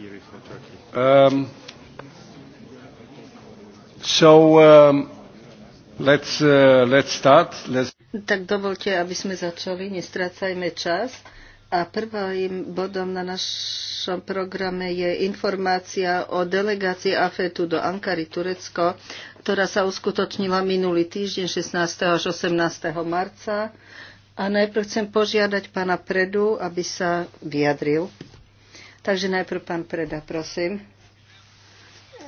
here Turkey? Um, so, um, let's, uh, let's start. Let's... Tak dovolte, aby sme začali, nestrácajme čas. A prvým bodom na našom programe je informácia o delegácii AFETu do Ankary, Turecko, ktorá sa uskutočnila minulý týždeň 16. až 18. marca. A najprv chcem požiadať pána Predu, aby sa vyjadril. Takže najprv pán Preda, prosím.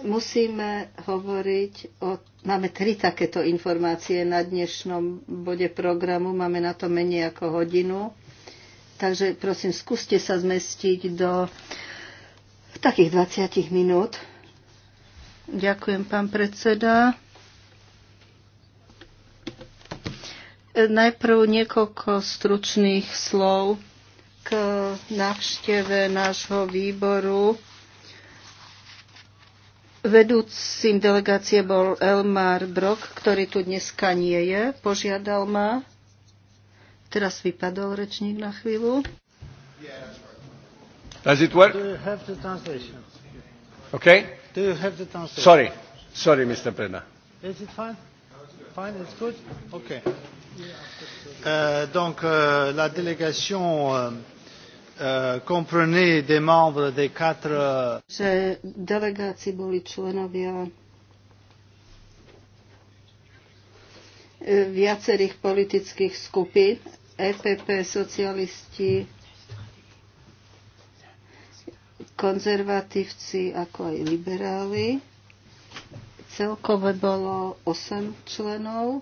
Musíme hovoriť o... Máme tri takéto informácie na dnešnom bode programu. Máme na to menej ako hodinu. Takže prosím, skúste sa zmestiť do takých 20 minút. Ďakujem, pán predseda. E, najprv niekoľko stručných slov k návšteve nášho výboru. Vedúcim delegácie bol Elmar Brok, ktorý tu dneska nie je. Požiadal ma. Teraz vypadol rečník na chvíľu. Does it work? Do you have the translation? Okay. Do you have the translation? Sorry. Sorry, Mr. Preda. Is it fine? Fine, it's good? Okay. Uh, donc, uh, la délégation... uh, Euh, comprenait des membres des quatre... Euh, Že delegácii boli členovia e, viacerých politických skupín, EPP, socialisti, konzervatívci, ako aj liberáli. Celkovo bolo 8 členov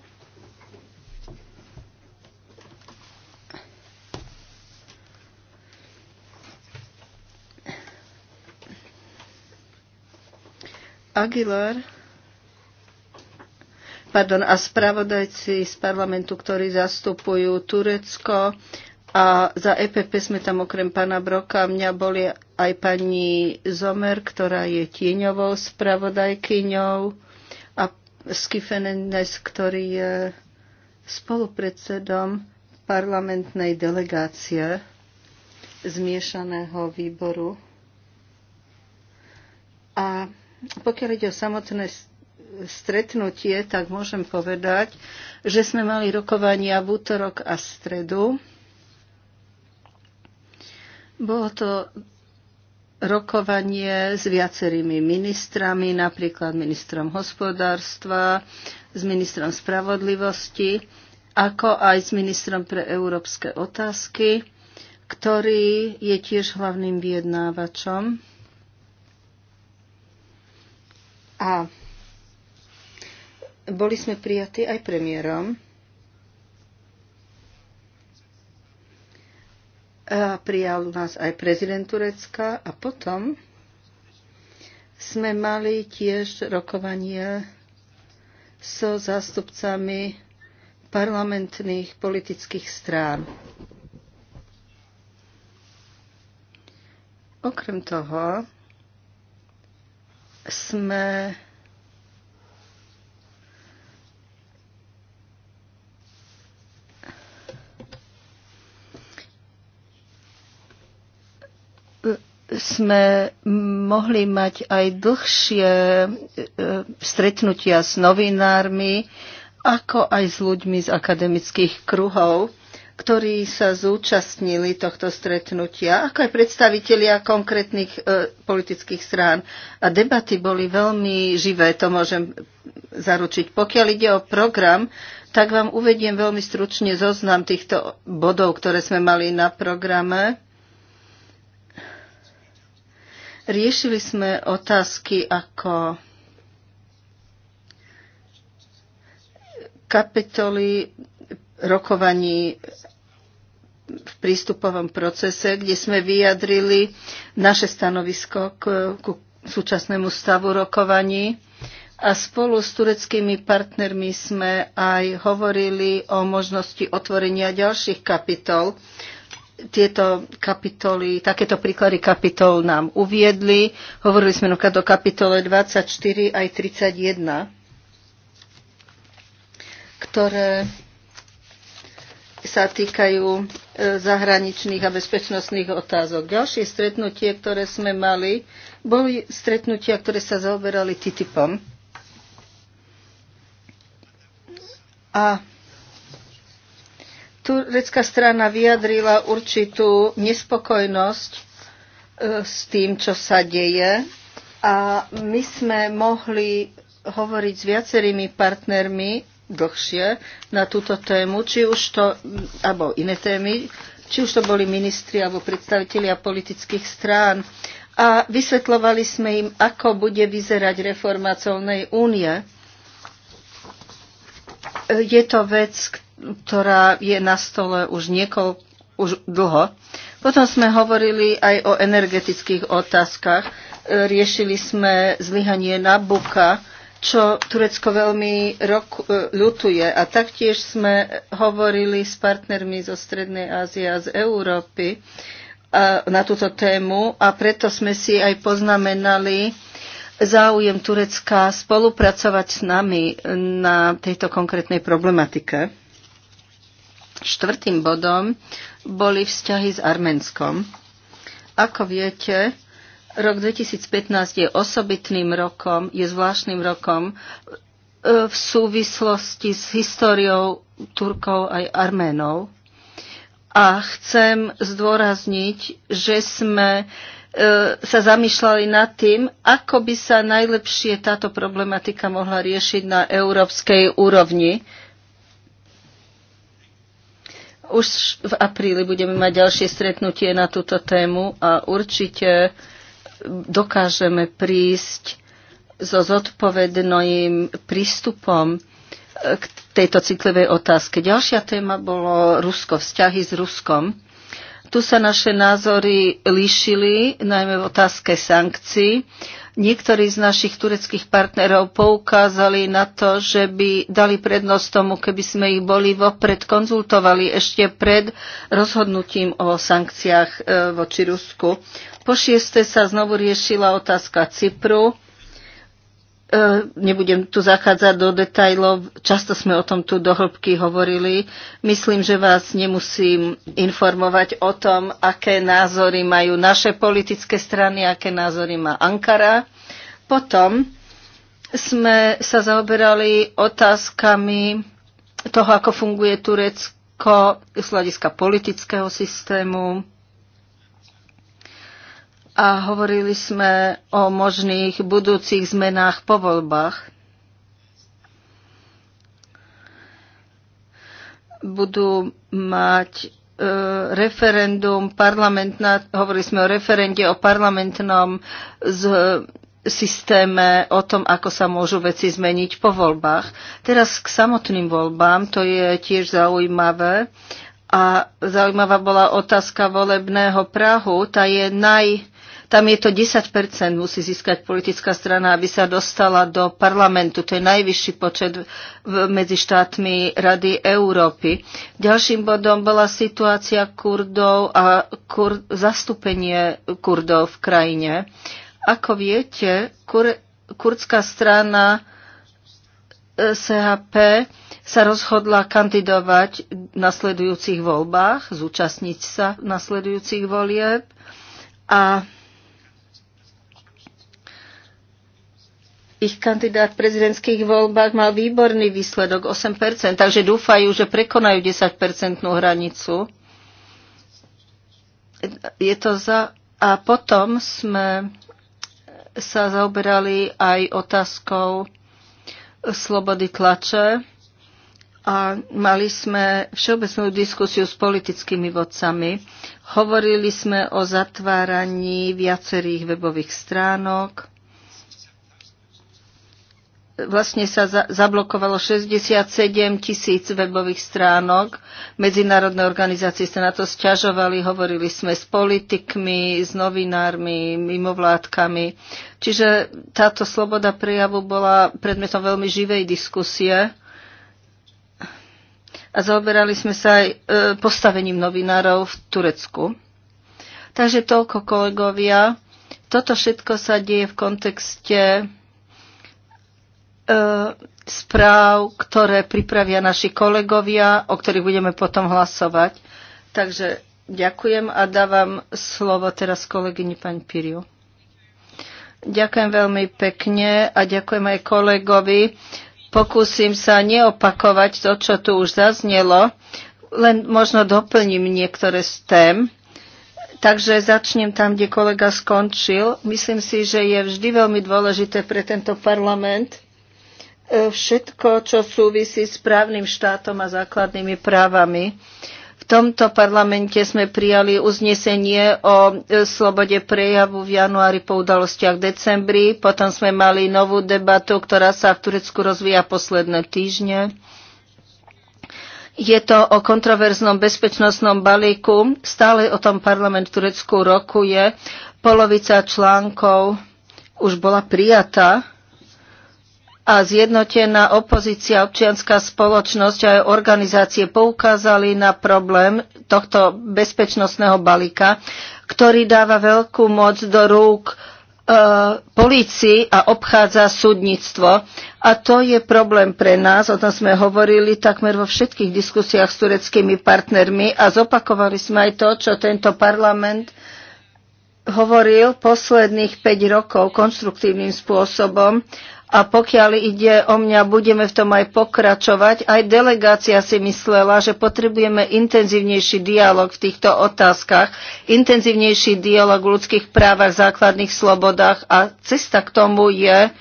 Aguilar pardon, a spravodajci z parlamentu, ktorí zastupujú Turecko. A za EPP sme tam okrem pána Broka, mňa boli aj pani Zomer, ktorá je tieňovou spravodajkyňou a Skifenenes, ktorý je spolupredsedom parlamentnej delegácie zmiešaného výboru. A pokiaľ ide o samotné stretnutie, tak môžem povedať, že sme mali rokovania v útorok a stredu. Bolo to rokovanie s viacerými ministrami, napríklad ministrom hospodárstva, s ministrom spravodlivosti, ako aj s ministrom pre európske otázky, ktorý je tiež hlavným vyjednávačom a boli sme prijatí aj premiérom. A prijal nás aj prezident Turecka a potom sme mali tiež rokovanie so zástupcami parlamentných politických strán. Okrem toho, sme sme mohli mať aj dlhšie e, stretnutia s novinármi, ako aj s ľuďmi z akademických kruhov ktorí sa zúčastnili tohto stretnutia, ako aj predstavitelia konkrétnych e, politických strán. A debaty boli veľmi živé, to môžem zaručiť. Pokiaľ ide o program, tak vám uvediem veľmi stručne zoznam týchto bodov, ktoré sme mali na programe. Riešili sme otázky ako kapitoly rokovaní v prístupovom procese, kde sme vyjadrili naše stanovisko k, k súčasnému stavu rokovaní a spolu s tureckými partnermi sme aj hovorili o možnosti otvorenia ďalších kapitol. Tieto kapitoly, takéto príklady kapitol nám uviedli. Hovorili sme napríklad o kapitole 24 aj 31, ktoré sa týkajú e, zahraničných a bezpečnostných otázok. Ďalšie stretnutie, ktoré sme mali, boli stretnutia, ktoré sa zaoberali TTIPom. A turecká strana vyjadrila určitú nespokojnosť e, s tým, čo sa deje. A my sme mohli hovoriť s viacerými partnermi dlhšie na túto tému, či už to, alebo iné témy, či už to boli ministri alebo predstavitelia politických strán. A vysvetlovali sme im, ako bude vyzerať reforma colnej únie. Je to vec, ktorá je na stole už niekoľko už dlho. Potom sme hovorili aj o energetických otázkach. Riešili sme zlyhanie Nabuka, čo Turecko veľmi rok, e, ľutuje. A taktiež sme hovorili s partnermi zo Strednej Ázie a z Európy e, na túto tému a preto sme si aj poznamenali záujem Turecka spolupracovať s nami na tejto konkrétnej problematike. Štvrtým bodom boli vzťahy s Arménskom. Ako viete, Rok 2015 je osobitným rokom, je zvláštnym rokom e, v súvislosti s históriou Turkov aj Arménov. A chcem zdôrazniť, že sme e, sa zamýšľali nad tým, ako by sa najlepšie táto problematika mohla riešiť na európskej úrovni. Už v apríli budeme mať ďalšie stretnutie na túto tému a určite uh, dokážeme prísť so zodpovedným prístupom e, k tejto citlivej otázke. Ďalšia téma bolo Rusko, vzťahy s Ruskom. Tu sa naše názory líšili, najmä v otázke sankcií. Niektorí z našich tureckých partnerov poukázali na to, že by dali prednosť tomu, keby sme ich boli vopred konzultovali ešte pred rozhodnutím o sankciách e, voči Rusku. Po šieste sa znovu riešila otázka Cypru E, nebudem tu zachádzať do detajlov, často sme o tom tu dohlbky hovorili. Myslím, že vás nemusím informovať o tom, aké názory majú naše politické strany, aké názory má Ankara. Potom sme sa zaoberali otázkami toho, ako funguje Turecko z hľadiska politického systému, a hovorili sme o možných budúcich zmenách po voľbách. Budú mať e, referendum parlamentná, hovorili sme o referende o parlamentnom z, systéme, o tom, ako sa môžu veci zmeniť po voľbách. Teraz k samotným voľbám, to je tiež zaujímavé. A zaujímavá bola otázka volebného Prahu, tá je naj tam je to 10 musí získať politická strana, aby sa dostala do parlamentu. To je najvyšší počet medzi štátmi Rady Európy. Ďalším bodom bola situácia Kurdov a kur, zastúpenie Kurdov v krajine. Ako viete, kur, kurdská strana e, SHP sa rozhodla kandidovať v nasledujúcich voľbách, zúčastniť sa nasledujúcich volieb a Ich kandidát v prezidentských voľbách mal výborný výsledok 8%, takže dúfajú, že prekonajú 10 hranicu. Je to za... A potom sme sa zaoberali aj otázkou slobody tlače a mali sme všeobecnú diskusiu s politickými vodcami. Hovorili sme o zatváraní viacerých webových stránok, vlastne sa za, zablokovalo 67 tisíc webových stránok. Medzinárodné organizácie sa na to sťažovali, hovorili sme s politikmi, s novinármi, mimovládkami. Čiže táto sloboda prejavu bola predmetom veľmi živej diskusie a zaoberali sme sa aj e, postavením novinárov v Turecku. Takže toľko kolegovia. Toto všetko sa deje v kontexte E, správ, ktoré pripravia naši kolegovia, o ktorých budeme potom hlasovať. Takže ďakujem a dávam slovo teraz kolegyni pani Piriu. Ďakujem veľmi pekne a ďakujem aj kolegovi. Pokúsim sa neopakovať to, čo tu už zaznelo, len možno doplním niektoré z tém. Takže začnem tam, kde kolega skončil. Myslím si, že je vždy veľmi dôležité pre tento parlament, E, všetko, čo súvisí s právnym štátom a základnými právami. V tomto parlamente sme prijali uznesenie o e, slobode prejavu v januári po udalostiach v decembri. Potom sme mali novú debatu, ktorá sa v Turecku rozvíja posledné týždne. Je to o kontroverznom bezpečnostnom balíku. Stále o tom parlament v Turecku rokuje. Polovica článkov už bola prijatá a zjednotená opozícia, občianská spoločnosť a aj organizácie poukázali na problém tohto bezpečnostného balíka, ktorý dáva veľkú moc do rúk e, polícii a obchádza súdnictvo. A to je problém pre nás, o tom sme hovorili takmer vo všetkých diskusiách s tureckými partnermi a zopakovali sme aj to, čo tento parlament hovoril posledných 5 rokov konštruktívnym spôsobom a pokiaľ ide o mňa, budeme v tom aj pokračovať. Aj delegácia si myslela, že potrebujeme intenzívnejší dialog v týchto otázkach, intenzívnejší dialog v ľudských právach, základných slobodách a cesta k tomu je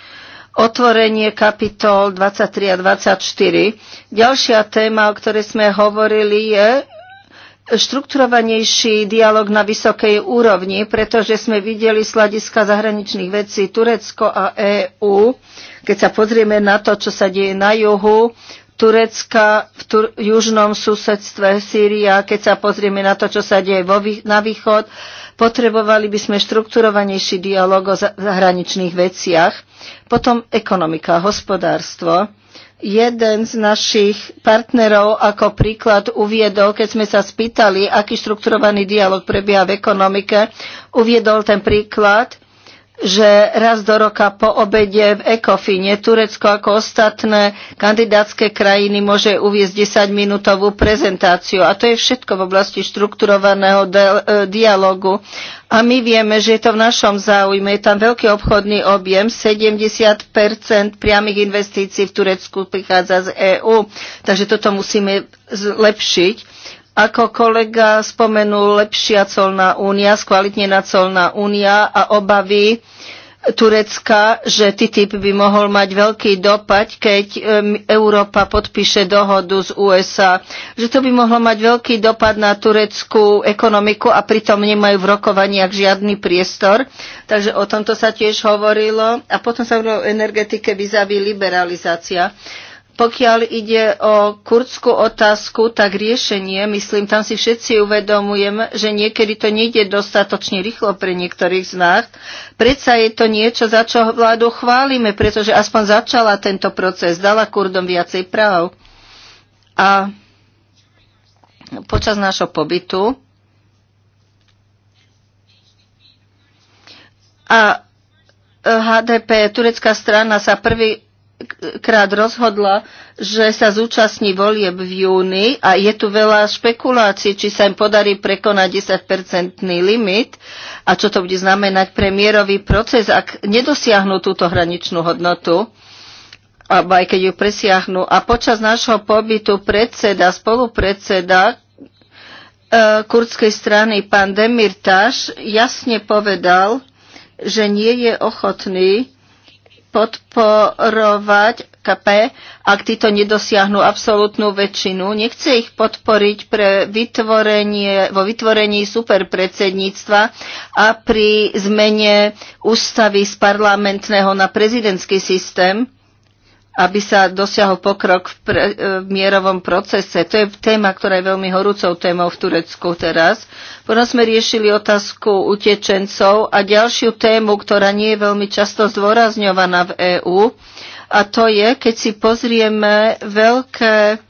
otvorenie kapitol 23 a 24. Ďalšia téma, o ktorej sme hovorili, je štrukturovanejší dialog na vysokej úrovni, pretože sme videli z hľadiska zahraničných vecí Turecko a EÚ. Keď sa pozrieme na to, čo sa deje na juhu, Turecka v tur- južnom susedstve Sýria, keď sa pozrieme na to, čo sa deje vo vý- na východ, potrebovali by sme štrukturovanejší dialog o zahraničných veciach. Potom ekonomika, hospodárstvo jeden z našich partnerov ako príklad uviedol, keď sme sa spýtali, aký štrukturovaný dialog prebieha v ekonomike, uviedol ten príklad, že raz do roka po obede v Ekofine Turecko ako ostatné kandidátske krajiny môže uviezť 10-minútovú prezentáciu. A to je všetko v oblasti štrukturovaného e, dialogu. A my vieme, že je to v našom záujme. Je tam veľký obchodný objem. 70 priamých investícií v Turecku prichádza z EÚ. Takže toto musíme zlepšiť. Ako kolega spomenul, lepšia colná únia, skvalitnená colná únia a obavy Turecka, že TTIP by mohol mať veľký dopad, keď Európa podpíše dohodu z USA. Že to by mohlo mať veľký dopad na tureckú ekonomiku a pritom nemajú v rokovaniach žiadny priestor. Takže o tomto sa tiež hovorilo. A potom sa hovorilo o energetike vyzaví liberalizácia. Pokiaľ ide o kurdskú otázku, tak riešenie, myslím, tam si všetci uvedomujem, že niekedy to nejde dostatočne rýchlo pre niektorých z nás. Predsa je to niečo, za čo vládu chválime, pretože aspoň začala tento proces, dala Kurdom viacej práv. A počas nášho pobytu a HDP, turecká strana sa prvý krát rozhodla, že sa zúčastní volieb v júni a je tu veľa špekulácií, či sa im podarí prekonať 10-percentný limit a čo to bude znamenať pre mierový proces, ak nedosiahnu túto hraničnú hodnotu alebo aj keď ju presiahnu. A počas nášho pobytu predseda, spolupredseda e, kurdskej strany, pán Demirtaš, jasne povedal, že nie je ochotný podporovať KP, ak títo nedosiahnu absolútnu väčšinu. Nechce ich podporiť pre vytvorenie, vo vytvorení superpredsedníctva a pri zmene ústavy z parlamentného na prezidentský systém aby sa dosiahol pokrok v, pre, e, v mierovom procese. To je téma, ktorá je veľmi horúcou témou v Turecku teraz. Potom sme riešili otázku utečencov a ďalšiu tému, ktorá nie je veľmi často zdôrazňovaná v EÚ, a to je, keď si pozrieme veľké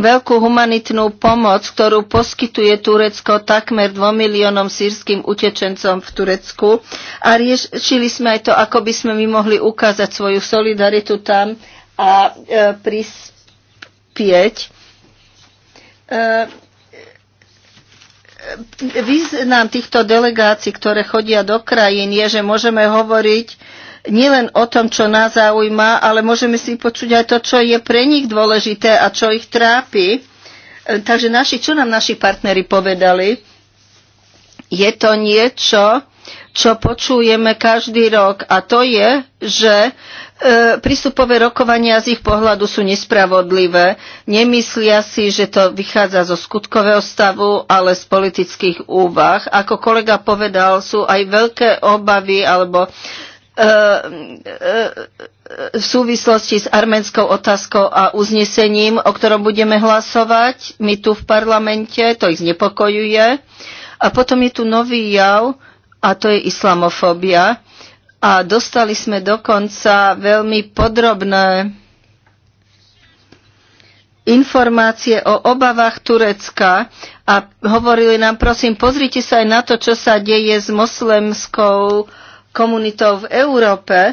veľkú humanitnú pomoc, ktorú poskytuje Turecko takmer 2 miliónom sírským utečencom v Turecku. A riešili sme aj to, ako by sme my mohli ukázať svoju solidaritu tam a e, prispieť. E, e význam týchto delegácií, ktoré chodia do krajín, je, že môžeme hovoriť nielen o tom, čo nás zaujíma, ale môžeme si počuť aj to, čo je pre nich dôležité a čo ich trápi. E, takže naši, čo nám naši partnery povedali? Je to niečo, čo počujeme každý rok a to je, že e, prístupové rokovania z ich pohľadu sú nespravodlivé. Nemyslia si, že to vychádza zo skutkového stavu, ale z politických úvah. Ako kolega povedal, sú aj veľké obavy alebo v súvislosti s arménskou otázkou a uznesením, o ktorom budeme hlasovať my tu v parlamente, to ich znepokojuje. A potom je tu nový jav, a to je islamofóbia. A dostali sme dokonca veľmi podrobné informácie o obavách Turecka a hovorili nám, prosím, pozrite sa aj na to, čo sa deje s moslemskou uh, komunitou v Európe e,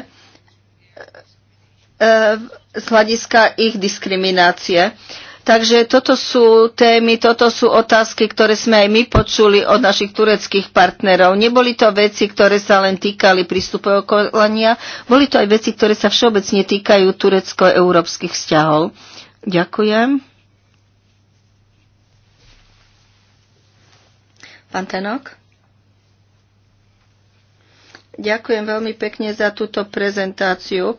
z hľadiska ich diskriminácie. Takže toto sú témy, toto sú otázky, ktoré sme aj my počuli od našich tureckých partnerov. Neboli to veci, ktoré sa len týkali prístupu okolania, boli to aj veci, ktoré sa všeobecne týkajú turecko-európskych vzťahov. Ďakujem. Pán Tenok? Ďakujem veľmi pekne za túto prezentáciu.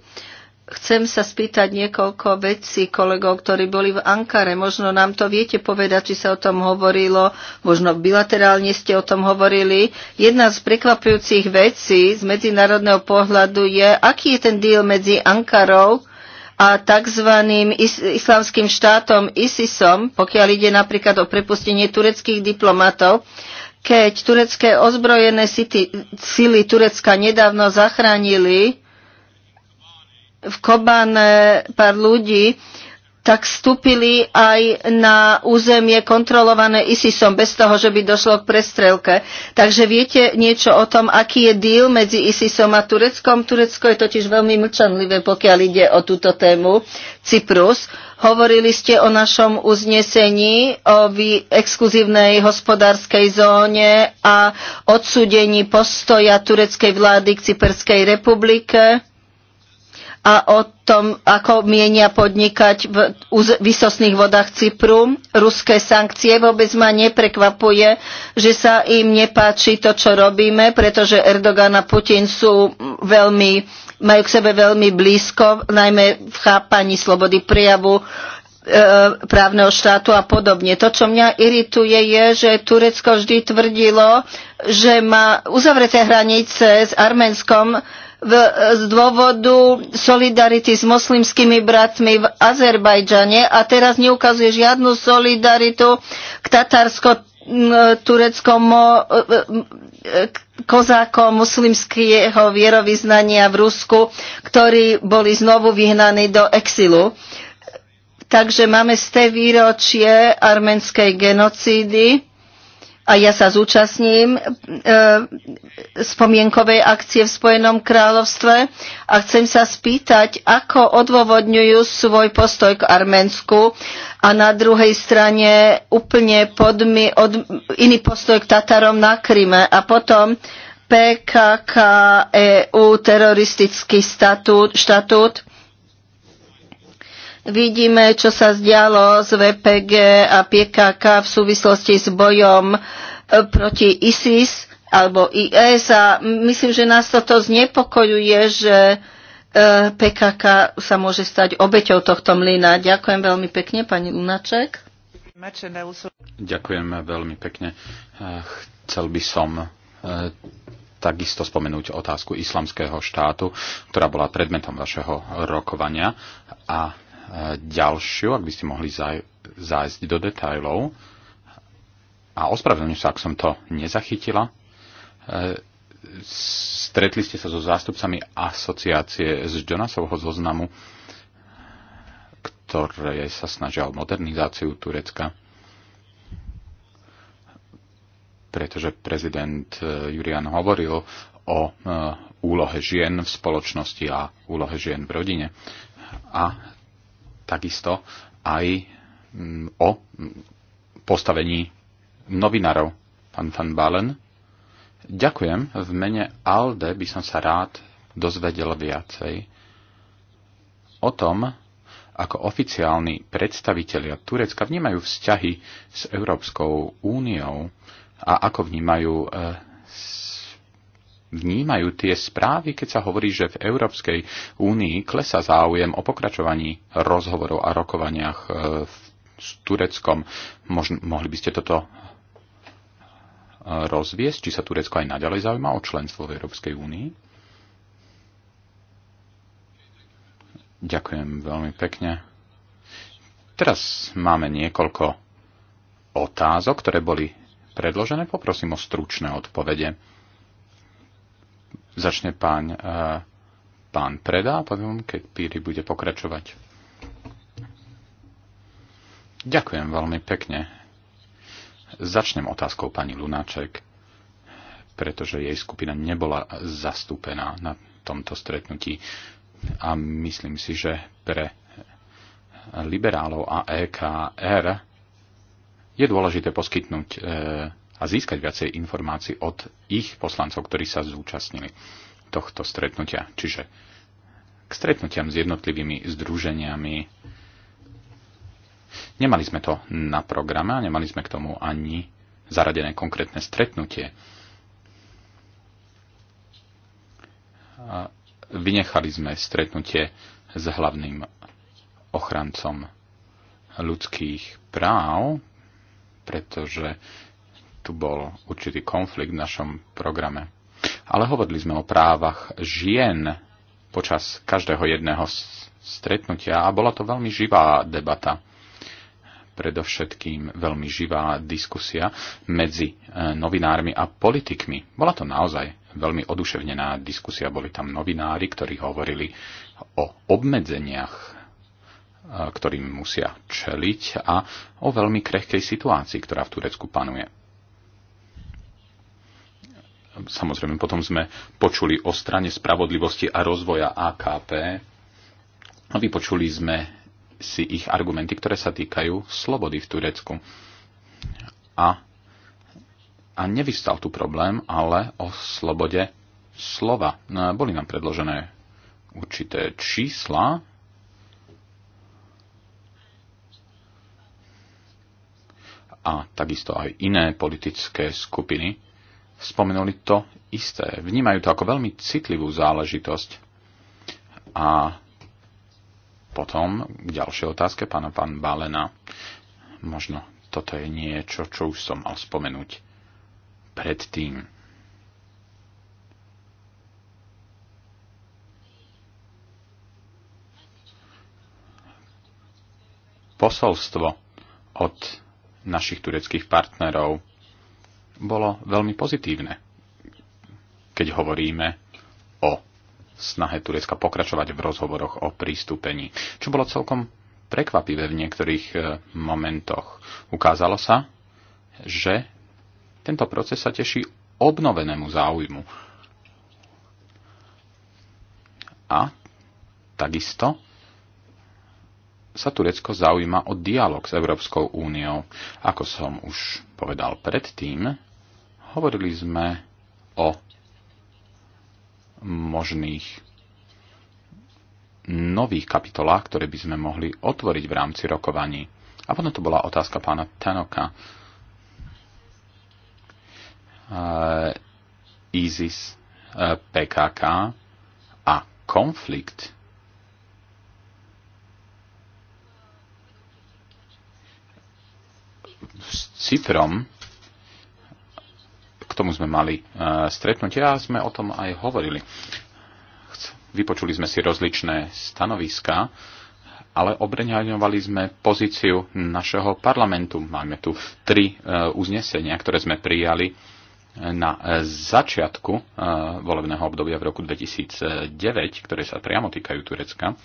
Chcem sa spýtať niekoľko vecí kolegov, ktorí boli v Ankare. Možno nám to viete povedať, či sa o tom hovorilo, možno bilaterálne ste o tom hovorili. Jedna z prekvapujúcich vecí z medzinárodného pohľadu je, aký je ten díl medzi Ankarou a tzv. islamským štátom ISISom, pokiaľ ide napríklad o prepustenie tureckých diplomatov keď turecké ozbrojené sily Turecka nedávno zachránili v Kobane pár ľudí, tak vstúpili aj na územie kontrolované ISISom bez toho, že by došlo k prestrelke. Takže viete niečo o tom, aký je deal medzi ISISom a Tureckom? Turecko je totiž veľmi mlčanlivé, pokiaľ ide o túto tému. Cyprus. Hovorili ste o našom uznesení o exkluzívnej hospodárskej zóne a odsúdení postoja tureckej vlády k Cyperskej republike a o tom, ako mienia podnikať v vysosných vodách Cypru. Ruské sankcie vôbec ma neprekvapuje, že sa im nepáči to, čo robíme, pretože Erdogan a Putin sú veľmi majú k sebe veľmi blízko, najmä v chápaní slobody prijavu, e, právneho štátu a podobne. To, čo mňa irituje, je, že Turecko vždy tvrdilo, že má uzavreté hranice s Arménskom v, z dôvodu solidarity s moslimskými bratmi v Azerbajdžane a teraz neukazuje žiadnu solidaritu k tatarsko tureckom kozákov muslimského vierovýznania v Rusku, ktorí boli znovu vyhnaní do exilu. Takže máme z té výročie arménskej genocídy a ja sa zúčastním e, spomienkovej akcie v Spojenom kráľovstve a chcem sa spýtať, ako odôvodňujú svoj postoj k Arménsku a na druhej strane úplne podmi, od, iný postoj k Tatarom na Kryme a potom PKK EU teroristický statút, štatút Vidíme, čo sa zdialo z VPG a PKK v súvislosti s bojom e, proti ISIS alebo IS a myslím, že nás toto znepokojuje, že e, PKK sa môže stať obeťou tohto mlyna. Ďakujem veľmi pekne, pani Unaček. Ďakujem veľmi pekne. E, chcel by som takisto spomenúť otázku islamského štátu, ktorá bola predmetom vašeho rokovania a ďalšiu, ak by ste mohli zájsť do detajlov. A ospravedlňujem sa, ak som to nezachytila. E, stretli ste sa so zástupcami asociácie z Jonasovho zoznamu, ktoré sa snažia o modernizáciu Turecka. Pretože prezident e, Jurian hovoril o e, úlohe žien v spoločnosti a úlohe žien v rodine. A takisto aj mm, o mm, postavení novinárov. Pán Van Balen, ďakujem. V mene ALDE by som sa rád dozvedel viacej o tom, ako oficiálni predstavitelia Turecka vnímajú vzťahy s Európskou úniou a ako vnímajú eh, vnímajú tie správy, keď sa hovorí, že v Európskej únii klesa záujem o pokračovaní rozhovorov a rokovaniach e, s Tureckom. Možno, mohli by ste toto e, rozviesť, či sa Turecko aj naďalej zaujíma o členstvo v Európskej únii? Ďakujem veľmi pekne. Teraz máme niekoľko otázok, ktoré boli predložené. Poprosím o stručné odpovede. Začne pán, eh, pán Preda a potom, keď Píri bude pokračovať. Ďakujem veľmi pekne. Začnem otázkou pani Lunáček, pretože jej skupina nebola zastúpená na tomto stretnutí a myslím si, že pre liberálov a EKR je dôležité poskytnúť eh, a získať viacej informácií od ich poslancov, ktorí sa zúčastnili tohto stretnutia. Čiže k stretnutiam s jednotlivými združeniami nemali sme to na programe a nemali sme k tomu ani zaradené konkrétne stretnutie. Vynechali sme stretnutie s hlavným ochrancom ľudských práv, pretože tu bol určitý konflikt v našom programe. Ale hovorili sme o právach žien počas každého jedného stretnutia a bola to veľmi živá debata. Predovšetkým veľmi živá diskusia medzi e, novinármi a politikmi. Bola to naozaj veľmi oduševnená diskusia. Boli tam novinári, ktorí hovorili o obmedzeniach e, ktorým musia čeliť a o veľmi krehkej situácii, ktorá v Turecku panuje. Samozrejme, potom sme počuli o strane spravodlivosti a rozvoja AKP a vypočuli sme si ich argumenty, ktoré sa týkajú slobody v Turecku. A, a nevystal tu problém, ale o slobode slova. No boli nám predložené určité čísla, a takisto aj iné politické skupiny spomenuli to isté. Vnímajú to ako veľmi citlivú záležitosť. A potom k ďalšej otázke pána pán Balena. Možno toto je niečo, čo už som mal spomenúť predtým. Posolstvo od našich tureckých partnerov bolo veľmi pozitívne, keď hovoríme o snahe Turecka pokračovať v rozhovoroch o prístupení, čo bolo celkom prekvapivé v niektorých e, momentoch. Ukázalo sa, že tento proces sa teší obnovenému záujmu. A takisto sa Turecko zaujíma o dialog s Európskou úniou. Ako som už povedal predtým, Hovorili sme o možných nových kapitolách, ktoré by sme mohli otvoriť v rámci rokovaní. A potom to bola otázka pána Tanoka. E, ISIS, e, PKK a konflikt s Cyprom tomu sme mali e, stretnutie a sme o tom aj hovorili. Vypočuli sme si rozličné stanoviská, ale obreňovali sme pozíciu našeho parlamentu. Máme tu tri e, uznesenia, ktoré sme prijali e, na začiatku volebného obdobia v roku 2009, ktoré sa priamo týkajú Turecka.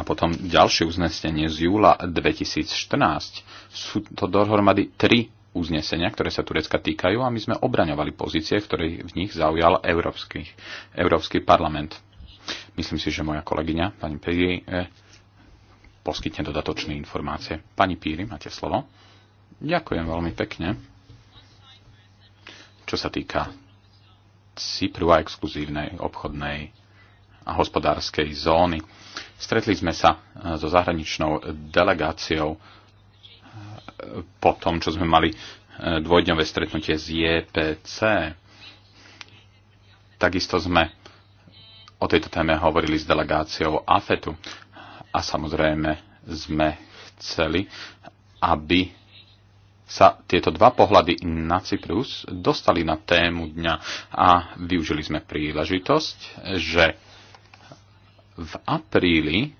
a potom ďalšie uznesenie z júla 2014. Sú to dohromady tri uznesenia, ktoré sa Turecka týkajú a my sme obraňovali pozície, v ktorých v nich zaujal Európsky, Európsky parlament. Myslím si, že moja kolegyňa, pani Piri, eh, poskytne dodatočné informácie. Pani Píri, máte slovo. Ďakujem veľmi pekne. Čo sa týka Cypru a exkluzívnej obchodnej hospodárskej zóny. Stretli sme sa eh, so zahraničnou delegáciou eh, po tom, čo sme mali eh, dvojdňové stretnutie z JPC. Takisto sme o tejto téme hovorili s delegáciou AFETu a samozrejme sme chceli, aby sa tieto dva pohľady na Cyprus dostali na tému dňa a využili sme príležitosť, že v apríli,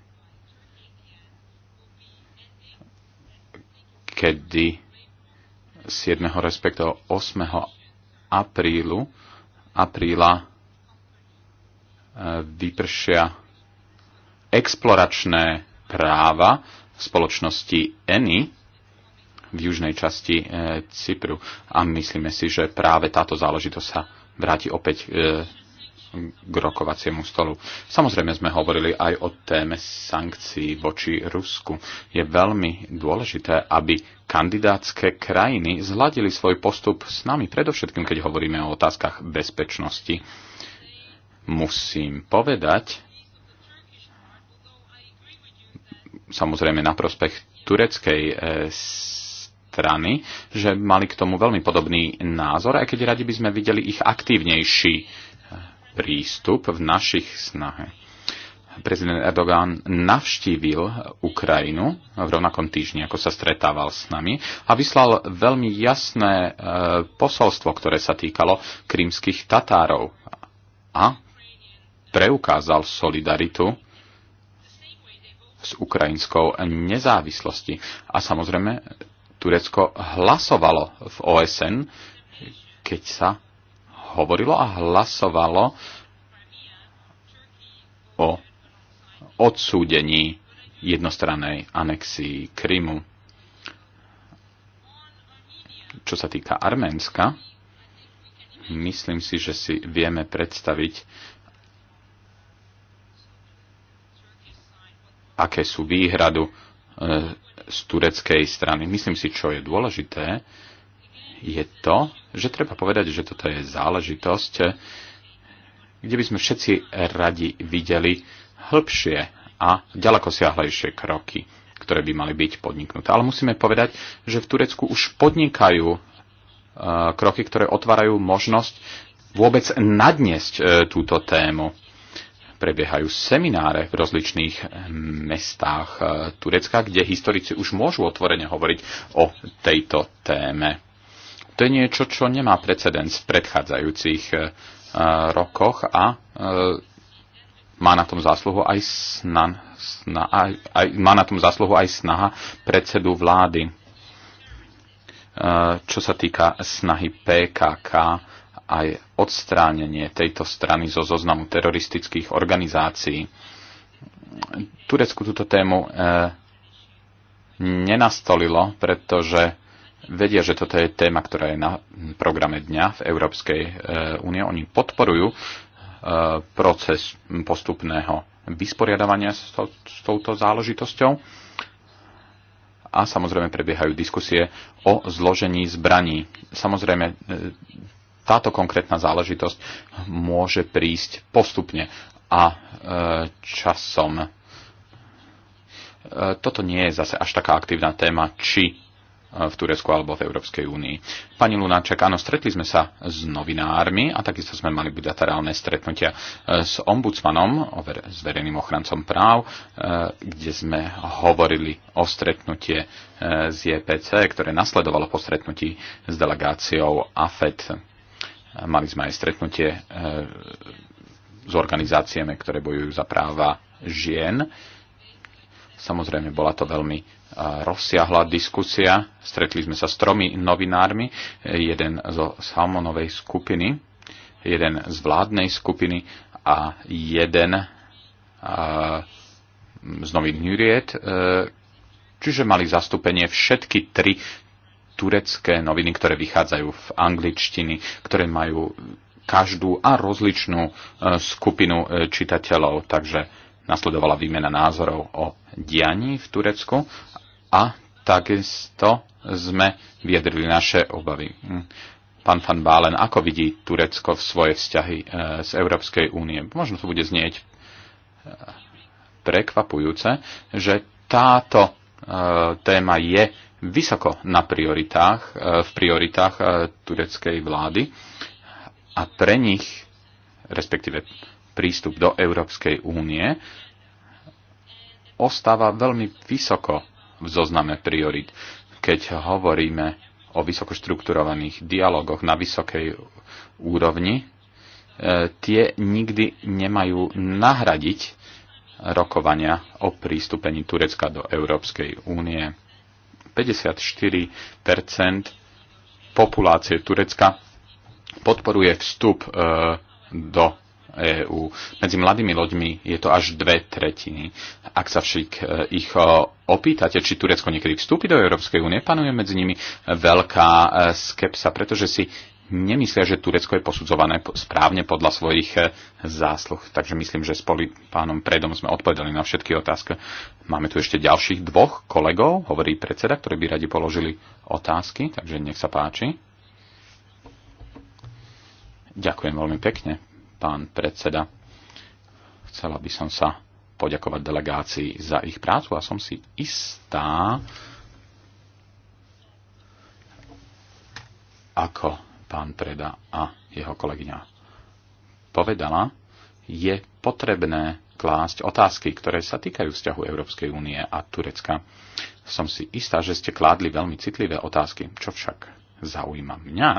kedy 7. respektíve 8. aprílu, apríla e, vypršia exploračné práva spoločnosti ENI, v južnej časti e, Cypru. A myslíme si, že práve táto záležitosť sa vráti opäť e, k rokovaciemu stolu. Samozrejme sme hovorili aj o téme sankcií voči Rusku. Je veľmi dôležité, aby kandidátske krajiny zhladili svoj postup s nami, predovšetkým keď hovoríme o otázkach bezpečnosti. Musím povedať, samozrejme na prospech tureckej e, strany, že mali k tomu veľmi podobný názor, aj keď radi by sme videli ich aktívnejší prístup v našich snahe. Prezident Erdogan navštívil Ukrajinu v rovnakom týždni, ako sa stretával s nami a vyslal veľmi jasné e, posolstvo, ktoré sa týkalo krímskych Tatárov a preukázal solidaritu s ukrajinskou nezávislosti. A samozrejme, Turecko hlasovalo v OSN, keď sa hovorilo a hlasovalo o odsúdení jednostrannej anexii Krymu. Čo sa týka Arménska, myslím si, že si vieme predstaviť, aké sú výhradu e, z tureckej strany. Myslím si, čo je dôležité, je to, že treba povedať, že toto je záležitosť, kde by sme všetci radi videli hĺbšie a ďaleko siahlejšie kroky, ktoré by mali byť podniknuté. Ale musíme povedať, že v Turecku už podnikajú e, kroky, ktoré otvárajú možnosť vôbec nadniesť e, túto tému. Prebiehajú semináre v rozličných mestách e, Turecka, kde historici už môžu otvorene hovoriť o tejto téme. To je niečo, čo nemá precedens v predchádzajúcich e, rokoch a e, má na tom zásluhu aj, snan. Na, aj, aj, má na tom zásluhu aj snaha predsedu vlády, e, čo sa týka snahy PKK aj odstránenie tejto strany zo zoznamu teroristických organizácií. Turecku túto tému nenastolilo, pretože vedia, že toto je téma, ktorá je na programe dňa v Európskej eh, únie. Oni podporujú eh, proces postupného vysporiadavania s, s touto záležitosťou a samozrejme prebiehajú diskusie o zložení zbraní. Samozrejme, eh, táto konkrétna záležitosť môže prísť postupne a časom. Toto nie je zase až taká aktívna téma, či v Turecku alebo v Európskej únii. Pani Lunáček, áno, stretli sme sa s novinármi a takisto sme mali bilaterálne stretnutia e, s ombudsmanom, s verejným ochrancom práv, e, kde sme hovorili o stretnutie e, z JPC, ktoré nasledovalo po stretnutí s delegáciou AFET. Mali sme aj stretnutie s organizáciami, ktoré bojujú za práva žien. Samozrejme, bola to veľmi rozsiahla diskusia. Stretli sme sa s tromi novinármi, jeden zo Salmonovej skupiny, jeden z vládnej skupiny a jeden z novin Nuriet. E, čiže mali zastúpenie všetky tri turecké noviny, ktoré vychádzajú v angličtiny, ktoré majú každú a rozličnú e, skupinu e, čitateľov. Takže nasledovala výmena názorov o dianí v Turecku a takisto sme vyjadrili naše obavy. Mm. Pán Van Bálen, ako vidí Turecko v svoje vzťahy e, z Európskej únie? Možno to bude znieť e, prekvapujúce, že táto e, téma je vysoko na prioritách, v prioritách tureckej vlády a pre nich, respektíve prístup do Európskej únie, ostáva veľmi vysoko v zozname priorit. Keď hovoríme o vysokoštruktúrovaných dialogoch na vysokej úrovni, e, tie nikdy nemajú nahradiť rokovania o prístupení Turecka do Európskej únie. 54 populácie Turecka podporuje vstup e, do EÚ. Medzi mladými loďmi je to až dve tretiny. Ak sa však e, ich e, opýtate, či Turecko niekedy vstúpi do Európskej únie, panuje medzi nimi e, veľká skepsa, pretože si nemyslia, že Turecko je posudzované správne podľa svojich zásluh. Takže myslím, že spolu pánom Predom sme odpovedali na všetky otázky. Máme tu ešte ďalších dvoch kolegov, hovorí predseda, ktorí by radi položili otázky, takže nech sa páči. Ďakujem veľmi pekne, pán predseda. Chcela by som sa poďakovať delegácii za ich prácu a som si istá, ako pán Preda a jeho kolegyňa povedala, je potrebné klásť otázky, ktoré sa týkajú vzťahu Európskej únie a Turecka. Som si istá, že ste kládli veľmi citlivé otázky, čo však zaujíma mňa,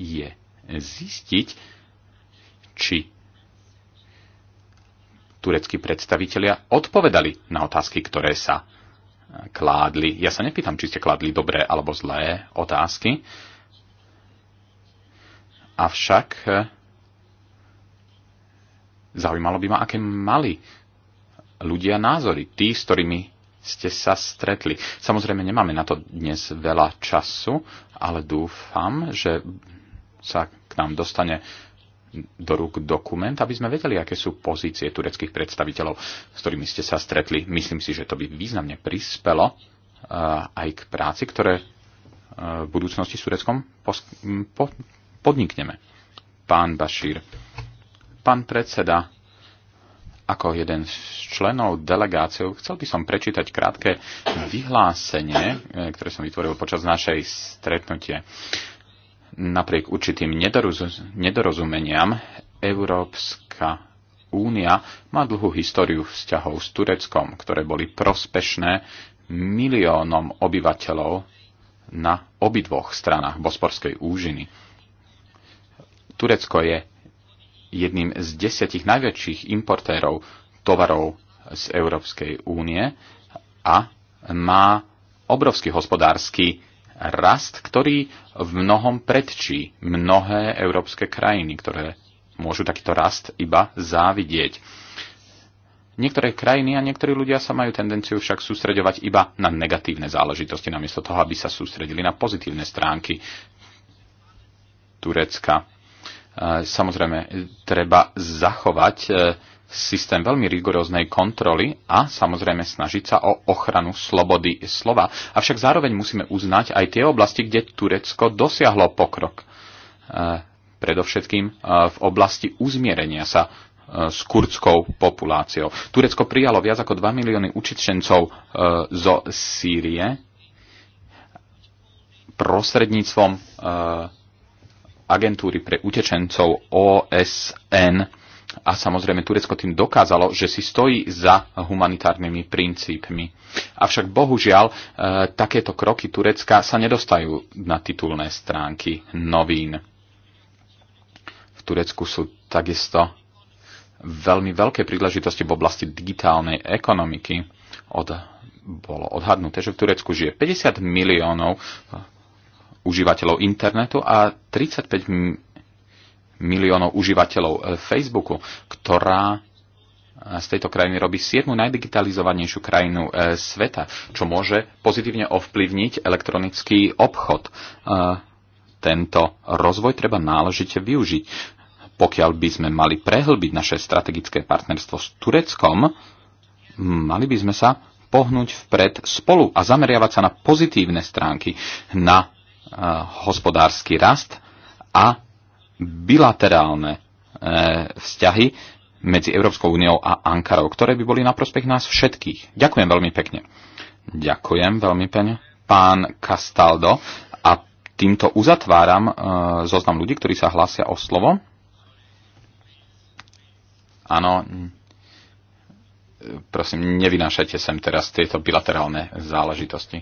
je zistiť, či tureckí predstavitelia odpovedali na otázky, ktoré sa e, kládli. Ja sa nepýtam, či ste kládli dobré alebo zlé otázky. Avšak e, zaujímalo by ma, aké mali ľudia názory, tí, s ktorými ste sa stretli. Samozrejme, nemáme na to dnes veľa času, ale dúfam, že sa k nám dostane do rúk dokument, aby sme vedeli, aké sú pozície tureckých predstaviteľov, s ktorými ste sa stretli. Myslím si, že to by významne prispelo eh, aj k práci, ktoré eh, v budúcnosti s Tureckom podnikneme. Pán Bašír, pán predseda, ako jeden z členov delegáciou, chcel by som prečítať krátke vyhlásenie, eh, ktoré som vytvoril počas našej stretnutie. Napriek určitým nedorozumeniam Európska únia má dlhú históriu vzťahov s Tureckom, ktoré boli prospešné miliónom obyvateľov na obidvoch stranách Bosporskej úžiny. Turecko je jedným z desiatich najväčších importérov tovarov z Európskej únie a má obrovský hospodársky rast, ktorý v mnohom predčí mnohé európske krajiny, ktoré môžu takýto rast iba závidieť. Niektoré krajiny a niektorí ľudia sa majú tendenciu však sústreďovať iba na negatívne záležitosti, namiesto toho, aby sa sústredili na pozitívne stránky Turecka. E, samozrejme, treba zachovať e, systém veľmi rigoróznej kontroly a samozrejme snažiť sa o ochranu slobody slova. Avšak zároveň musíme uznať aj tie oblasti, kde Turecko dosiahlo pokrok. E, predovšetkým e, v oblasti uzmierenia sa e, s kurdskou populáciou. Turecko prijalo viac ako 2 milióny učičencov zo Sýrie prostredníctvom agentúry pre utečencov OSN a samozrejme Turecko tým dokázalo, že si stojí za humanitárnymi princípmi. Avšak bohužiaľ e, takéto kroky Turecka sa nedostajú na titulné stránky novín. V Turecku sú takisto veľmi veľké príležitosti v oblasti digitálnej ekonomiky. Od, bolo odhadnuté, že v Turecku žije 50 miliónov e, užívateľov internetu a 35 miliónov užívateľov eh, Facebooku, ktorá eh, z tejto krajiny robí 7. najdigitalizovanejšiu krajinu eh, sveta, čo môže pozitívne ovplyvniť elektronický obchod. Tento rozvoj treba náležite využiť. Pokiaľ by sme mali prehlbiť naše strategické partnerstvo s Tureckom, mali by sme sa pohnúť vpred spolu a zameriavať sa na pozitívne stránky, na hospodársky rast a bilaterálne e, vzťahy medzi Európskou úniou a Ankarou, ktoré by boli na prospech nás všetkých. Ďakujem veľmi pekne. Ďakujem veľmi pekne. Pán Castaldo. A týmto uzatváram e, zoznam ľudí, ktorí sa hlásia o slovo. Áno, prosím, nevynášajte sem teraz tieto bilaterálne záležitosti.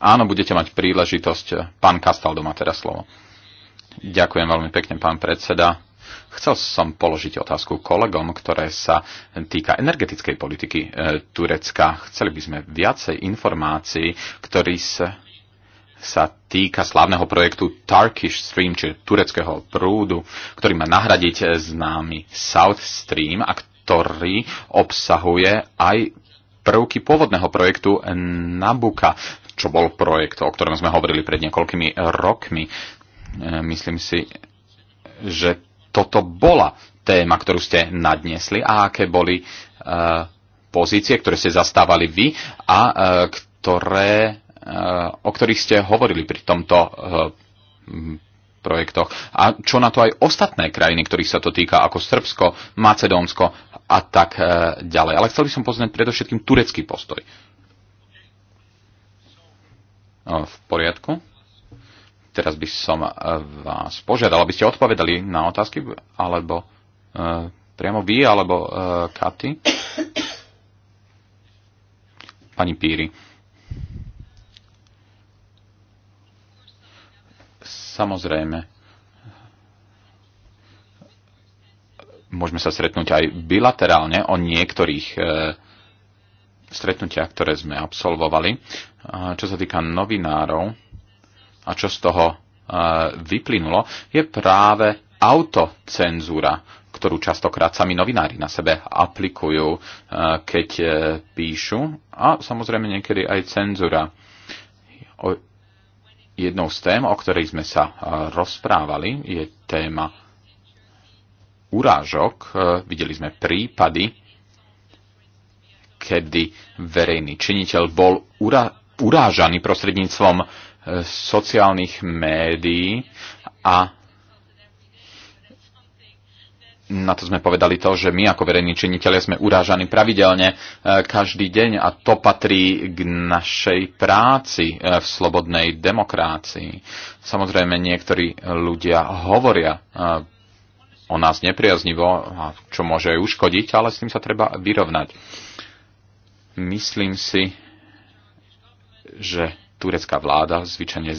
Áno, budete mať príležitosť. Pán Castaldo má teraz slovo. Ďakujem veľmi pekne, pán predseda. Chcel som položiť otázku kolegom, ktoré sa týka energetickej politiky e, Turecka. Chceli by sme viacej informácií, ktorý sa, sa týka slávneho projektu Turkish Stream, čiže tureckého prúdu, ktorý má nahradiť e, známy South Stream a ktorý obsahuje aj prvky pôvodného projektu Nabuka, čo bol projekt, o ktorom sme hovorili pred niekoľkými rokmi Eh, myslím si, že toto bola téma, ktorú ste nadniesli a aké boli eh, pozície, ktoré ste zastávali vy a eh, ktoré, o ktorých ste hovorili pri tomto projektoch. A čo na to aj ostatné krajiny, ktorých sa to týka, ako Srbsko, Macedónsko a tak ďalej. Ale chcel by som poznať predovšetkým turecký postoj. V poriadku. Teraz by som eh, vás požiadal, aby ste odpovedali na otázky, alebo e, priamo vy, alebo e, Katy. Pani Píry. Samozrejme. Môžeme sa stretnúť aj bilaterálne o niektorých e, stretnutiach, ktoré sme absolvovali. Čo sa týka novinárov, a čo z toho e, vyplynulo, je práve autocenzúra, ktorú častokrát sami novinári na sebe aplikujú, e, keď e, píšu a samozrejme niekedy aj cenzúra. Jednou z tém, o ktorej sme sa rozprávali, je téma urážok. Videli sme prípady, kedy verejný činiteľ bol urážaný prostredníctvom sociálnych médií a na to sme povedali to, že my ako verejní činiteľia sme urážaní pravidelne e, každý deň a to patrí k našej práci e, v slobodnej demokrácii. Samozrejme, niektorí ľudia hovoria e, o nás nepriaznivo, čo môže aj uškodiť, ale s tým sa treba vyrovnať. Myslím si, že turecká vláda zvyčajne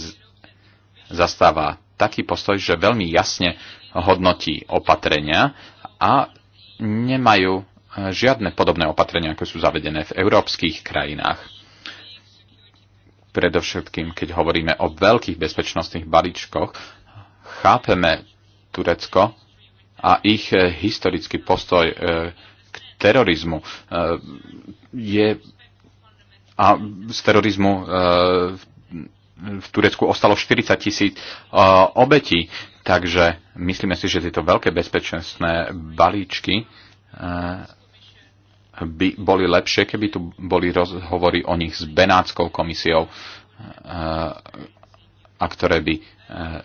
zastáva taký postoj, že veľmi jasne hodnotí opatrenia a nemajú e, žiadne podobné opatrenia, ako sú zavedené v európskych krajinách. Predovšetkým, keď hovoríme o veľkých bezpečnostných balíčkoch, chápeme Turecko a ich e, historický postoj e, k terorizmu je a z terorizmu e, v Turecku ostalo 40 tisíc e, obetí. Takže myslíme si, že tieto veľké bezpečnostné balíčky e, by boli lepšie, keby tu boli rozhovory o nich s Benátskou komisiou a ktoré by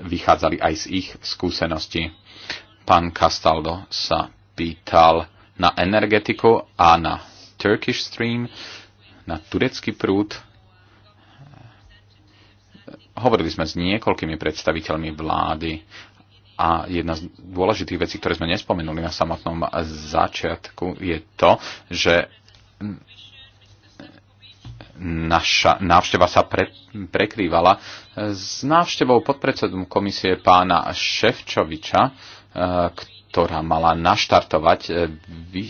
vychádzali aj z ich skúseností. Pán Castaldo sa pýtal na energetiku a na Turkish Stream. Uh, na turecký prúd. Hovorili sme s niekoľkými predstaviteľmi vlády a jedna z dôležitých vecí, ktoré sme nespomenuli na samotnom začiatku, je to, že naša návšteva sa pre, prekrývala s návštevou podpredsedom komisie pána Ševčoviča, eh, ktorá mala naštartovať e, e,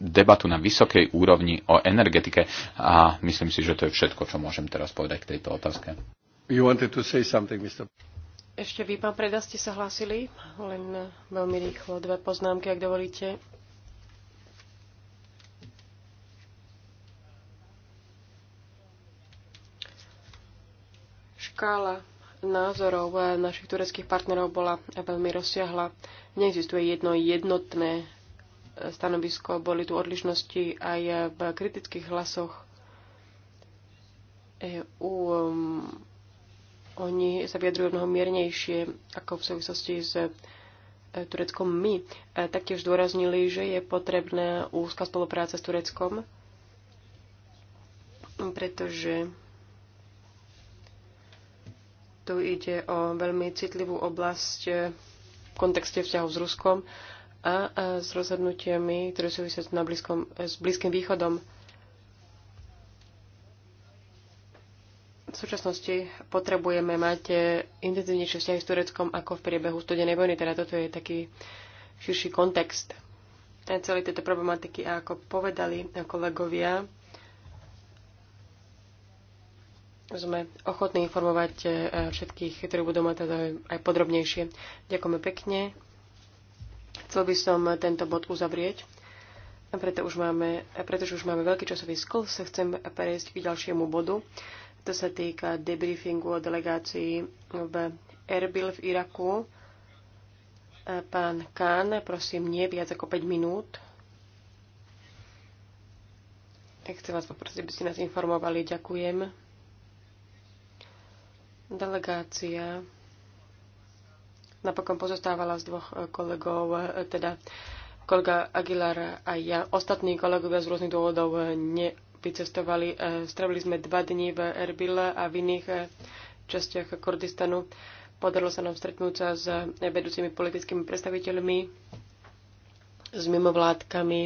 debatu na vysokej úrovni o energetike a myslím si, že to je všetko, čo môžem teraz povedať k tejto otázke. You wanted to say something, Mr. Ešte vy, pán Preda, ste sa hlásili? Len e, veľmi rýchlo dve poznámky, ak dovolíte. Škála názorov našich tureckých partnerov bola veľmi rozsiahla. Neexistuje jedno jednotné e, stanovisko, boli tu odlišnosti aj v kritických hlasoch EU. Um, oni sa vyjadrujú mnoho miernejšie ako v súvislosti s e, Tureckom my. E, taktiež dôraznili, že je potrebná úzka spolupráca s Tureckom, pretože tu ide o veľmi citlivú oblasť eh, v kontexte vzťahov s Ruskom a s rozhodnutiami, ktoré súvisia na blízkom, eh, s Blízkym východom. V súčasnosti potrebujeme mať eh, intenzívnejšie vzťahy s Tureckom ako v priebehu studenej vojny. Teda toto je taký širší kontext teda celý tejto problematiky. A ako povedali kolegovia, sme ochotní informovať e, všetkých, ktorí budú mať teda aj podrobnejšie. Ďakujeme pekne. Chcel by som tento bod uzavrieť, preto už máme, pretože už máme veľký časový skl, sa chcem prejsť k ďalšiemu bodu. To sa týka debriefingu o delegácii v Erbil v Iraku. E, pán Kán, prosím, nie viac ako 5 minút. Chcem vás poprosiť, aby ste nás informovali. Ďakujem. Delegácia napokon pozostávala z dvoch eh, kolegov, eh, teda kolega Aguilar a ja. Ostatní kolegovia z rôznych dôvodov eh, nevycestovali. Stravili sme dva dni v Erbile a v iných častiach Kurdistanu. Podarilo sa nám stretnúť sa s vedúcimi politickými predstaviteľmi, s mimovládkami.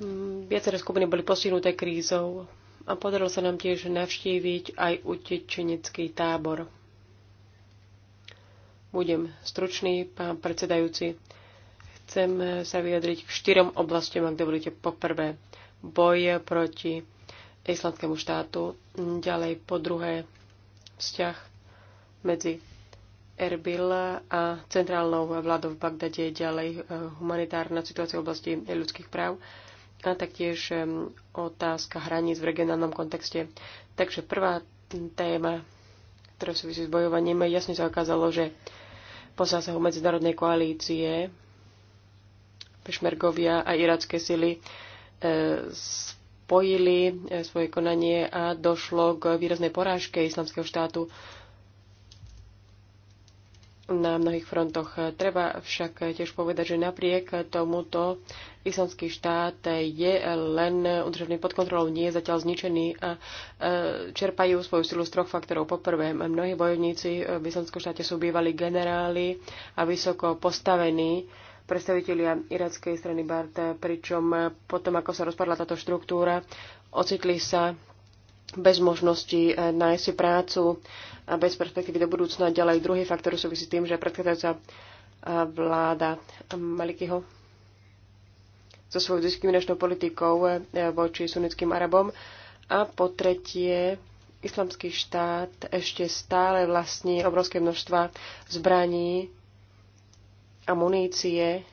Mm, viaceré skupiny boli posilnuté krízou a podarilo sa nám tiež navštíviť aj utečenecký tábor. Budem stručný, pán predsedajúci. Chcem sa vyjadriť k štyrom oblastiam, ak dovolíte. Poprvé, boj proti islamskému štátu. Ďalej, po druhé, vzťah medzi Erbil a centrálnou vládou v Bagdade. Ďalej, eh, humanitárna situácia v oblasti ľudských práv a taktiež otázka hraníc v regionálnom kontexte. Takže prvá téma, ktorá súvisí s bojovaním, jasne sa ukázalo, že po zásahu medzinárodnej koalície pešmergovia a iracké sily e, spojili e, svoje konanie a došlo k výraznej porážke islamského štátu na mnohých frontoch. Treba však tiež povedať, že napriek tomuto islamský štát je len udržený pod kontrolou, nie je zatiaľ zničený a e, čerpajú svoju silu z troch faktorov. Poprvé, mnohí bojovníci v islamskom štáte sú bývali generáli a vysoko postavení predstavitelia irackej strany Bart, pričom potom, ako sa rozpadla táto štruktúra, ocitli sa bez možnosti e, nájsť si prácu, a bez perspektívy do budúcna. Ďalej druhý faktor súvisí s tým, že predchádzajúca vláda Malikyho so svojou diskriminačnou politikou e, voči sunnickým Arabom a po tretie islamský štát ešte stále vlastní obrovské množstva zbraní a munície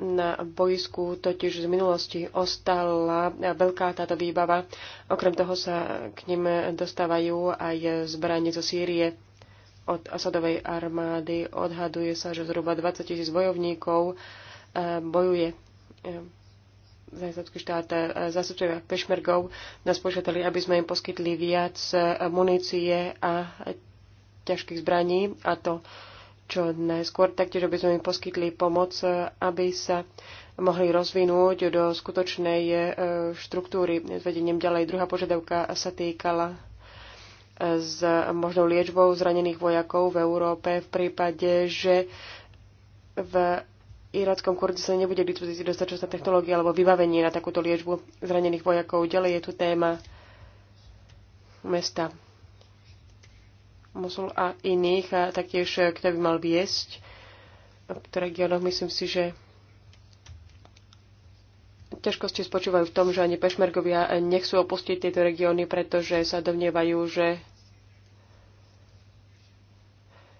na boisku totiž z minulosti ostala veľká táto výbava. Okrem toho sa k nim dostávajú aj zbranie zo Sýrie od Asadovej armády. Odhaduje sa, že zhruba 20 tisíc bojovníkov eh, bojuje eh, za Islamský štát. Eh, zástupcovia pešmergov nás požiadali, aby sme im poskytli viac munície a ťažkých zbraní, a to čo najskôr, taktiež aby sme im poskytli pomoc, aby sa mohli rozvinúť do skutočnej e, štruktúry. S vedením ďalej druhá požiadavka sa týkala e, s možnou liečbou zranených vojakov v Európe v prípade, že v irackom sa nebude k dispozícii dostatočná technológia alebo vybavenie na takúto liečbu zranených vojakov. Ďalej je tu téma mesta Mosul a iných, a taktiež e, kto by mal viesť v regiónoch. Myslím si, že ťažkosti spočívajú v tom, že ani pešmergovia e, nechcú opustiť tieto regióny, pretože sa domnievajú, že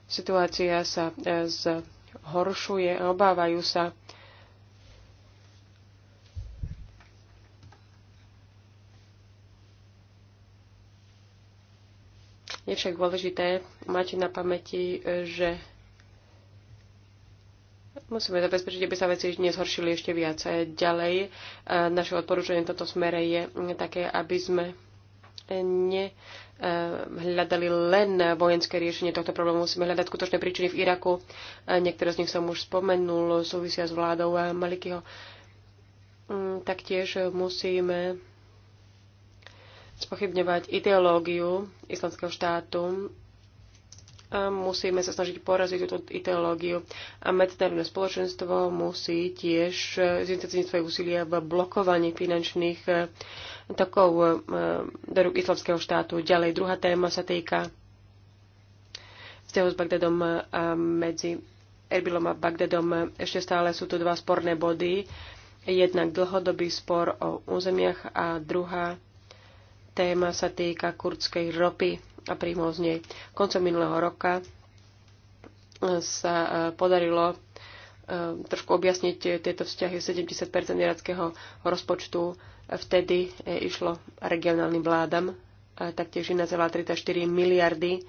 situácia sa e, zhoršuje a obávajú sa Je však dôležité mať na pamäti, že musíme zabezpečiť, aby sa veci nezhoršili ešte viac. Ďalej, e, naše odporúčanie v tomto smere je také, aby sme ne e, hľadali len vojenské riešenie tohto problému. Musíme hľadať skutočné príčiny v Iraku. E, niektoré z nich som už spomenul, súvisia s vládou Malikyho. Mm, taktiež musíme spochybňovať ideológiu islamského štátu. A musíme sa snažiť poraziť túto ideológiu a medzinárodné spoločenstvo musí tiež zintenzívniť svoje úsilia v blokovaní finančných eh, tokov eh, do rúk islamského štátu. Ďalej druhá téma sa týka vzťahu s Bagdadom a medzi Erbilom a Bagdadom. Ešte stále sú tu dva sporné body. Jednak dlhodobý spor o územiach a druhá téma sa týka kurdskej ropy a príjmov z nej. Koncom minulého roka e, sa e, podarilo e, trošku objasniť tieto vzťahy 70 irackého rozpočtu. Vtedy išlo regionálnym vládam taktiež 34 miliardy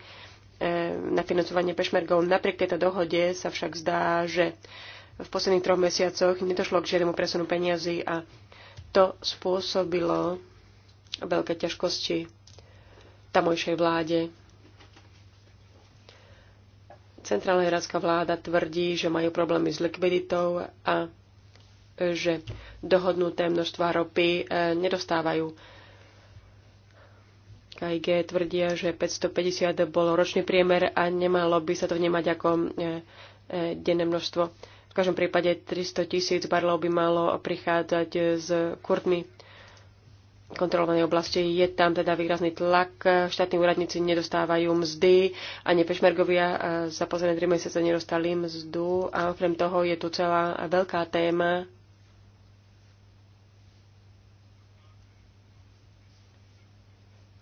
na financovanie pešmergov. Napriek tejto dohode sa však zdá, že v posledných troch mesiacoch nedošlo k žiadnemu presunu peniazy a to spôsobilo veľké ťažkosti tamojšej vláde. Centrálna iracká vláda tvrdí, že majú problémy s likviditou a že dohodnuté množstva ropy e, nedostávajú. KIG tvrdia, že 550 bol ročný priemer a nemalo by sa to vnímať ako e, e, denné množstvo. V každom prípade 300 tisíc barlov by malo prichádzať s kurtmi kontrolovanej oblasti. Je tam teda výrazný tlak, štátni úradníci nedostávajú mzdy, ani pešmergovia za posledné 3 mesiace nedostali mzdu a okrem toho je tu celá veľká téma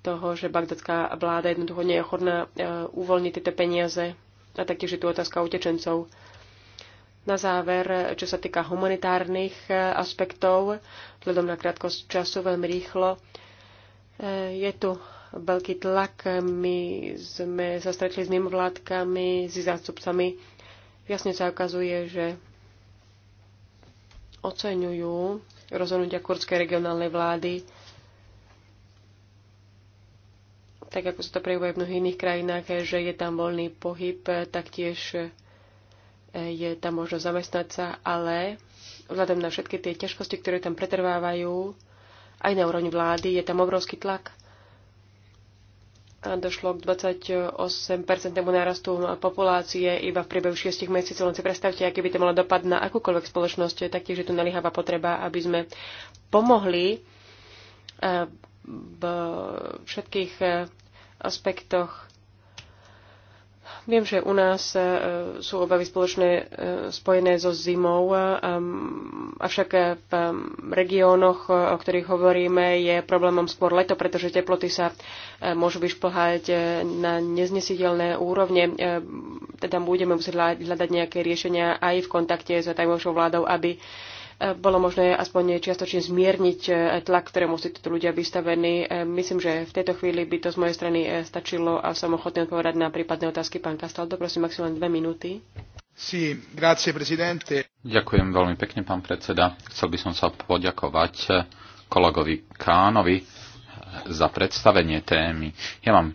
toho, že bagdadská vláda jednoducho nie je ochotná eh, uvoľniť tieto peniaze a taktiež je tu otázka utečencov. Na záver, čo sa týka humanitárnych e, aspektov, vzhľadom na krátkosť času veľmi rýchlo, e, je tu veľký tlak. My sme sa stretli s mimovládkami, s zástupcami. Jasne sa ukazuje, že oceňujú rozhodnutia kurdskej regionálnej vlády, tak ako sa to prejavuje v mnohých iných krajinách, že je tam voľný pohyb, taktiež je tam možnosť zamestnať sa, ale vzhľadom na všetky tie ťažkosti, ktoré tam pretrvávajú, aj na úrovni vlády, je tam obrovský tlak. A došlo k 28-percentnému nárastu populácie iba v priebehu 6 mesiacov. Len si predstavte, aký by to malo dopad na akúkoľvek spoločnosť. Taktiež je tu nalíhavá potreba, aby sme pomohli eh, v všetkých eh, aspektoch Viem, že u nás e, sú obavy spoločné e, spojené so zimou, e, avšak v regiónoch, o ktorých hovoríme, je problémom skôr leto, pretože teploty sa môžu vyšplhať na neznesiteľné úrovne. Teda budeme musieť hľadať nejaké riešenia aj v kontakte s tajmovšou vládou, aby bolo možné aspoň čiastočne zmierniť e, tlak, ktorému sú títo ľudia vystavení. E, myslím, že v tejto chvíli by to z mojej strany e, stačilo a som ochotný odpovedať na prípadné otázky. Pán Kastaldo, prosím, maximálne dve minúty. Sí, grazie, presidente. Ďakujem veľmi pekne, pán predseda. Chcel by som sa poďakovať kolegovi Kánovi za predstavenie témy. Ja mám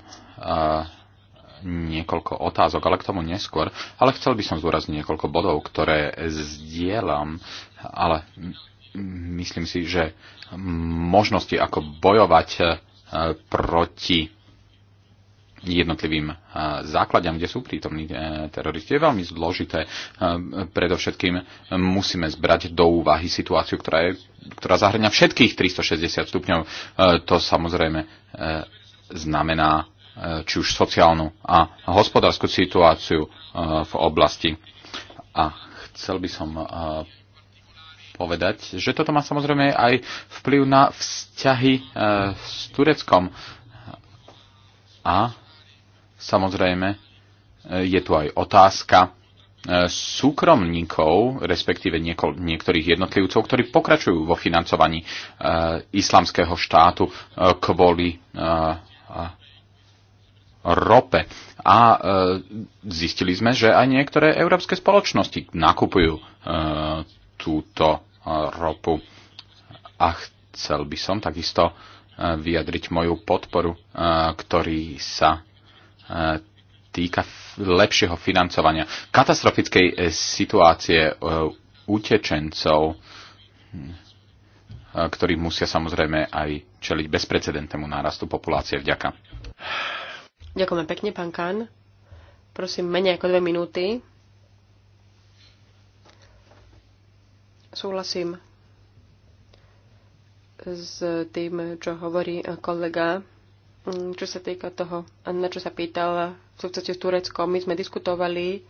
niekoľko otázok, ale k tomu neskôr. Ale chcel by som zúrazniť niekoľko bodov, ktoré zdieľam ale myslím si, že možnosti, ako bojovať e, proti jednotlivým e, základiam, kde sú prítomní e, teroristi, je veľmi zložité. Predovšetkým musíme zbrať do úvahy situáciu, ktorá, je, ktorá zahrňa všetkých 360 stupňov. To samozrejme znamená či už sociálnu a hospodárskú situáciu v oblasti. A chcel by som povedať, že toto má samozrejme aj vplyv na vzťahy e, s Tureckom. A samozrejme e, je tu aj otázka e, súkromníkov, respektíve nieko, niektorých jednotlivcov, ktorí pokračujú vo financovaní e, islamského štátu e, kvôli e, rope. A e, zistili sme, že aj niektoré európske spoločnosti nakupujú e, túto ropu. A chcel by som takisto e, vyjadriť moju podporu, e, ktorý sa e, týka lepšieho financovania katastrofickej situácie utečencov, ktorí musia samozrejme aj čeliť bezprecedentnému nárastu populácie. Vďaka. Ďakujeme pekne, pán Kán. Prosím, menej ako dve minúty. Súhlasím s tým, čo hovorí kolega, čo sa týka toho, na čo sa pýtal v súcete s Tureckom. My sme diskutovali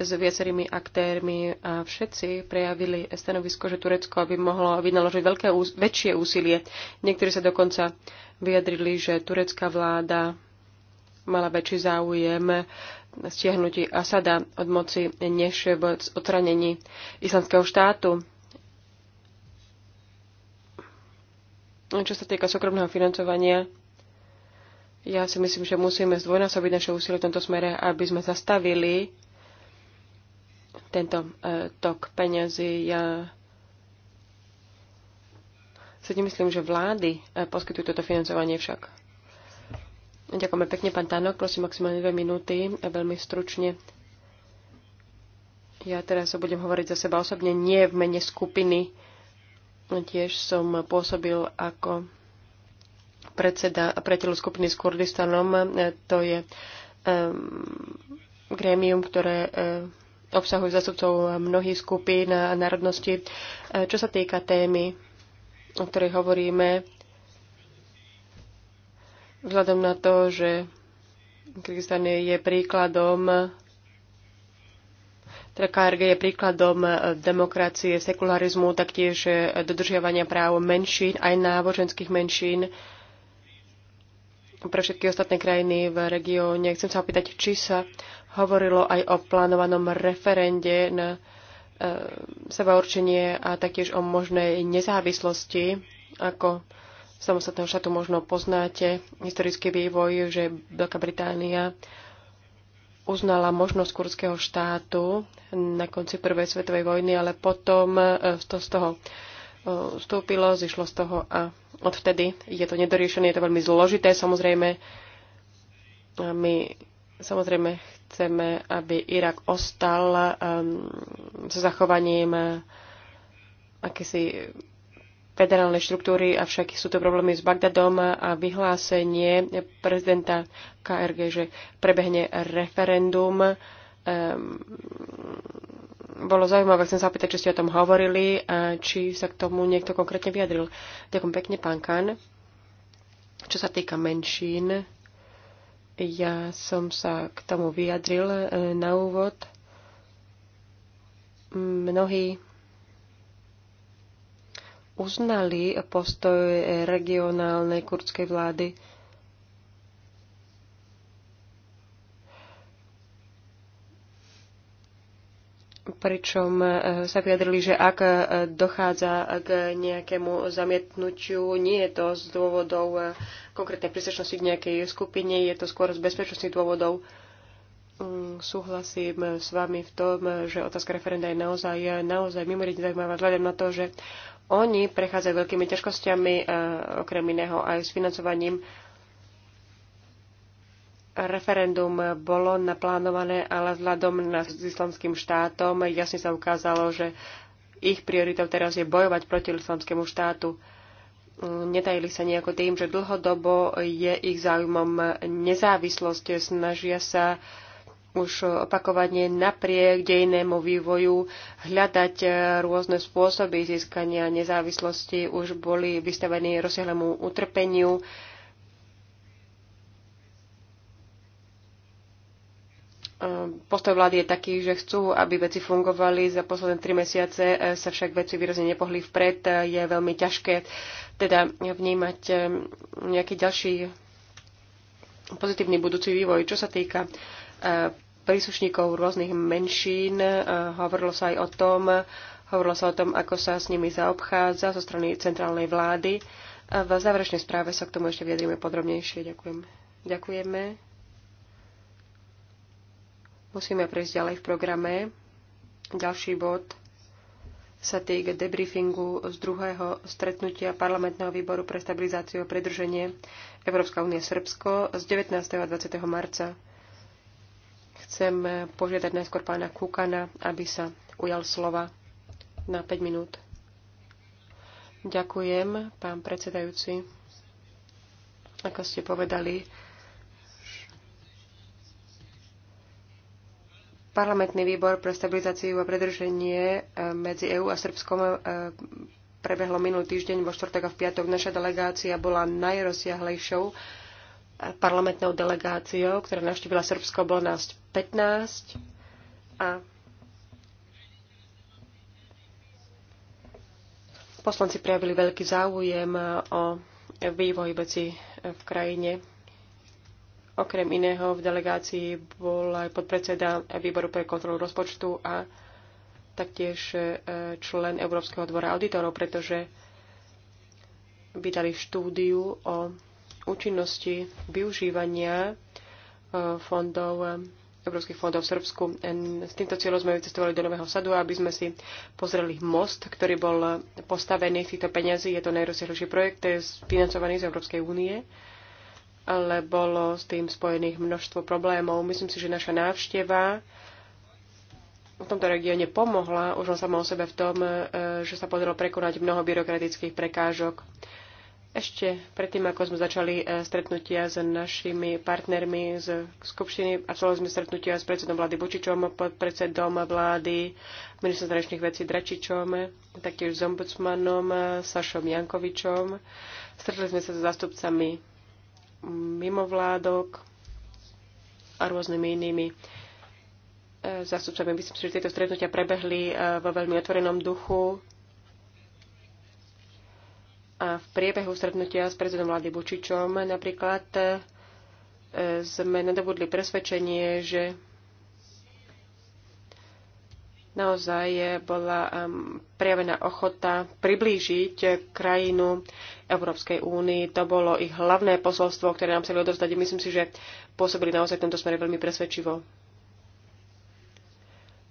s viacerými aktérmi a všetci prejavili stanovisko, že Turecko by mohlo vynaložiť veľké, väčšie úsilie. Niektorí sa dokonca vyjadrili, že turecká vláda mala väčší záujem stiahnutí Asada od moci, než v odstranení islamského štátu. Čo sa týka súkromného financovania, ja si myslím, že musíme zdvojnásobiť naše úsilie v tomto smere, aby sme zastavili tento e, tok peňazí. Ja si nemyslím, že vlády e, poskytujú toto financovanie však. Ďakujeme pekne, pán Tánok. Prosím, maximálne dve minúty, veľmi stručne. Ja teraz budem hovoriť za seba osobne, nie v mene skupiny. Tiež som pôsobil ako predseda priateľov skupiny s Kurdistanom. To je um, grémium, ktoré um, eh, obsahujú zastupcov mnohých skupín a národnosti, eh, Čo sa týka témy, o ktorej hovoríme, Vzhľadom na to, že Kyrgyzstan je príkladom teda KRG je príkladom demokracie, sekularizmu, taktiež dodržiavania práv menšín, aj náboženských menšín pre všetky ostatné krajiny v regióne. Chcem sa opýtať, či sa hovorilo aj o plánovanom referende na e, seba určenie a taktiež o možnej nezávislosti ako samostatného štátu možno poznáte historický vývoj, že Veľká Británia uznala možnosť kurdského štátu na konci prvej svetovej vojny, ale potom e, to z toho e, vstúpilo, zišlo z toho a odvtedy je to nedoriešené, je to veľmi zložité samozrejme. A my samozrejme chceme, aby Irak ostal um, ehm, so zachovaním um, akési federálne štruktúry, avšak sú to problémy s Bagdadom a vyhlásenie prezidenta KRG, že prebehne referendum. Um, bolo zaujímavé, chcem sa opýtať, či ste o tom hovorili a či sa k tomu niekto konkrétne vyjadril. Ďakujem pekne, pán Kan. Čo sa týka menšín, ja som sa k tomu vyjadril e, na úvod. Mnohí uznali postoj regionálnej kurdskej vlády. pričom eh, sa vyjadrili, že ak eh, dochádza k nejakému zamietnutiu, nie je to z dôvodov eh, konkrétnej príslušnosti k nejakej skupine, je to skôr z bezpečnostných dôvodov. Mm, súhlasím s vami v tom, že otázka referenda je naozaj, naozaj mimoriadne zaujímavá, vzhľadom na to, že oni prechádzajú veľkými ťažkosťami, e, okrem iného aj s financovaním. Referendum bolo naplánované, ale vzhľadom na s islamským štátom jasne sa ukázalo, že ich prioritou teraz je bojovať proti islamskému štátu netajili sa nejako tým, že dlhodobo je ich záujmom nezávislosť, snažia sa už opakovane napriek dejnému vývoju hľadať e, rôzne spôsoby získania nezávislosti, už boli vystavení rozsiahlemu utrpeniu. E, postoj vlády je taký, že chcú, aby veci fungovali. Za posledné tri mesiace e, sa však veci výrazne nepohli vpred. Je veľmi ťažké teda vnímať nejaký ďalší pozitívny budúci vývoj. Čo sa týka uh, E, príslušníkov rôznych menšín. E, hovorilo sa aj o tom, hovorilo sa o tom, ako sa s nimi zaobchádza zo strany centrálnej vlády. E, v záverečnej správe sa k tomu ešte vyjadríme podrobnejšie. Ďakujem. Ďakujeme. Musíme prejsť ďalej v programe. Ďalší bod sa týka debriefingu z druhého stretnutia parlamentného výboru pre stabilizáciu a predrženie Európska únie Srbsko z 19. a 20. marca Chcem požiadať najskôr pána Kukana, aby sa ujal slova na 5 minút. Ďakujem, pán predsedajúci. Ako ste povedali, Parlamentný výbor pre stabilizáciu a predrženie e, medzi EÚ a Srbskom e, prebehlo minulý týždeň vo štvrtok a v piatok. Naša delegácia bola najrozsiahlejšou parlamentnou delegáciou, ktorá navštívila Srbsko. Bolo nás 15 a poslanci prejavili veľký záujem o vývoj veci v krajine. Okrem iného v delegácii bol aj podpredseda výboru pre kontrolu rozpočtu a taktiež e, člen Európskeho dvora auditorov, pretože vydali štúdiu o účinnosti využívania e, fondov európskych fondov v Srbsku. S týmto cieľom sme vycestovali do Nového sadu, aby sme si pozreli most, ktorý bol postavený z týchto peniazí. Je to najrozsiahlejší projekt, je financovaný z Európskej únie, ale bolo s tým spojených množstvo problémov. Myslím si, že naša návšteva v tomto regióne pomohla už len samo o sebe v tom, e, že sa podarilo prekonať mnoho byrokratických prekážok ešte predtým, ako sme začali e, stretnutia s našimi partnermi z skupšiny, a celé sme stretnutia s predsedom vlády Bučičom, podpredsedom vlády, ministrom zahraničných vecí Dračičom, taktiež s ombudsmanom e, Sašom Jankovičom. Stretli sme sa s zástupcami mimovládok a rôznymi inými e, zastupcami. Myslím si, že tieto stretnutia prebehli vo veľmi otvorenom duchu a v priebehu stretnutia s prezidentom vlády Bučičom napríklad e, sme nadobudli presvedčenie, že naozaj bola prejavená ochota priblížiť krajinu Európskej únii. To bolo ich hlavné posolstvo, ktoré nám chceli odovzdať. Myslím si, že pôsobili naozaj v tomto smere veľmi presvedčivo.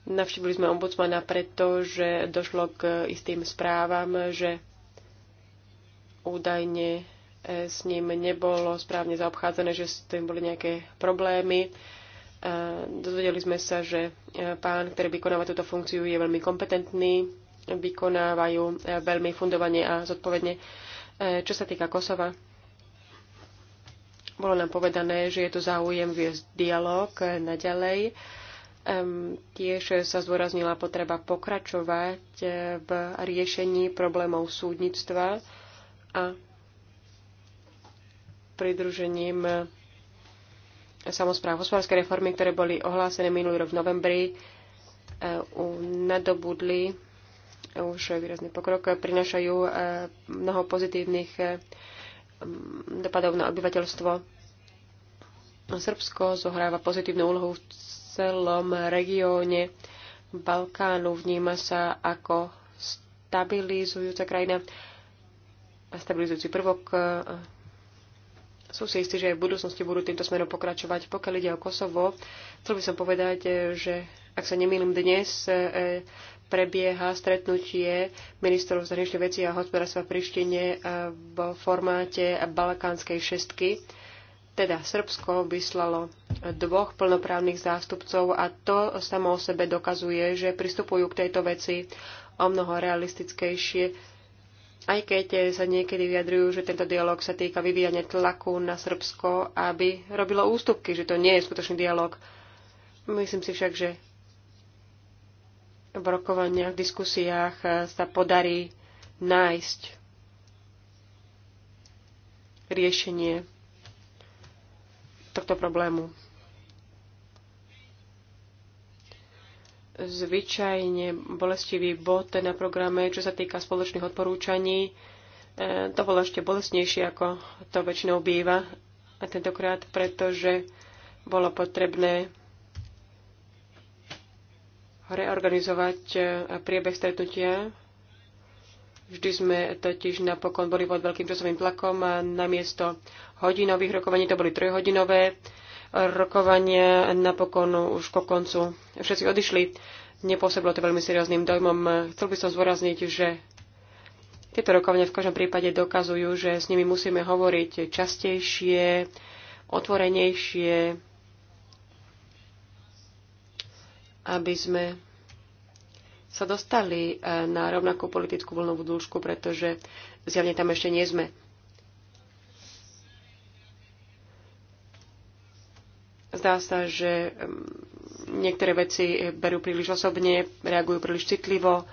Navštívili sme ombudsmana, pretože došlo k istým správam, že údajne e, s ním nebolo správne zaobchádzané, že s tým boli nejaké problémy. E, dozvedeli sme sa, že e, pán, ktorý vykonáva túto funkciu, je veľmi kompetentný, vykonávajú veľmi fundovane a zodpovedne. Čo sa týka Kosova, bolo nám povedané, že je tu záujem viesť dialog naďalej. tiež sa zdôraznila potreba pokračovať v riešení problémov súdnictva a pridružením samozpráv hospodárskej reformy, ktoré boli ohlásené minulý rok v novembri, e, nadobudli už výrazný pokrok, prinašajú e, mnoho pozitívnych e, dopadov na obyvateľstvo. Srbsko zohráva pozitívnu úlohu v celom regióne Balkánu, vníma sa ako stabilizujúca krajina stabilizujúci prvok. E, Sú si istí, že aj v budúcnosti budú týmto smerom pokračovať. Pokiaľ ide o Kosovo, chcel by som povedať, e, že ak sa nemýlim dnes, e, prebieha stretnutie ministrov zahraničných vecí a hospodárstva v Prištine v formáte Balkánskej šestky. Teda Srbsko vyslalo dvoch plnoprávnych zástupcov a to samo o sebe dokazuje, že pristupujú k tejto veci o mnoho realistickejšie aj keď sa niekedy vyjadrujú, že tento dialog sa týka vyvíjania tlaku na Srbsko, aby robilo ústupky, že to nie je skutočný dialog. Myslím si však, že v rokovaniach, v diskusiách sa podarí nájsť riešenie tohto problému. zvyčajne bolestivý bod na programe, čo sa týka spoločných odporúčaní. E, to bolo ešte bolestnejšie, ako to väčšinou býva a tentokrát, pretože bolo potrebné reorganizovať e, priebeh stretnutia. Vždy sme totiž napokon boli pod veľkým časovým tlakom a namiesto hodinových rokovaní to boli trojhodinové rokovania napokon už ko koncu všetci odišli. Nepôsobilo to veľmi serióznym dojmom. Chcel by som zvorazniť, že tieto rokovania v každom prípade dokazujú, že s nimi musíme hovoriť častejšie, otvorenejšie, aby sme sa dostali eh, na rovnakú politickú vlnovú dĺžku, pretože zjavne tam ešte nie sme. Zdá sa, že mm, niektoré veci berú príliš osobne, reagujú príliš citlivo.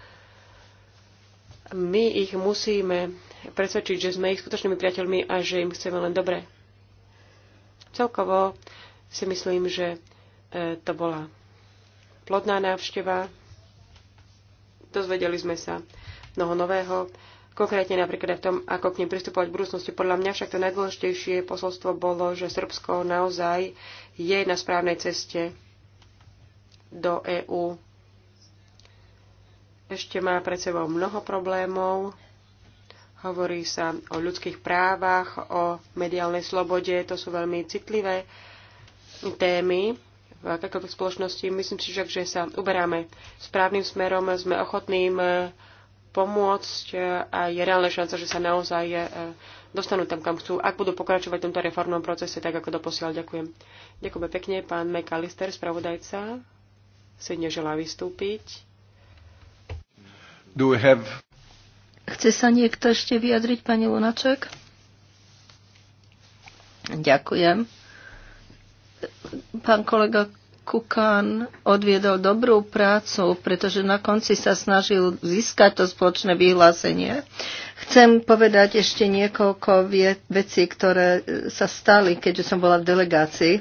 My ich musíme presvedčiť, že sme ich skutočnými priateľmi a že im chceme len dobre. Celkovo si myslím, že e, to bola plodná návšteva. Dozvedeli sme sa mnoho nového konkrétne napríklad aj v tom, ako k nim pristupovať v budúcnosti. Podľa mňa však to najdôležitejšie posolstvo bolo, že Srbsko naozaj je na správnej ceste do EÚ. Ešte má pred sebou mnoho problémov. Hovorí sa o ľudských právach, o mediálnej slobode. To sú veľmi citlivé témy v akékoľvek spoločnosti. Myslím si že sa uberáme správnym smerom, sme ochotným pomôcť e, a je reálna šanca, že sa naozaj e, dostanú tam, kam chcú, ak budú pokračovať v tomto reformnom procese, tak ako doposiaľ. Ďakujem. Ďakujem pekne, pán McAllister, spravodajca. Si neželá vystúpiť. Do we have... Chce sa niekto ešte vyjadriť, pani Lunaček? Ďakujem. Pán kolega Kukan odviedol dobrú prácu, pretože na konci sa snažil získať to spoločné vyhlásenie. Chcem povedať ešte niekoľko vecí, ktoré e, sa stali, keďže som bola v delegácii.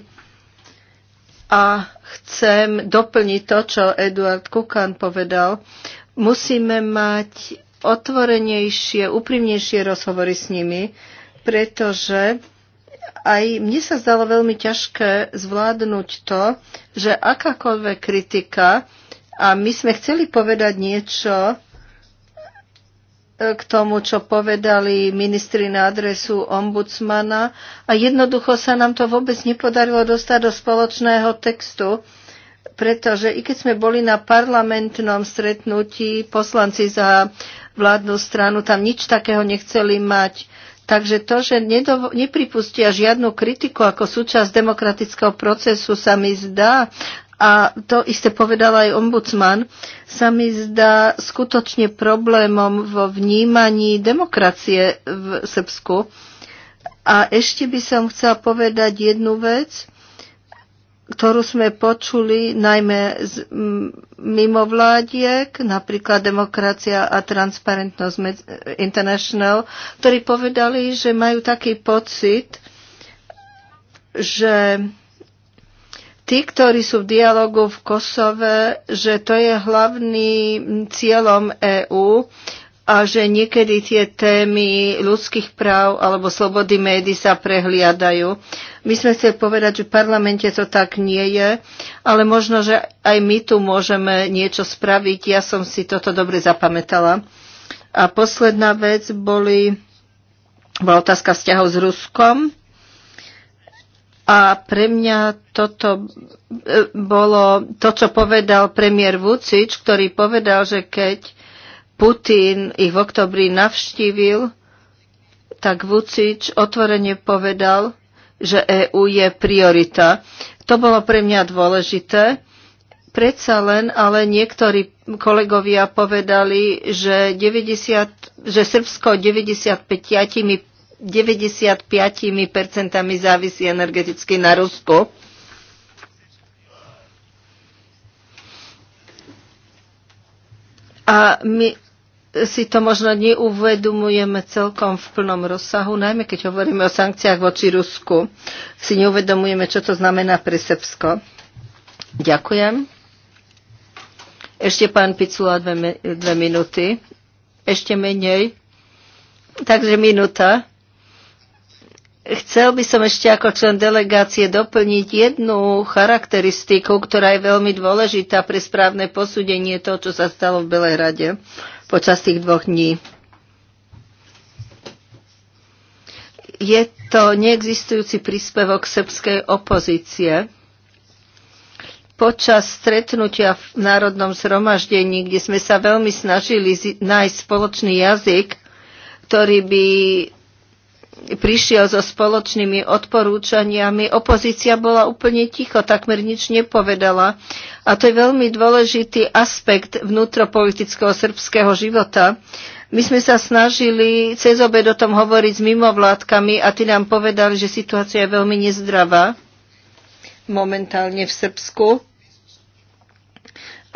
A chcem doplniť to, čo Eduard Kukan povedal. Musíme mať otvorenejšie, úprimnejšie rozhovory s nimi, pretože aj mne sa zdalo veľmi ťažké zvládnuť to, že akákoľvek kritika, a my sme chceli povedať niečo e, k tomu, čo povedali ministri na adresu ombudsmana a jednoducho sa nám to vôbec nepodarilo dostať do spoločného textu, pretože i keď sme boli na parlamentnom stretnutí poslanci za vládnu stranu, tam nič takého nechceli mať Takže to, že nedovo- nepripustia žiadnu kritiku ako súčasť demokratického procesu, sa mi zdá, a to isté povedal aj ombudsman, sa mi zdá skutočne problémom vo vnímaní demokracie v Srbsku. A ešte by som chcela povedať jednu vec ktorú sme počuli najmä z mimovládiek, napríklad Demokracia a Transparentnosť International, ktorí povedali, že majú taký pocit, že tí, ktorí sú v dialogu v Kosove, že to je hlavný cieľom EÚ a že niekedy tie témy ľudských práv alebo slobody médií sa prehliadajú. My sme chceli povedať, že v parlamente to tak nie je, ale možno, že aj my tu môžeme niečo spraviť. Ja som si toto dobre zapamätala. A posledná vec boli, bola otázka vzťahov s Ruskom. A pre mňa toto e, bolo to, čo povedal premiér Vucič, ktorý povedal, že keď Putin ich v oktobri navštívil, tak vucič otvorene povedal, že EÚ je priorita. To bolo pre mňa dôležité. Predsa len, ale niektorí kolegovia povedali, že, 90, že Srbsko 95, 95 percentami závisí energeticky na Rusku. A my si to možno neuvedomujeme celkom v plnom rozsahu, najmä keď hovoríme o sankciách voči Rusku. Si neuvedomujeme, čo to znamená pre Srbsko. Ďakujem. Ešte pán Picula dve, dve minúty. Ešte menej. Takže minúta. Chcel by som ešte ako člen delegácie doplniť jednu charakteristiku, ktorá je veľmi dôležitá pre správne posúdenie toho, čo sa stalo v Belehrade. Uh, počas tých dvoch dní. Je to neexistujúci príspevok srbskej opozície. Počas stretnutia v Národnom zhromaždení, kde sme sa veľmi snažili nájsť spoločný jazyk, ktorý by prišiel so spoločnými odporúčaniami, opozícia bola úplne ticho, takmer nič nepovedala. A to je veľmi dôležitý aspekt vnútropolitického srbského života. My sme sa snažili cez obed o tom hovoriť s mimovládkami a tí nám povedali, že situácia je veľmi nezdravá momentálne v Srbsku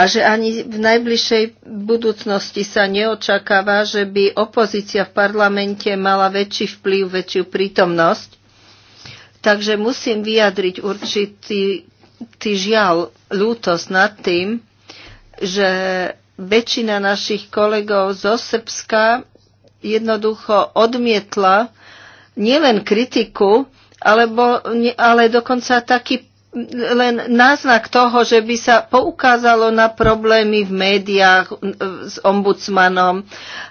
a že ani v najbližšej budúcnosti sa neočakáva, že by opozícia v parlamente mala väčší vplyv, väčšiu prítomnosť. Takže musím vyjadriť určitý tý žiaľ, lútosť nad tým, že väčšina našich kolegov zo Srbska jednoducho odmietla nielen kritiku, alebo, ale dokonca taký len náznak toho, že by sa poukázalo na problémy v médiách s ombudsmanom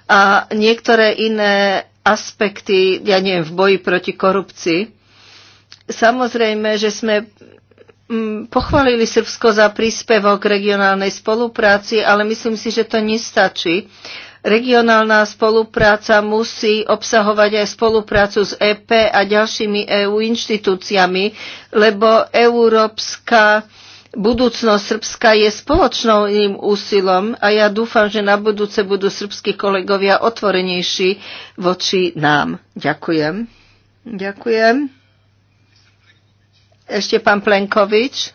a niektoré iné aspekty, ja neviem, v boji proti korupcii. Samozrejme, že sme pochválili Srbsko za príspevok regionálnej spolupráci, ale myslím si, že to nestačí Regionálna spolupráca musí obsahovať aj spoluprácu s EP a ďalšími EU inštitúciami, lebo európska budúcnosť Srbska je spoločným úsilom a ja dúfam, že na budúce budú srbskí kolegovia otvorenejší voči nám. Ďakujem. Ďakujem. Ešte pán Plenkovič.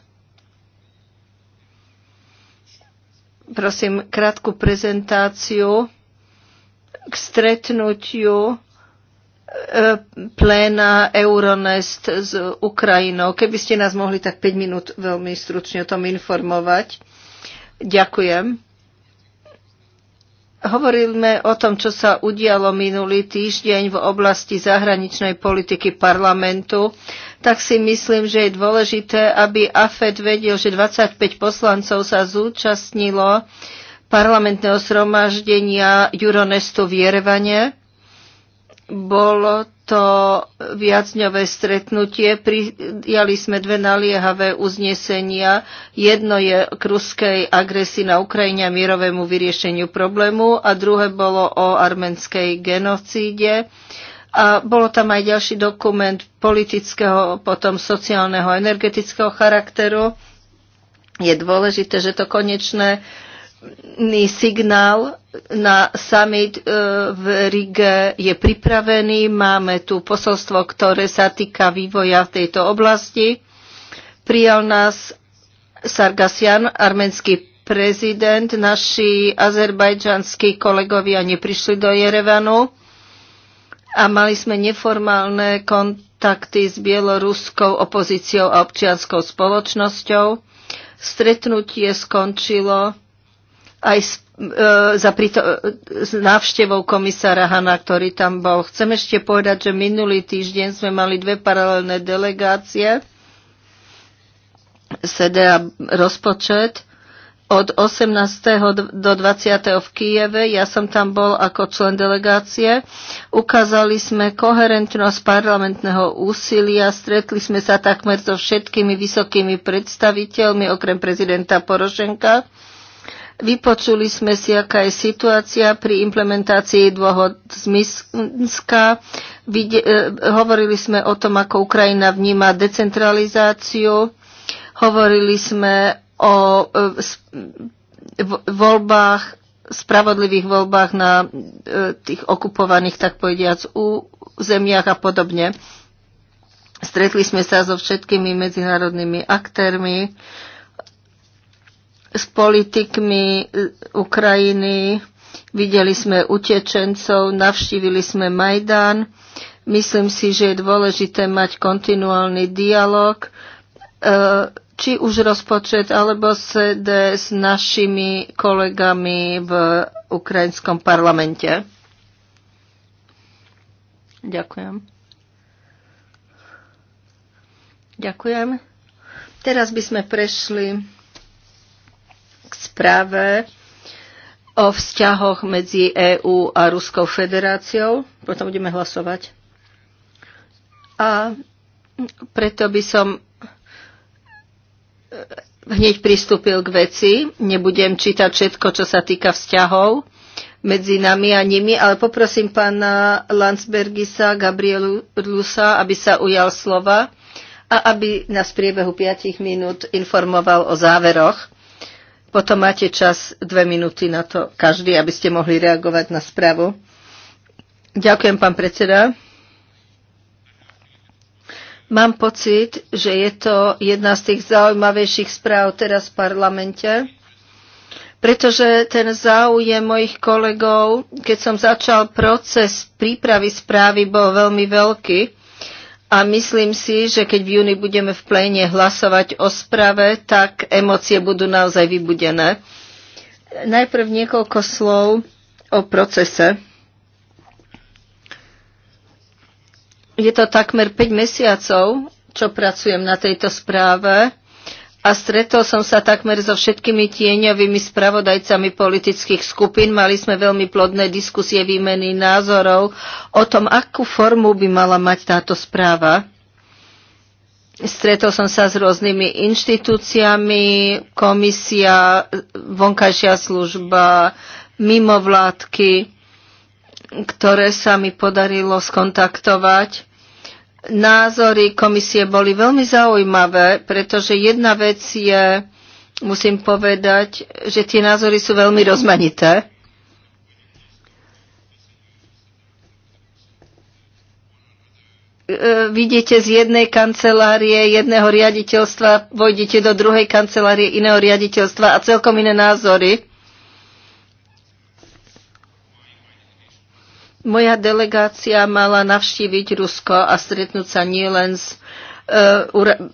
Prosím, krátku prezentáciu k stretnutiu e, pléna Euronest s Ukrajinou. Keby ste nás mohli tak 5 minút veľmi stručne o tom informovať. Ďakujem. Hovoríme o tom, čo sa udialo minulý týždeň v oblasti zahraničnej politiky parlamentu, tak si myslím, že je dôležité, aby AFED vedel, že 25 poslancov sa zúčastnilo parlamentného zhromaždenia Juronestu v Jerevane. Bolo to viacňové stretnutie. Prijali sme dve naliehavé uznesenia. Jedno je k ruskej agresii na Ukrajine a mierovému vyriešeniu problému a druhé bolo o arménskej genocíde. A bolo tam aj ďalší dokument politického, potom sociálneho, energetického charakteru. Je dôležité, že to konečné signál na summit e, v Rige je pripravený. Máme tu posolstvo, ktoré sa týka vývoja v tejto oblasti. Prijal nás Sargasian, arménsky prezident. Naši azerbajdžanskí kolegovia neprišli do Jerevanu a mali sme neformálne kontakty s bieloruskou opozíciou a občianskou spoločnosťou. Stretnutie skončilo aj s, e, za prito, s návštevou komisára Hana, ktorý tam bol. Chcem ešte povedať, že minulý týždeň sme mali dve paralelné delegácie, SEDE a rozpočet, od 18. do 20. v Kieve. Ja som tam bol ako člen delegácie. Ukázali sme koherentnosť parlamentného úsilia. Stretli sme sa takmer so všetkými vysokými predstaviteľmi, okrem prezidenta Porošenka. Vypočuli sme si, aká je situácia pri implementácii dôhod z Minska. Vide, e, hovorili sme o tom, ako Ukrajina vníma decentralizáciu. Hovorili sme o e, voľbách, spravodlivých voľbách na e, tých okupovaných, tak povediac, územiach a podobne. Stretli sme sa so všetkými medzinárodnými aktérmi s politikmi Ukrajiny, videli sme utečencov, navštívili sme Majdán. Myslím si, že je dôležité mať kontinuálny dialog, e, či už rozpočet alebo CD s našimi kolegami v ukrajinskom parlamente. Ďakujem. Ďakujem. Teraz by sme prešli správe o vzťahoch medzi EÚ a Ruskou federáciou. Potom budeme hlasovať. A preto by som eh, hneď pristúpil k veci. Nebudem čítať všetko, čo sa týka vzťahov medzi nami a nimi, ale poprosím pána Landsbergisa, Gabrielu Lusa, aby sa ujal slova a aby nás v priebehu 5 minút informoval o záveroch. Potom máte čas dve minúty na to každý, aby ste mohli reagovať na správu. Ďakujem, pán predseda. Mám pocit, že je to jedna z tých zaujímavejších správ teraz v parlamente, pretože ten záujem mojich kolegov, keď som začal proces prípravy správy, bol veľmi veľký a myslím si, že keď v júni budeme v pléne hlasovať o sprave, tak emócie budú naozaj vybudené. Najprv niekoľko slov o procese. Je to takmer 5 mesiacov, čo pracujem na tejto správe a stretol som sa takmer so všetkými tieňovými spravodajcami politických skupín. Mali sme veľmi plodné diskusie výmeny názorov o tom, akú formu by mala mať táto správa. Stretol som sa s rôznymi inštitúciami, komisia, vonkajšia služba, mimovládky, ktoré sa mi podarilo skontaktovať názory komisie boli veľmi zaujímavé, pretože jedna vec je, musím povedať, že tie názory sú veľmi rozmanité. E, vidíte z jednej kancelárie jedného riaditeľstva, vojdete do druhej kancelárie iného riaditeľstva a celkom iné názory. Moja delegácia mala navštíviť Rusko a stretnúť sa nielen s e,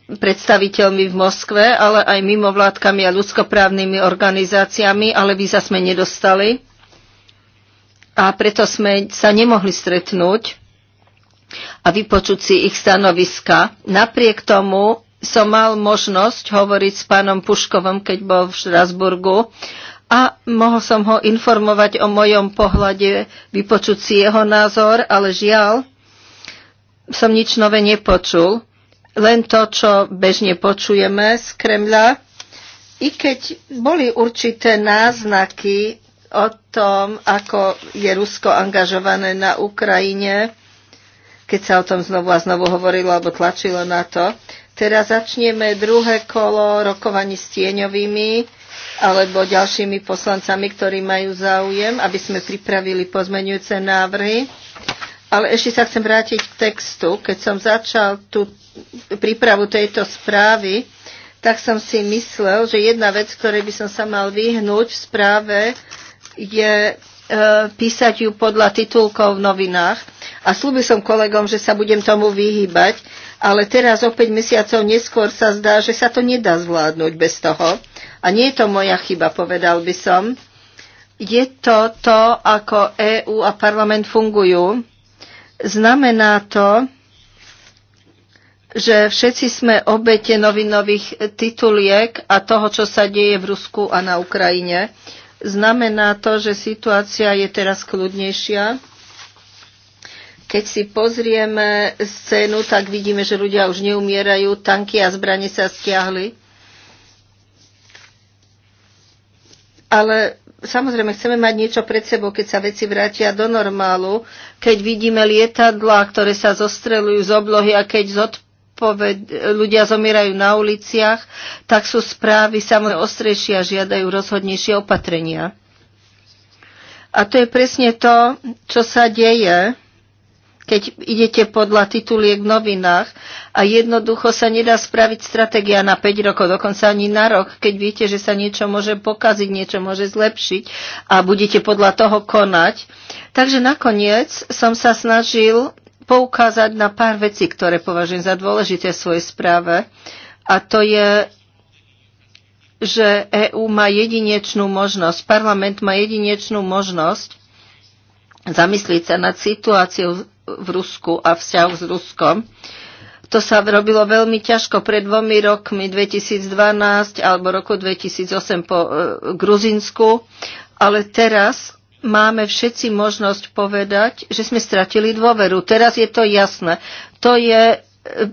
predstaviteľmi v Moskve, ale aj mimovládkami a ľudskoprávnymi organizáciami, ale víza sme nedostali. A preto sme sa nemohli stretnúť a vypočuť si ich stanoviska. Napriek tomu som mal možnosť hovoriť s pánom Puškovom, keď bol v Štrasburgu a mohol som ho informovať o mojom pohľade, vypočuť si jeho názor, ale žiaľ, som nič nové nepočul. Len to, čo bežne počujeme z Kremľa. I keď boli určité náznaky o tom, ako je Rusko angažované na Ukrajine, keď sa o tom znovu a znovu hovorilo alebo tlačilo na to. Teraz začneme druhé kolo rokovaní s tieňovými alebo ďalšími poslancami, ktorí majú záujem, aby sme pripravili pozmenujúce návrhy. Ale ešte sa chcem vrátiť k textu. Keď som začal tú prípravu tejto správy, tak som si myslel, že jedna vec, ktorej by som sa mal vyhnúť v správe, je e, písať ju podľa titulkov v novinách. A slúbil som kolegom, že sa budem tomu vyhýbať, ale teraz o 5 mesiacov neskôr sa zdá, že sa to nedá zvládnuť bez toho. A nie je to moja chyba, povedal by som. Je to to, ako EÚ a parlament fungujú. Znamená to, že všetci sme obete novinových tituliek a toho, čo sa deje v Rusku a na Ukrajine. Znamená to, že situácia je teraz kľudnejšia. Keď si pozrieme scénu, tak vidíme, že ľudia už neumierajú, tanky a zbranie sa stiahli. ale samozrejme chceme mať niečo pred sebou, keď sa veci vrátia do normálu, keď vidíme lietadlá, ktoré sa zostrelujú z oblohy a keď zodpoved, ľudia zomierajú na uliciach, tak sú správy samozrejme ostrejšie a žiadajú rozhodnejšie opatrenia. A to je presne to, čo sa deje keď idete podľa tituliek v novinách a jednoducho sa nedá spraviť stratégia na 5 rokov, dokonca ani na rok, keď viete, že sa niečo môže pokaziť, niečo môže zlepšiť a budete podľa toho konať. Takže nakoniec som sa snažil poukázať na pár vecí, ktoré považujem za dôležité v svojej správe a to je že EÚ má jedinečnú možnosť, parlament má jedinečnú možnosť zamyslieť sa nad situáciou v Rusku a vzťahu s Ruskom. To sa robilo veľmi ťažko pred dvomi rokmi, 2012 alebo roku 2008 po e, Gruzinsku, ale teraz máme všetci možnosť povedať, že sme stratili dôveru. Teraz je to jasné. To je e,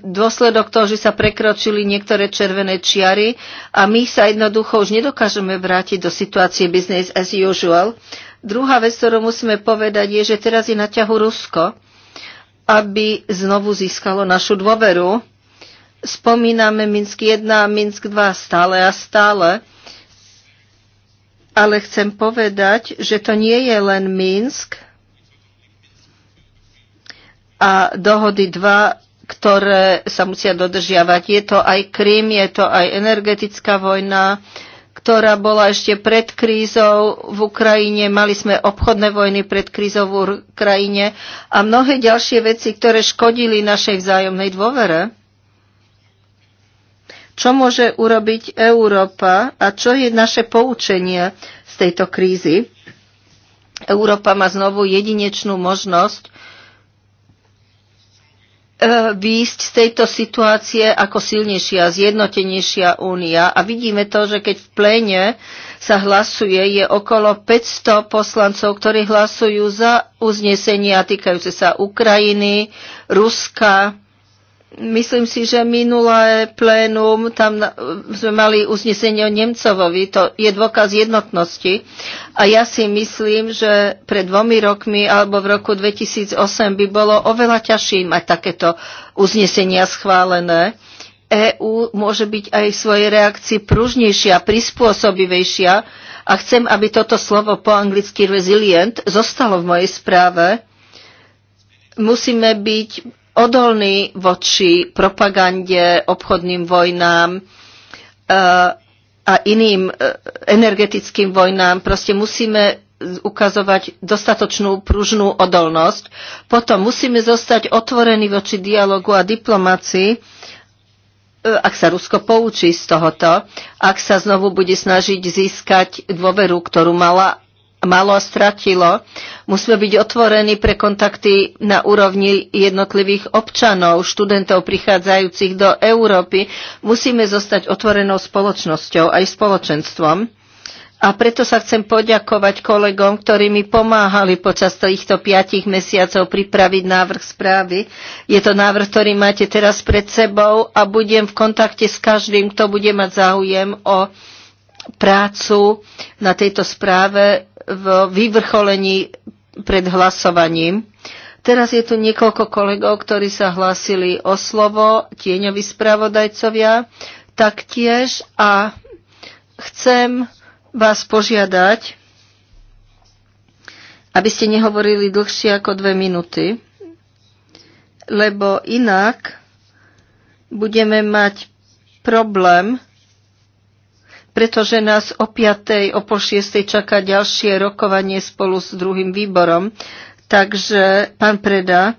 dôsledok toho, že sa prekročili niektoré červené čiary a my sa jednoducho už nedokážeme vrátiť do situácie business as usual. Druhá vec, ktorú musíme povedať, je, že teraz je na ťahu Rusko, aby znovu získalo našu dôveru. Spomíname Minsk 1 a Minsk 2 stále a stále, ale chcem povedať, že to nie je len Minsk a dohody 2, ktoré sa musia dodržiavať. Je to aj Krym, je to aj energetická vojna, ktorá bola ešte pred krízou v Ukrajine. Mali sme obchodné vojny pred krízou v Ukrajine a mnohé ďalšie veci, ktoré škodili našej vzájomnej dôvere. Čo môže urobiť Európa a čo je naše poučenie z tejto krízy? Európa má znovu jedinečnú možnosť E, výjsť z tejto situácie ako silnejšia, zjednotenejšia únia. A vidíme to, že keď v pléne sa hlasuje, je okolo 500 poslancov, ktorí hlasujú za uznesenia týkajúce sa Ukrajiny, Ruska, Myslím si, že minulé plénum, tam sme mali uznesenie o Nemcovovi, to je dôkaz jednotnosti. A ja si myslím, že pred dvomi rokmi alebo v roku 2008 by bolo oveľa ťažšie mať takéto uznesenia schválené. EÚ môže byť aj v svojej reakcii pružnejšia, prispôsobivejšia a chcem, aby toto slovo po anglicky resilient zostalo v mojej správe. Musíme byť odolný voči propagande, obchodným vojnám e, a iným e, energetickým vojnám. Proste musíme ukazovať dostatočnú pružnú odolnosť. Potom musíme zostať otvorení voči dialogu a diplomácii, e, ak sa Rusko poučí z tohoto, ak sa znovu bude snažiť získať dôveru, ktorú mala malo a stratilo. Musíme byť otvorení pre kontakty na úrovni jednotlivých občanov, študentov prichádzajúcich do Európy. Musíme zostať otvorenou spoločnosťou aj spoločenstvom. A preto sa chcem poďakovať kolegom, ktorí mi pomáhali počas týchto piatich mesiacov pripraviť návrh správy. Je to návrh, ktorý máte teraz pred sebou a budem v kontakte s každým, kto bude mať záujem o prácu na tejto správe v vyvrcholení pred hlasovaním. Teraz je tu niekoľko kolegov, ktorí sa hlásili o slovo, tieňoví spravodajcovia taktiež a chcem vás požiadať, aby ste nehovorili dlhšie ako dve minúty, lebo inak budeme mať problém pretože nás o 5. o pol 6. čaká ďalšie rokovanie spolu s druhým výborom. Takže, pán Preda,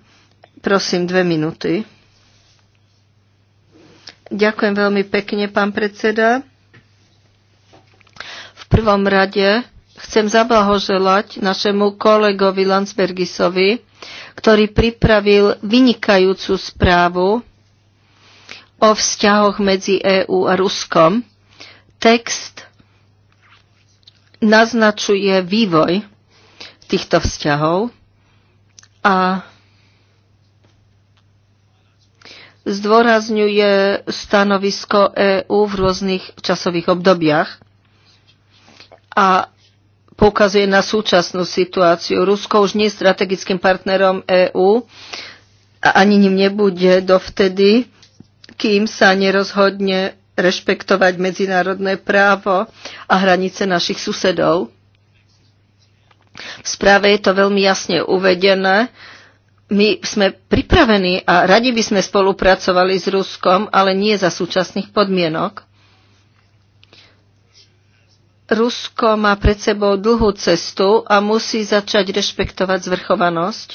prosím, dve minúty. Ďakujem veľmi pekne, pán predseda. V prvom rade chcem zablahoželať našemu kolegovi Landsbergisovi, ktorý pripravil vynikajúcu správu o vzťahoch medzi EÚ a Ruskom text naznačuje vývoj týchto vzťahov a zdôrazňuje stanovisko EÚ v rôznych časových obdobiach a poukazuje na súčasnú situáciu. Rusko už nie je strategickým partnerom EÚ a ani ním nebude dovtedy, kým sa nerozhodne rešpektovať medzinárodné právo a hranice našich susedov. V správe je to veľmi jasne uvedené. My sme pripravení a radi by sme spolupracovali s Ruskom, ale nie za súčasných podmienok. Rusko má pred sebou dlhú cestu a musí začať rešpektovať zvrchovanosť,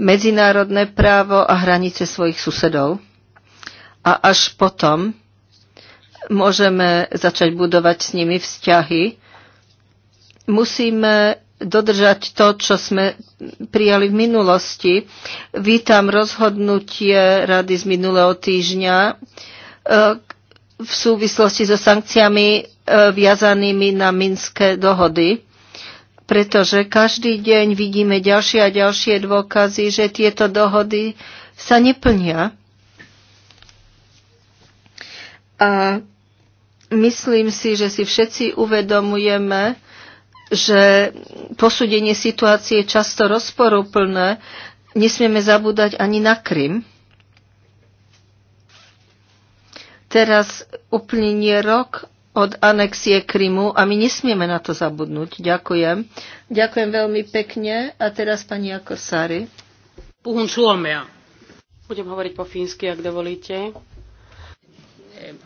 medzinárodné právo a hranice svojich susedov. A až potom môžeme začať budovať s nimi vzťahy. Musíme dodržať to, čo sme prijali v minulosti. Vítam rozhodnutie rady z minulého týždňa e, v súvislosti so sankciami e, viazanými na minské dohody, pretože každý deň vidíme ďalšie a ďalšie dôkazy, že tieto dohody sa neplnia. A myslím si, že si všetci uvedomujeme, že posúdenie situácie je často rozporuplné. Nesmieme zabúdať ani na Krym. Teraz uplynie rok od anexie Krymu a my nesmieme na to zabudnúť. Ďakujem. Ďakujem veľmi pekne. A teraz pani Akosari. Budem hovoriť po fínsky, ak dovolíte.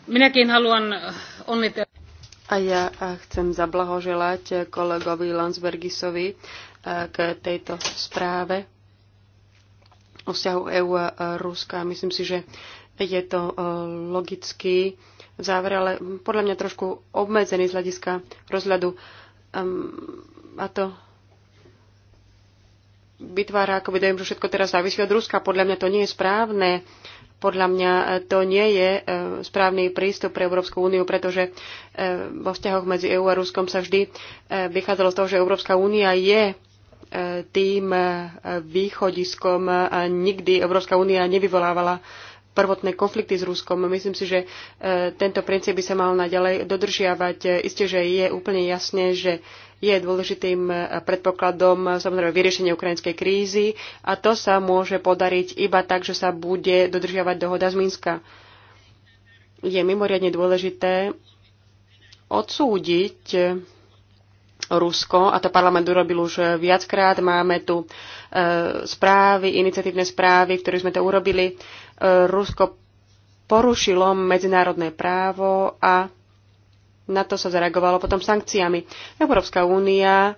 Minäkin haluan äh, onnitella. A ja äh, chcem zablahoželať äh, kolegovi Landsbergisovi k tejto správe o vzťahu EU a Ruska. Myslím si, že je to logický záver, ale podľa mňa trošku obmedzený z hľadiska rozhľadu. Ehm, a to vytvára akoby dojem, že všetko teraz závisí od Ruska. Podľa mňa to nie je správne. Podľa mňa e, to nie je e, správny prístup pre Európsku úniu, pretože e, vo vzťahoch medzi EÚ a Ruskom sa vždy vychádzalo z toho, že Európska únia je tým východiskom a nikdy Európska únia nevyvolávala prvotné konflikty s Ruskom. Myslím si, že tento princíp by sa mal naďalej dodržiavať. Isté, že je úplne jasné, že je dôležitým eh, predpokladom eh, samozrejme vyriešenia ukrajinskej krízy a to sa môže podariť iba tak, že sa bude dodržiavať dohoda z Minska. Je mimoriadne dôležité odsúdiť eh, Rusko, a to parlament urobil už viackrát, máme tu správy, iniciatívne správy, ktoré sme to urobili. Rusko porušilo medzinárodné právo a na to sa zareagovalo potom sankciami. Európska únia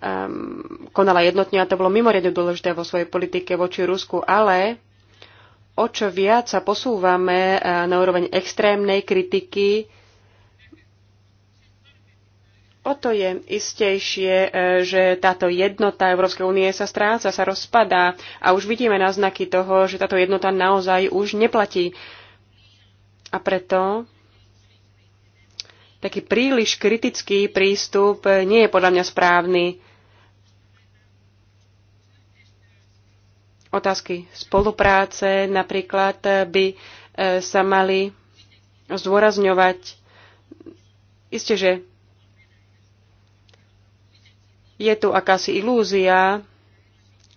um, konala jednotne a to bolo mimoriadne dôležité vo svojej politike voči Rusku, ale o čo viac sa posúvame eh, na úroveň extrémnej kritiky, o to je istejšie, eh, že táto jednota Európskej únie sa stráca, sa rozpadá a už vidíme náznaky toho, že táto jednota naozaj už neplatí. A preto taký príliš kritický prístup eh, nie je podľa mňa správny. Otázky spolupráce napríklad eh, by eh, sa mali zdôrazňovať. Isté, že je tu akási ilúzia,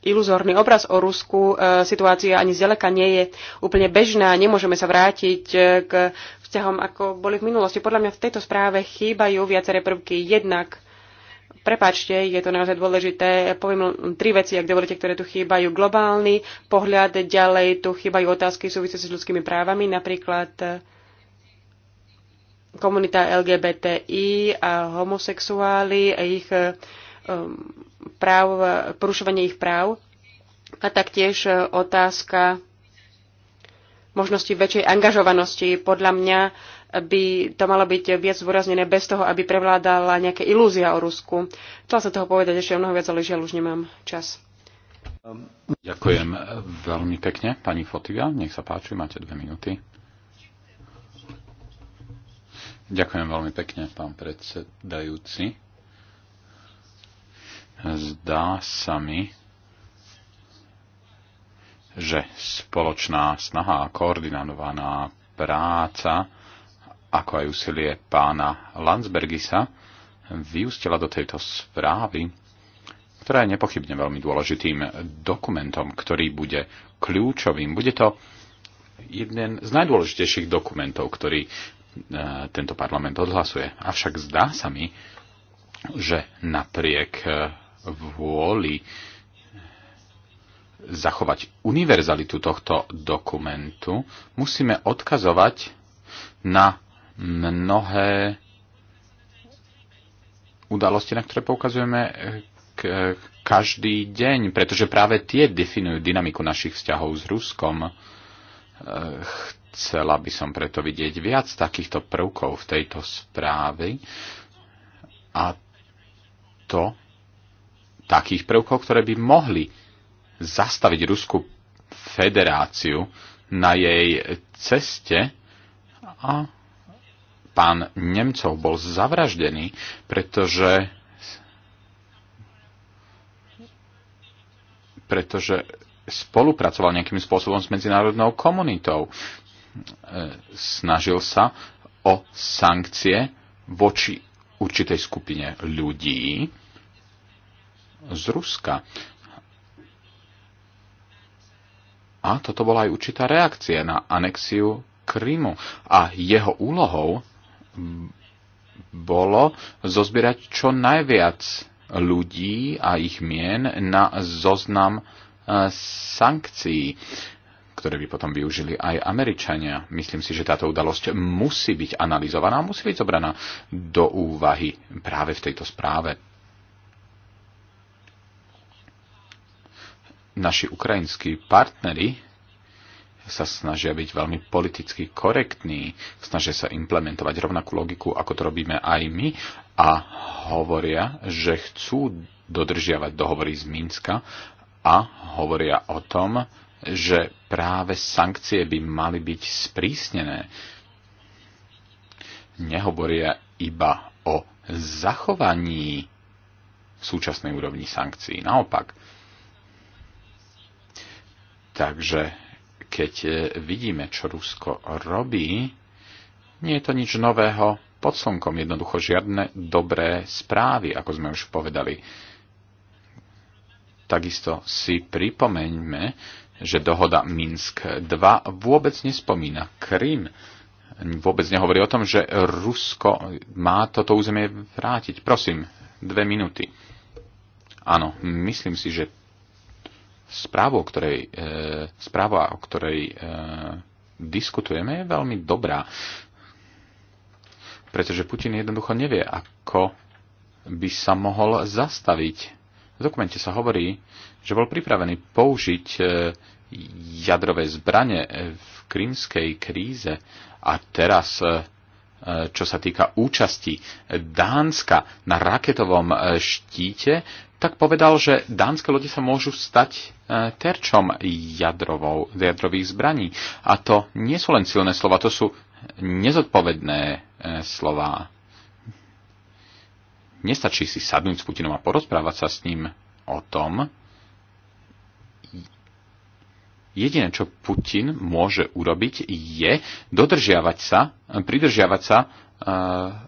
iluzórny obraz o Rusku. E, situácia ani zďaleka nie je úplne bežná. Nemôžeme sa vrátiť e, k vzťahom, ako boli v minulosti. Podľa mňa v tejto správe chýbajú viaceré prvky. Jednak, prepáčte, je to naozaj dôležité, poviem tri veci, ak dovolíte, ktoré tu chýbajú. Globálny pohľad, ďalej tu chýbajú otázky súvisiace s ľudskými právami, napríklad e, komunita LGBTI a homosexuáli a ich Um, práv, porušovanie ich práv a taktiež e, otázka možnosti väčšej angažovanosti. Podľa mňa by to malo byť viac zúraznené bez toho, aby prevládala nejaká ilúzia o Rusku. Chcela sa toho povedať ešte mnoho viac, ale žiaľ už nemám čas. Ďakujem veľmi pekne. Pani Fotiga, nech sa páči, máte dve minúty. Ďakujem veľmi pekne, pán predsedajúci. Zdá sa mi, že spoločná snaha a koordinovaná práca, ako aj úsilie pána Landsbergisa, vyústila do tejto správy, ktorá je nepochybne veľmi dôležitým dokumentom, ktorý bude kľúčovým. Bude to jeden z najdôležitejších dokumentov, ktorý e, tento parlament odhlasuje. Avšak zdá sa mi, že napriek e, vôli zachovať univerzalitu tohto dokumentu, musíme odkazovať na mnohé udalosti, na ktoré poukazujeme eh, každý deň, pretože práve tie definujú dynamiku našich vzťahov s Ruskom. Eh, chcela by som preto vidieť viac takýchto prvkov v tejto správe a to takých prvkov, ktoré by mohli zastaviť Rusku federáciu na jej ceste a pán Nemcov bol zavraždený, pretože pretože spolupracoval nejakým spôsobom s medzinárodnou komunitou. E, snažil sa o sankcie voči určitej skupine ľudí, z Ruska. A toto bola aj určitá reakcia na anexiu Krymu. A jeho úlohou bolo zozbierať čo najviac ľudí a ich mien na zoznam e, sankcií, ktoré by potom využili aj Američania. Myslím si, že táto udalosť musí byť analyzovaná, musí byť zobraná do úvahy práve v tejto správe. naši ukrajinskí partnery sa snažia byť veľmi politicky korektní, snažia sa implementovať rovnakú logiku, ako to robíme aj my a hovoria, že chcú dodržiavať dohovory z Minska a hovoria o tom, že práve sankcie by mali byť sprísnené. Nehovoria iba o zachovaní súčasnej úrovni sankcií. Naopak, Takže keď e, vidíme, čo Rusko robí, nie je to nič nového pod slnkom, jednoducho žiadne dobré správy, ako sme už povedali. Takisto si pripomeňme, že dohoda Minsk 2 vôbec nespomína Krym. Vôbec nehovorí o tom, že Rusko má toto územie vrátiť. Prosím, dve minúty. Áno, myslím si, že E, správa, o ktorej, správa, o ktorej diskutujeme, je veľmi dobrá. Pretože Putin jednoducho nevie, ako by sa mohol zastaviť. V dokumente sa hovorí, že bol pripravený použiť e, jadrové zbranie v krímskej kríze a teraz e, E, čo sa týka účasti Dánska na raketovom e, štíte, tak povedal, že dánske lode sa môžu stať e, terčom jadrovou, jadrových zbraní. A to nie sú len silné slova, to sú nezodpovedné slova. Nestačí si sadnúť s Putinom a porozprávať sa s ním o tom, Jediné, čo Putin môže urobiť, je dodržiavať sa, pridržiavať sa eh,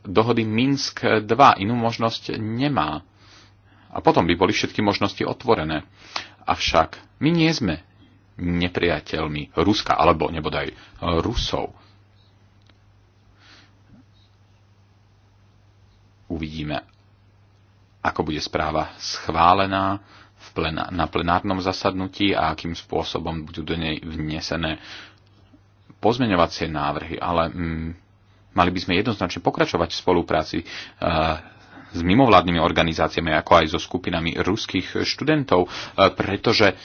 dohody Minsk 2. Inú možnosť nemá. A potom by boli všetky možnosti otvorené. Avšak my nie sme nepriateľmi Ruska, alebo nebodaj Rusov. Uvidíme, ako bude správa schválená na plenárnom zasadnutí a akým spôsobom budú do nej vnesené pozmeňovacie návrhy, ale mm, mali by sme jednoznačne pokračovať v spolupráci e, s mimovládnymi organizáciami, ako aj so skupinami ruských študentov, e, pretože e,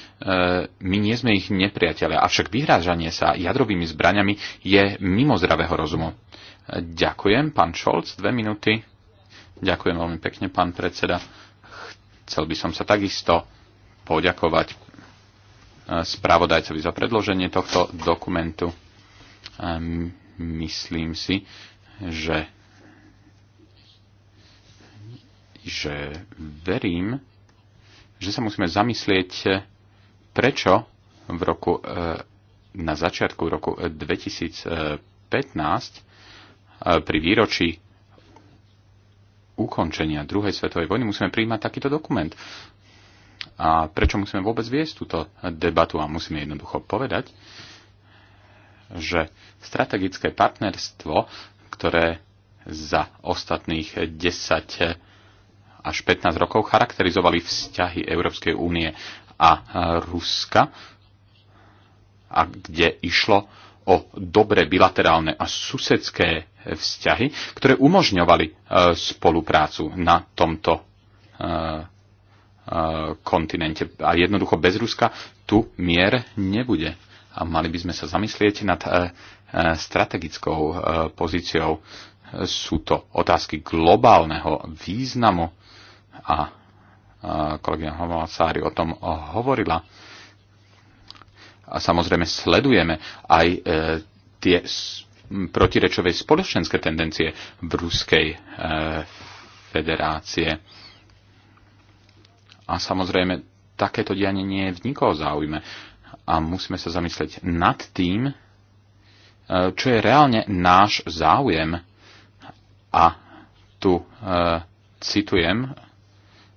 my nie sme ich nepriateľe. Avšak vyhrážanie sa jadrovými zbraňami je mimo zdravého rozumu. E, ďakujem, pán Šolc, dve minúty. Ďakujem veľmi pekne, pán predseda. Chcel by som sa takisto poďakovať e, spravodajcovi za predloženie tohto dokumentu. E, myslím si, že, že verím, že sa musíme zamyslieť, e, prečo v roku, na začiatku roku 2015 pri výročí ukončenia druhej svetovej vojny musíme prijímať takýto dokument. A prečo musíme vôbec viesť túto debatu a musíme jednoducho povedať, že strategické partnerstvo, ktoré za ostatných 10 až 15 rokov charakterizovali vzťahy Európskej únie a Ruska, a kde išlo o dobré bilaterálne a susedské vzťahy, ktoré umožňovali e, spoluprácu na tomto e, kontinente. A jednoducho bez Ruska tu mier nebude. A mali by sme sa zamyslieť nad e, e, strategickou e, pozíciou. Sú to otázky globálneho významu a kolegyňa Homolacári o tom hovorila. A samozrejme sledujeme aj tie protirečovej spoločenské tendencie v Ruskej federácie a samozrejme, takéto dianie nie je v nikoho záujme. A musíme sa zamyslieť nad tým, e, čo je reálne náš záujem. A tu e, citujem,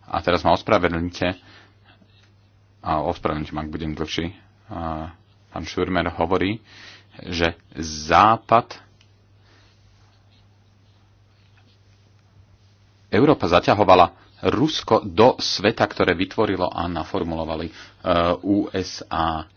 a teraz ma ospravedlnite, a ospravedlnite ma, ak budem dlhší, e, pán Šurmer hovorí, že Západ Európa zaťahovala Rusko do sveta, ktoré vytvorilo a naformulovali e, USA.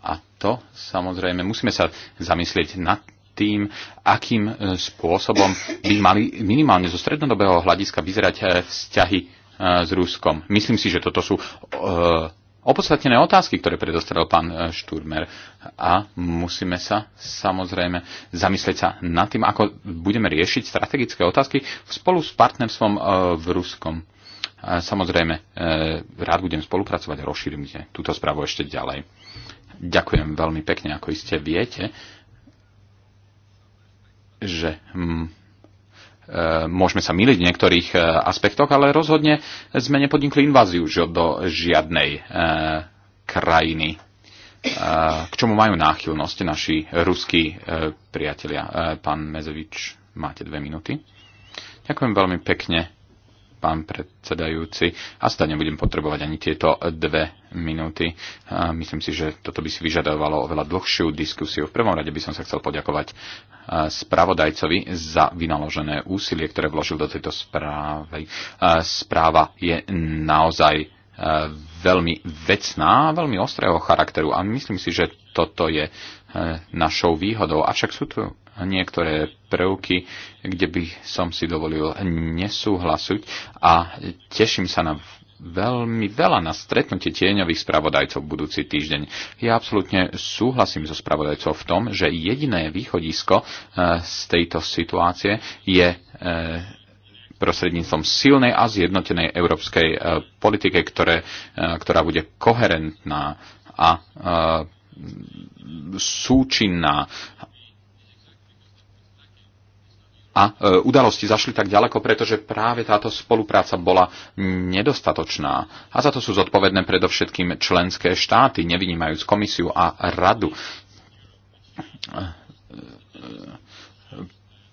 A to samozrejme musíme sa zamyslieť nad tým, akým e, spôsobom by mali minimálne zo strednodobého hľadiska vyzerať e, vzťahy s Ruskom. Myslím si, že toto sú opodstatnené otázky, ktoré predostrel pán e, Šturmer a musíme sa samozrejme zamyslieť sa nad tým, ako budeme riešiť strategické otázky spolu s partnerstvom e, v Ruskom. Samozrejme, e, rád budem spolupracovať a rozšírim túto správu ešte ďalej. Ďakujem veľmi pekne, ako iste viete, že E, môžeme sa miliť v niektorých e, aspektoch, ale rozhodne sme nepodnikli inváziu do žiadnej e, krajiny k čomu majú náchylnosť naši ruskí priatelia. Pán Mezevič, máte dve minúty. Ďakujem veľmi pekne pán predsedajúci. A Asi nebudem potrebovať ani tieto dve minúty. Myslím si, že toto by si vyžadovalo oveľa dlhšiu diskusiu. V prvom rade by som sa chcel poďakovať spravodajcovi za vynaložené úsilie, ktoré vložil do tejto správy. Správa je naozaj veľmi vecná, veľmi ostrého charakteru a myslím si, že toto je E, našou výhodou. Avšak sú tu niektoré prvky, kde by som si dovolil nesúhlasiť a teším sa na veľmi veľa na stretnutie tieňových spravodajcov budúci týždeň. Ja absolútne súhlasím so spravodajcov v tom, že jediné východisko e, z tejto situácie je e, prostredníctvom silnej a zjednotenej európskej politike, ktoré, ktorá bude koherentná a súčinná. A e, udalosti zašli tak ďaleko, pretože práve táto spolupráca bola nedostatočná. A za to sú zodpovedné predovšetkým členské štáty, nevynímajúc komisiu a radu e, e,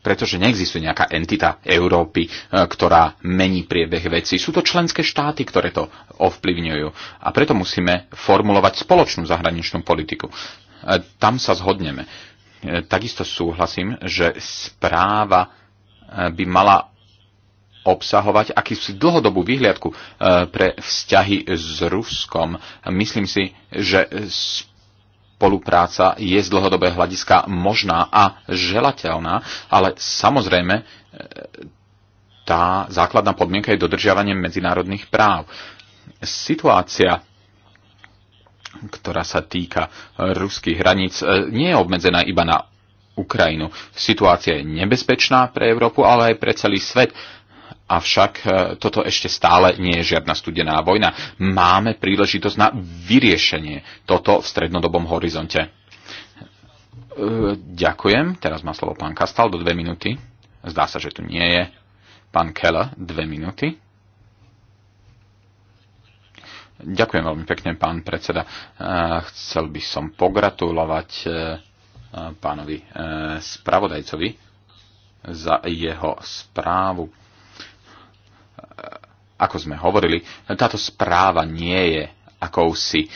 pretože neexistuje nejaká entita Európy, e, ktorá mení priebeh veci. Sú to členské štáty, ktoré to ovplyvňujú. A preto musíme formulovať spoločnú zahraničnú politiku. E, tam sa zhodneme. E, takisto súhlasím, že správa by mala obsahovať akýsi dlhodobú výhliadku pre vzťahy s Ruskom. Myslím si, že spolupráca je z dlhodobého hľadiska možná a želateľná, ale samozrejme e, tá základná podmienka je dodržiavanie medzinárodných práv. Situácia ktorá sa týka e, ruských hraníc, e, nie je obmedzená iba na Ukrajinu. Situácia je nebezpečná pre Európu, ale aj pre celý svet, Avšak e, toto ešte stále nie je žiadna studená vojna. Máme príležitosť na vyriešenie toto v strednodobom horizonte. E, ďakujem. Teraz má slovo pán Kastal do dve minúty. Zdá sa, že tu nie je. Pán Keller, dve minúty. Ďakujem veľmi pekne, pán predseda. E, chcel by som pogratulovať pánovi spravodajcovi za jeho správu ako sme hovorili, táto správa nie je akousi e,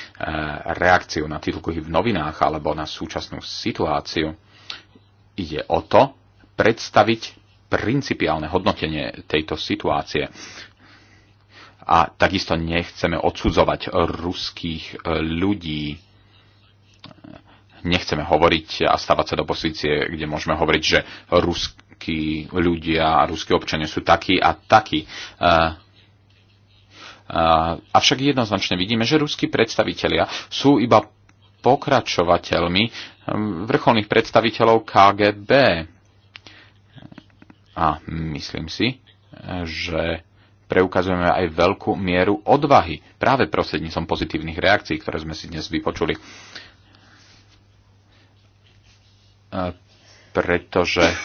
reakciou na titulky v novinách alebo na súčasnú situáciu. Ide o to predstaviť principiálne hodnotenie tejto situácie. A takisto nechceme odsudzovať ruských e, ľudí. Nechceme hovoriť a stavať sa do pozície, kde môžeme hovoriť, že ruskí ľudia a ruskí občania sú takí a takí. E, Avšak jednoznačne vidíme, že ruskí predstavitelia sú iba pokračovateľmi um, vrcholných predstaviteľov KGB. A myslím si, že preukazujeme aj veľkú mieru odvahy práve prostredníctvom pozitívnych reakcií, ktoré sme si dnes vypočuli. E, pretože e,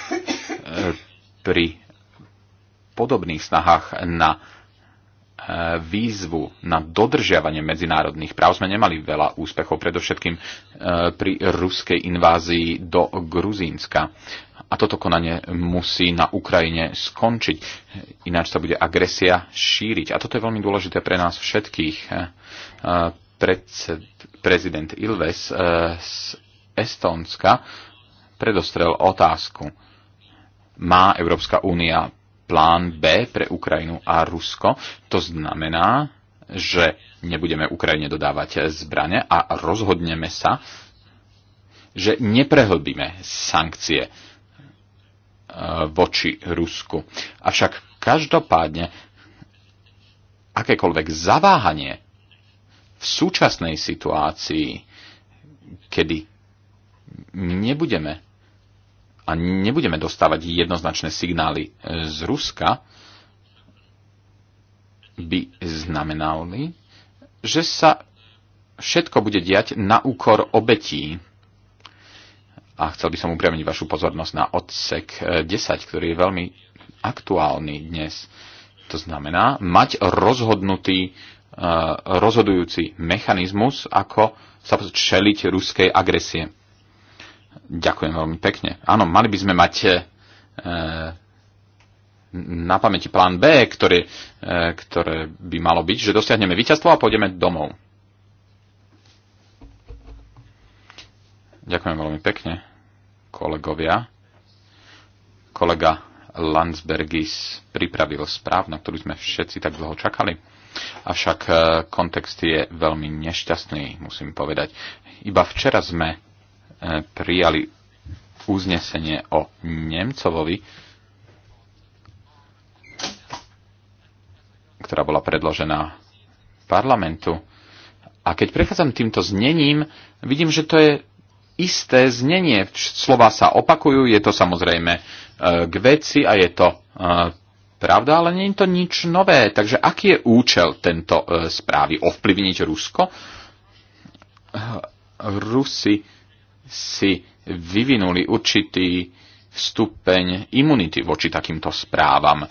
pri podobných snahách na výzvu na dodržiavanie medzinárodných práv sme nemali veľa úspechov, predovšetkým e, pri ruskej invázii do Gruzínska. A toto konanie musí na Ukrajine skončiť, ináč sa bude agresia šíriť. A toto je veľmi dôležité pre nás všetkých. E, predsed, prezident Ilves e, z Estónska predostrel otázku. Má Európska únia plán B pre Ukrajinu a Rusko. To znamená, že nebudeme Ukrajine dodávať zbrane a rozhodneme sa, že neprehlbíme sankcie e, voči Rusku. Avšak každopádne akékoľvek zaváhanie v súčasnej situácii, kedy nebudeme a nebudeme dostávať jednoznačné signály e, z Ruska, by znamenali, že sa všetko bude diať na úkor obetí. A chcel by som upriamiť vašu pozornosť na odsek 10, e, ktorý je veľmi aktuálny dnes. To znamená mať rozhodnutý, e, rozhodujúci mechanizmus, ako sa čeliť ruskej agresie. Ďakujem veľmi pekne. Áno, mali by sme mať e, na pamäti plán B, ktorý, e, ktoré by malo byť, že dosiahneme víťazstvo a pôjdeme domov. Ďakujem veľmi pekne, kolegovia. Kolega Landsbergis pripravil správ, na ktorú sme všetci tak dlho čakali. Avšak e, kontext je veľmi nešťastný, musím povedať. Iba včera sme E, prijali uznesenie o Nemcovovi, ktorá bola predložená parlamentu. A keď prechádzam týmto znením, vidím, že to je isté znenie. Slova sa opakujú, je to samozrejme e, k veci a je to e, pravda, ale nie je to nič nové. Takže aký je účel tento správy? Ovplyvniť Rusko? Rusi si vyvinuli určitý stupeň imunity voči takýmto správam.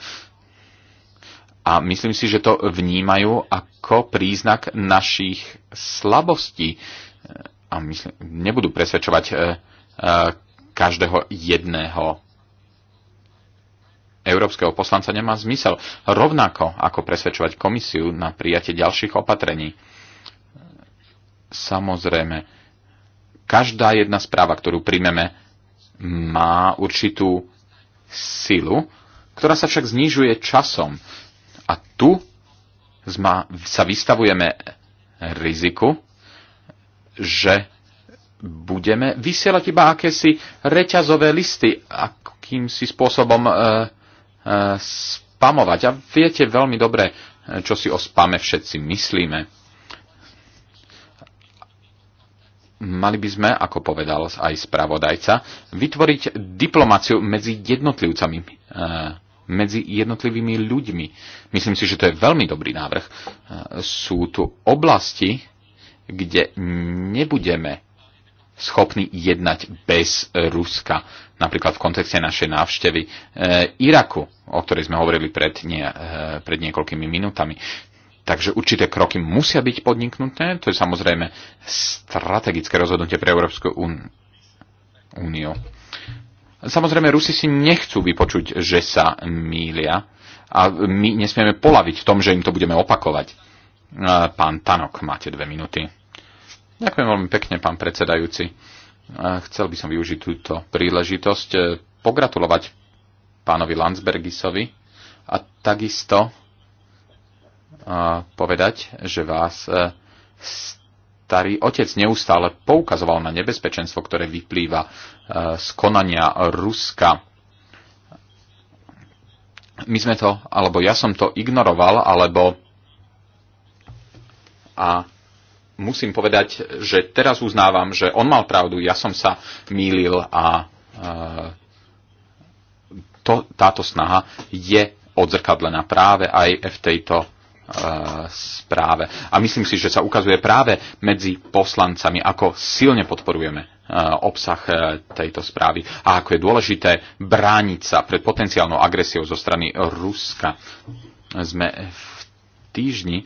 A myslím si, že to vnímajú ako príznak našich slabostí. A myslím, nebudú presvedčovať e, e, každého jedného európskeho poslanca nemá zmysel. Rovnako ako presvedčovať komisiu na prijatie ďalších opatrení. Samozrejme, každá jedna správa, ktorú príjmeme, má určitú silu, ktorá sa však znižuje časom. A tu sa vystavujeme riziku, že budeme vysielať iba akési reťazové listy, akýmsi spôsobom e, e, spamovať. A viete veľmi dobre, e, čo si o spame všetci myslíme. mali by sme, ako povedal aj spravodajca, vytvoriť diplomáciu medzi jednotlivcami, eh, medzi jednotlivými ľuďmi. Myslím si, že to je veľmi dobrý návrh. Eh, sú tu oblasti, kde nebudeme schopní jednať bez Ruska. Napríklad v kontexte našej návštevy eh, Iraku, o ktorej sme hovorili pred, nie, pred niekoľkými minutami. Takže určité kroky musia byť podniknuté. To je samozrejme strategické rozhodnutie pre Európsku úniu. Samozrejme, Rusi si nechcú vypočuť, že sa mília a my nesmieme polaviť v tom, že im to budeme opakovať. Pán Tanok, máte dve minúty. Ďakujem veľmi pekne, pán predsedajúci. Chcel by som využiť túto príležitosť e, pogratulovať pánovi Landsbergisovi a takisto povedať, že vás e, starý otec neustále poukazoval na nebezpečenstvo, ktoré vyplýva e, z konania Ruska. My sme to, alebo ja som to ignoroval, alebo a musím povedať, že teraz uznávam, že on mal pravdu, ja som sa mýlil a e, to, táto snaha je odzrkadlená práve aj v tejto správe. A myslím si, že sa ukazuje práve medzi poslancami, ako silne podporujeme e, obsah e, tejto správy a ako je dôležité brániť sa pred potenciálnou agresiou zo strany Ruska. Sme v týždni, e,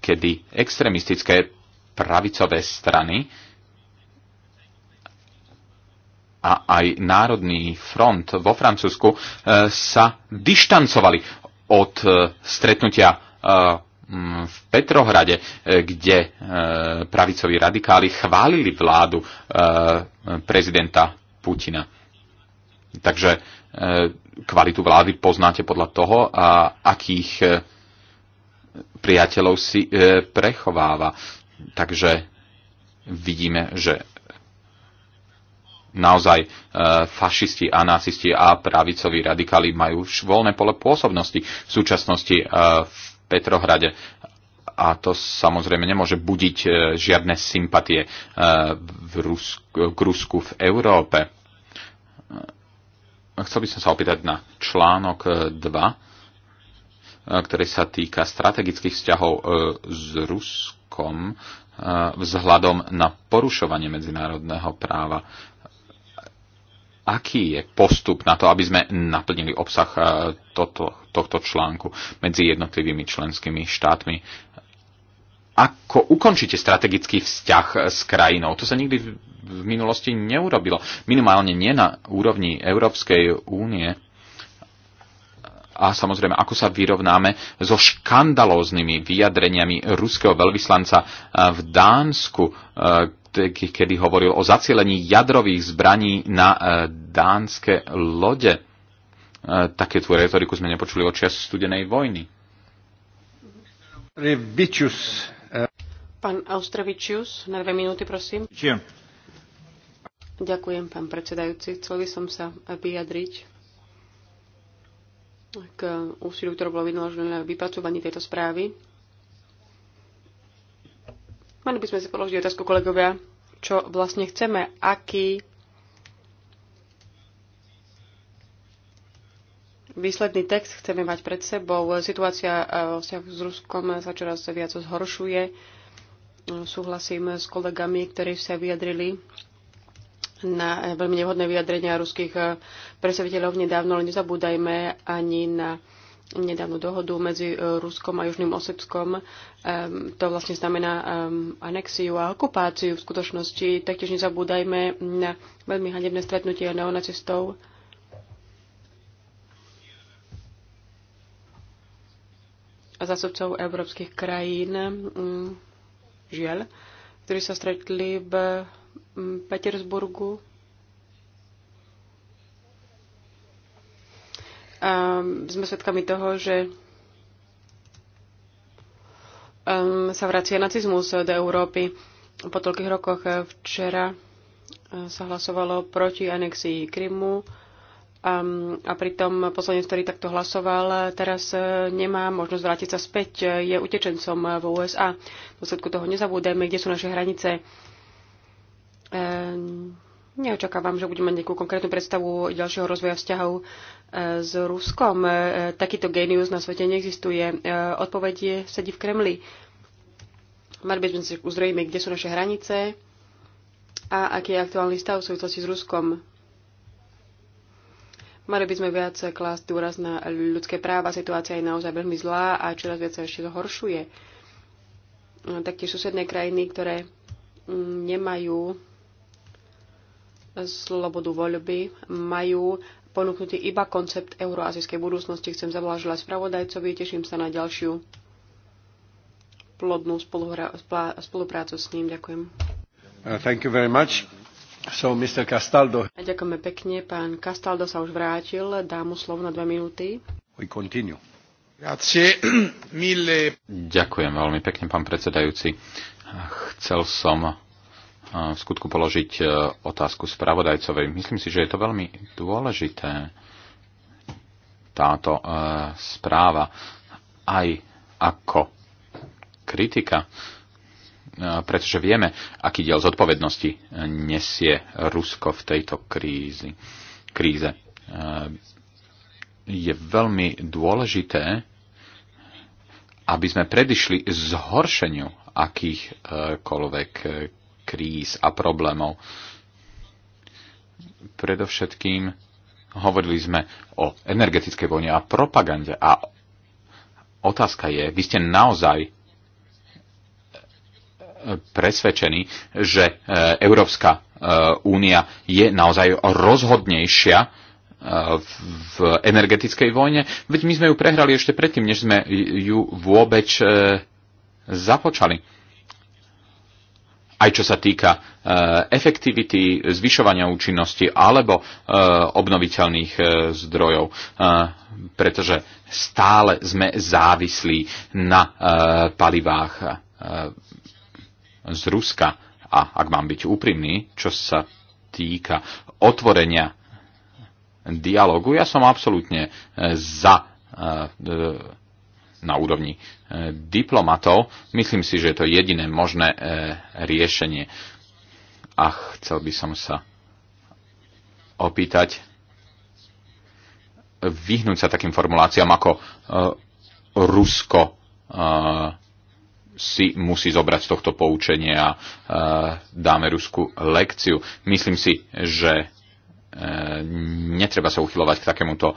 kedy extremistické pravicové strany a aj Národný front vo Francúzsku sa dištancovali od stretnutia Mm, v Petrohrade, e, kde e, pravicoví radikáli chválili vládu e, prezidenta Putina. Takže kvalitu vlády poznáte podľa toho, akých priateľov si prechováva. Takže vidíme, že naozaj e, fašisti a nacisti a pravicoví radikáli majú už voľné pole pôsobnosti. V súčasnosti e, v Petrohrade. A to samozrejme nemôže budiť e, žiadne sympatie e, v Rusku, k Rusku v Európe. E, chcel by som sa opýtať na článok 2, ktorý sa týka strategických vzťahov s Ruskom vzhľadom na porušovanie medzinárodného práva aký je postup na to, aby sme naplnili obsah e, toto, tohto článku medzi jednotlivými členskými štátmi. Ako ukončíte strategický vzťah s krajinou? To sa nikdy v minulosti neurobilo. Minimálne nie na úrovni Európskej únie. A samozrejme, ako sa vyrovnáme so škandalóznymi vyjadreniami ruského veľvyslanca e, v Dánsku, e, kedy hovoril o zacielení jadrových zbraní na e, dánske lode. E, také tú retoriku sme nepočuli od čas studenej vojny. E. Pán Austrevičius, na dve minúty, prosím. Ďakujem. Ďakujem, pán predsedajúci. Chcel by som sa vyjadriť k úsiliu, ktoré bolo vynaložené na vypracovaní tejto správy Mali by sme si položiť otázku, kolegovia, čo vlastne chceme, aký výsledný text chceme mať pred sebou. Situácia v e, vzťahu s Ruskom sa čoraz viac zhoršuje. Súhlasím s kolegami, ktorí sa vyjadrili na e, veľmi nevhodné vyjadrenia ruských e, predstaviteľov nedávno, ale nezabúdajme ani na nedávnu dohodu medzi e, Ruskom a Južným Osebskom. E, to vlastne znamená e, anexiu a okupáciu v skutočnosti. Taktiež nezabúdajme na veľmi hanebné stretnutie neonacistov. a zásobcov európskych krajín, mm, žiaľ, ktorí sa stretli v mm, Petersburgu um, sme svedkami toho, že um, sa vracia nacizmus do Európy. Po toľkých rokoch eh, včera eh, sa hlasovalo proti anexii Krymu um, a pritom poslanec, ktorý takto hlasoval, teraz eh, nemá možnosť vrátiť sa späť, je utečencom v USA. V dôsledku toho nezabúdajme, kde sú naše hranice. Um, Neočakávam, že budeme mať nejakú konkrétnu predstavu ďalšieho rozvoja vzťahov e, s Ruskom. E, takýto génius na svete neexistuje. E, Odpoveď je, sedí v Kremli. Mali by sme si uzrejme, kde sú naše hranice a aký je aktuálny stav v súvislosti s Ruskom. Mali by sme viac klásť dôraz na ľudské práva. Situácia je naozaj veľmi zlá a čoraz viac sa ešte zhoršuje. Taktiež susedné krajiny, ktoré mm, nemajú slobodu voľby, majú ponúknutý iba koncept euroazijskej budúcnosti. Chcem zavlážovať spravodajcovi, teším sa na ďalšiu plodnú spoluprácu s ním. Ďakujem. Uh, thank you very much. So, Mr. Castaldo. ďakujeme pekne. Pán Castaldo sa už vrátil. Dám mu slovo na dve minúty. We continue. Ďakujem veľmi pekne, pán predsedajúci. Chcel som v skutku položiť e, otázku spravodajcovej. Myslím si, že je to veľmi dôležité táto e, správa aj ako kritika, e, pretože vieme, aký diel zodpovednosti nesie Rusko v tejto krízi, kríze. Je veľmi dôležité, aby sme predišli zhoršeniu akýchkoľvek kríz a problémov. Predovšetkým hovorili sme o energetickej vojne a propagande a otázka je, vy ste naozaj presvedčení, že eh, Európska eh, únia je naozaj rozhodnejšia eh, v energetickej vojne. Veď my sme ju prehrali ešte predtým, než sme ju vôbec započali aj čo sa týka e, efektivity, zvyšovania účinnosti alebo e, obnoviteľných e, zdrojov, pretože stále sme závislí na palivách z Ruska. A ak mám byť úprimný, čo sa týka otvorenia dialogu, ja som absolútne za na úrovni e, diplomatov. Myslím si, že je to jediné možné e, riešenie. A chcel by som sa opýtať, vyhnúť sa takým formuláciám, ako e, Rusko si musí zobrať z tohto poučenia a dáme Rusku lekciu. Myslím si, že E, netreba sa uchylovať k takémuto e,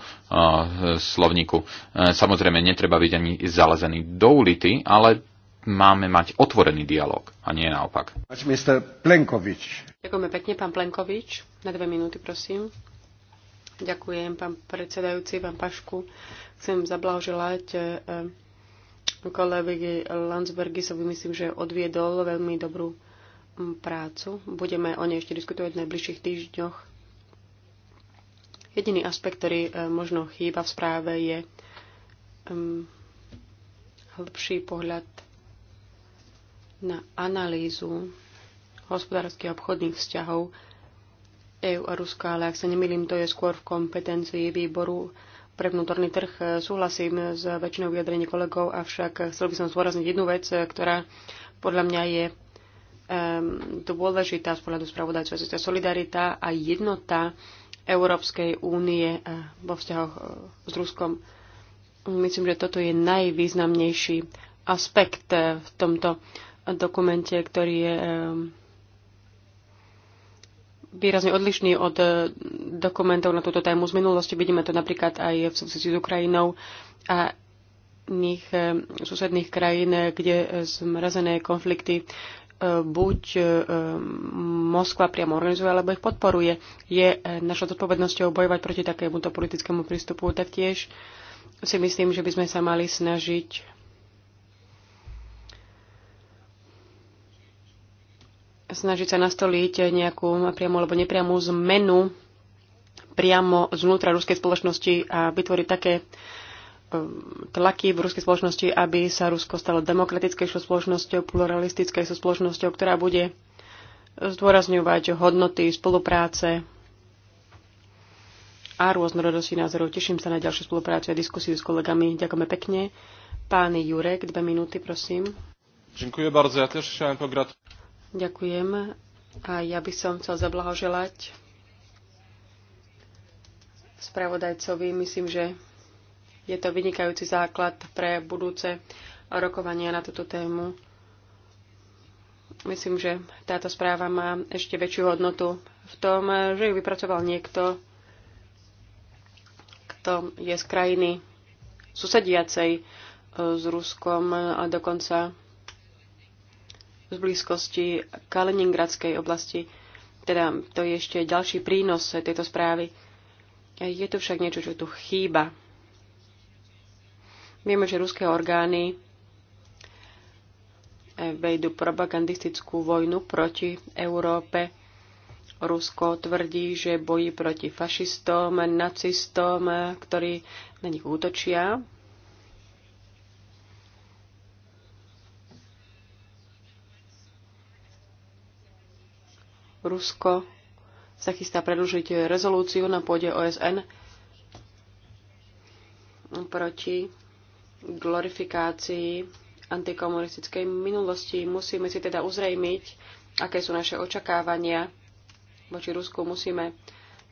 slovníku. E, samozrejme, netreba byť ani zalezený do ulity, ale máme mať otvorený dialog a nie naopak. Ďakujeme pekne, pán Plenkovič. Na dve minúty, prosím. Ďakujem, pán predsedajúci, pán Pašku. Chcem zablahoželať kolegy Landsbergisovi. Myslím, že odviedol veľmi dobrú prácu. Budeme o nej ešte diskutovať v najbližších týždňoch Jediný aspekt, ktorý e, možno chýba v správe, je um, hĺbší pohľad na analýzu hospodárskych obchodných vzťahov EÚ a Ruska, ale ak sa nemýlim, to je skôr v kompetencii výboru pre vnútorný trh. E, súhlasím s väčšinou vyjadrení kolegov, avšak chcel by som zvorazniť jednu vec, e, ktorá podľa mňa je um, dôležitá z pohľadu spravodajcov, to je solidarita a jednota Európskej únie a vo vzťahoch e, s Ruskom. Myslím, že toto je najvýznamnejší aspekt e, v tomto dokumente, ktorý je e, výrazne odlišný od dokumentov na túto tému z minulosti. Vidíme to napríklad aj v súvislosti s Ukrajinou a iných susedných krajín, kde zmrazené konflikty buď e, Moskva priamo organizuje, alebo ich podporuje. Je e, našou zodpovednosťou bojovať proti takémuto politickému prístupu. Taktiež si myslím, že by sme sa mali snažiť snažiť sa nastoliť nejakú priamu alebo nepriamú zmenu priamo zvnútra ruskej spoločnosti a vytvoriť také tlaky v ruskej spoločnosti, aby sa Rusko stalo demokratickejšou spoločnosťou, pluralistickejšou spoločnosťou, ktorá bude zdôrazňovať hodnoty spolupráce a rôznorodosti názorov. Teším sa na ďalšiu spoluprácu a diskusiu s kolegami. Ďakujeme pekne. Pán Jurek, dve minúty, prosím. Ďakujem bardzo. Ja tiež chcem pogratulovať. Ďakujem. A ja by som chcel zablahoželať spravodajcovi. Myslím, že je to vynikajúci základ pre budúce rokovania na túto tému. Myslím, že táto správa má ešte väčšiu hodnotu v tom, že ju vypracoval niekto, kto je z krajiny susediacej e, s Ruskom a dokonca z blízkosti Kaliningradskej oblasti. Teda to je ešte ďalší prínos tejto správy. Je tu však niečo, čo tu chýba. Vieme, že ruské orgány eh, vejdu propagandistickú vojnu proti Európe. Rusko tvrdí, že bojí proti fašistom, nacistom, eh, ktorí na nich útočia. Rusko sa chystá predlžiť rezolúciu na pôde OSN proti glorifikácii antikomunistickej minulosti. Musíme si teda uzrejmiť, aké sú naše očakávania voči Rusku. Musíme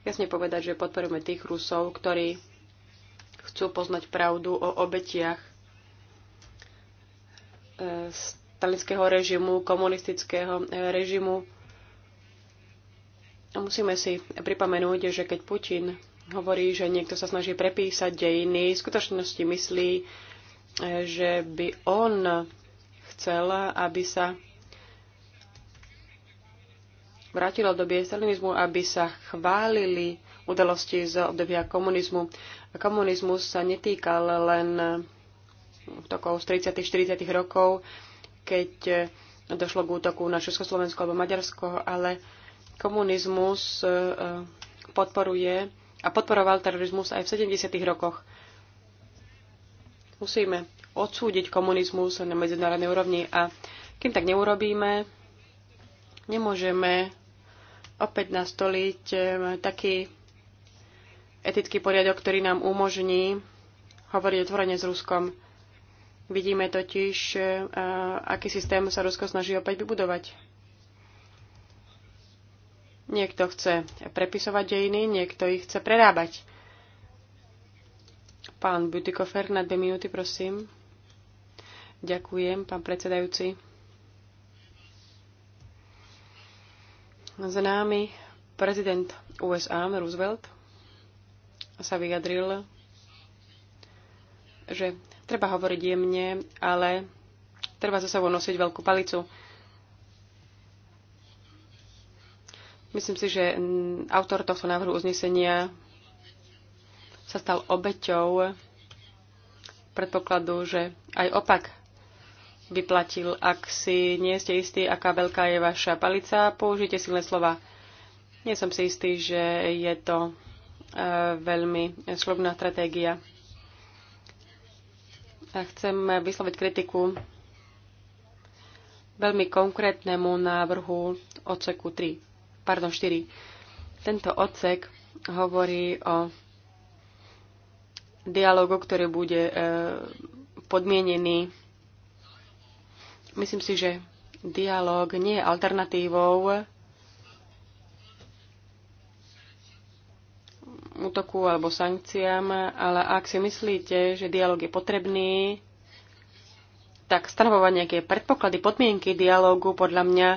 jasne povedať, že podporujeme tých Rusov, ktorí chcú poznať pravdu o obetiach e, stalinského režimu, komunistického režimu. A musíme si pripomenúť, že keď Putin hovorí, že niekto sa snaží prepísať dejiny, v skutočnosti myslí že by on chcel, aby sa vrátilo obdobie stalinizmu, aby sa chválili udalosti z obdobia komunizmu. Komunizmus sa netýkal len tokov z 30. 40. rokov, keď došlo k útoku na Československo alebo Maďarsko, ale komunizmus eh, podporuje a podporoval terorizmus aj v 70. rokoch. Musíme odsúdiť komunizmus na medzinárodnej úrovni a kým tak neurobíme, nemôžeme opäť nastoliť eh, taký etický poriadok, ktorý nám umožní hovoriť otvorene s Ruskom. Vidíme totiž, eh, eh, aký systém sa Rusko snaží opäť vybudovať. Niekto chce prepisovať dejiny, niekto ich chce prerábať. Pán Butikofer, na dve minúty, prosím. Ďakujem, pán predsedajúci. Známy prezident USA Roosevelt sa vyjadril, že treba hovoriť jemne, ale treba za sebou nosiť veľkú palicu. Myslím si, že autor tohto návrhu uznesenia sa stal obeťou predpokladu, že aj opak vyplatil. Ak si nie ste istí, aká veľká je vaša palica, použite silné slova. Nie som si istý, že je to e, veľmi slobná stratégia. A chcem vysloviť kritiku veľmi konkrétnemu návrhu odseku 3, pardon 4. Tento odsek hovorí o dialogu, ktorý bude e, podmienený. Myslím si, že dialog nie je alternatívou útoku alebo sankciám, ale ak si myslíte, že dialog je potrebný, tak stanovovať nejaké predpoklady, podmienky dialogu podľa mňa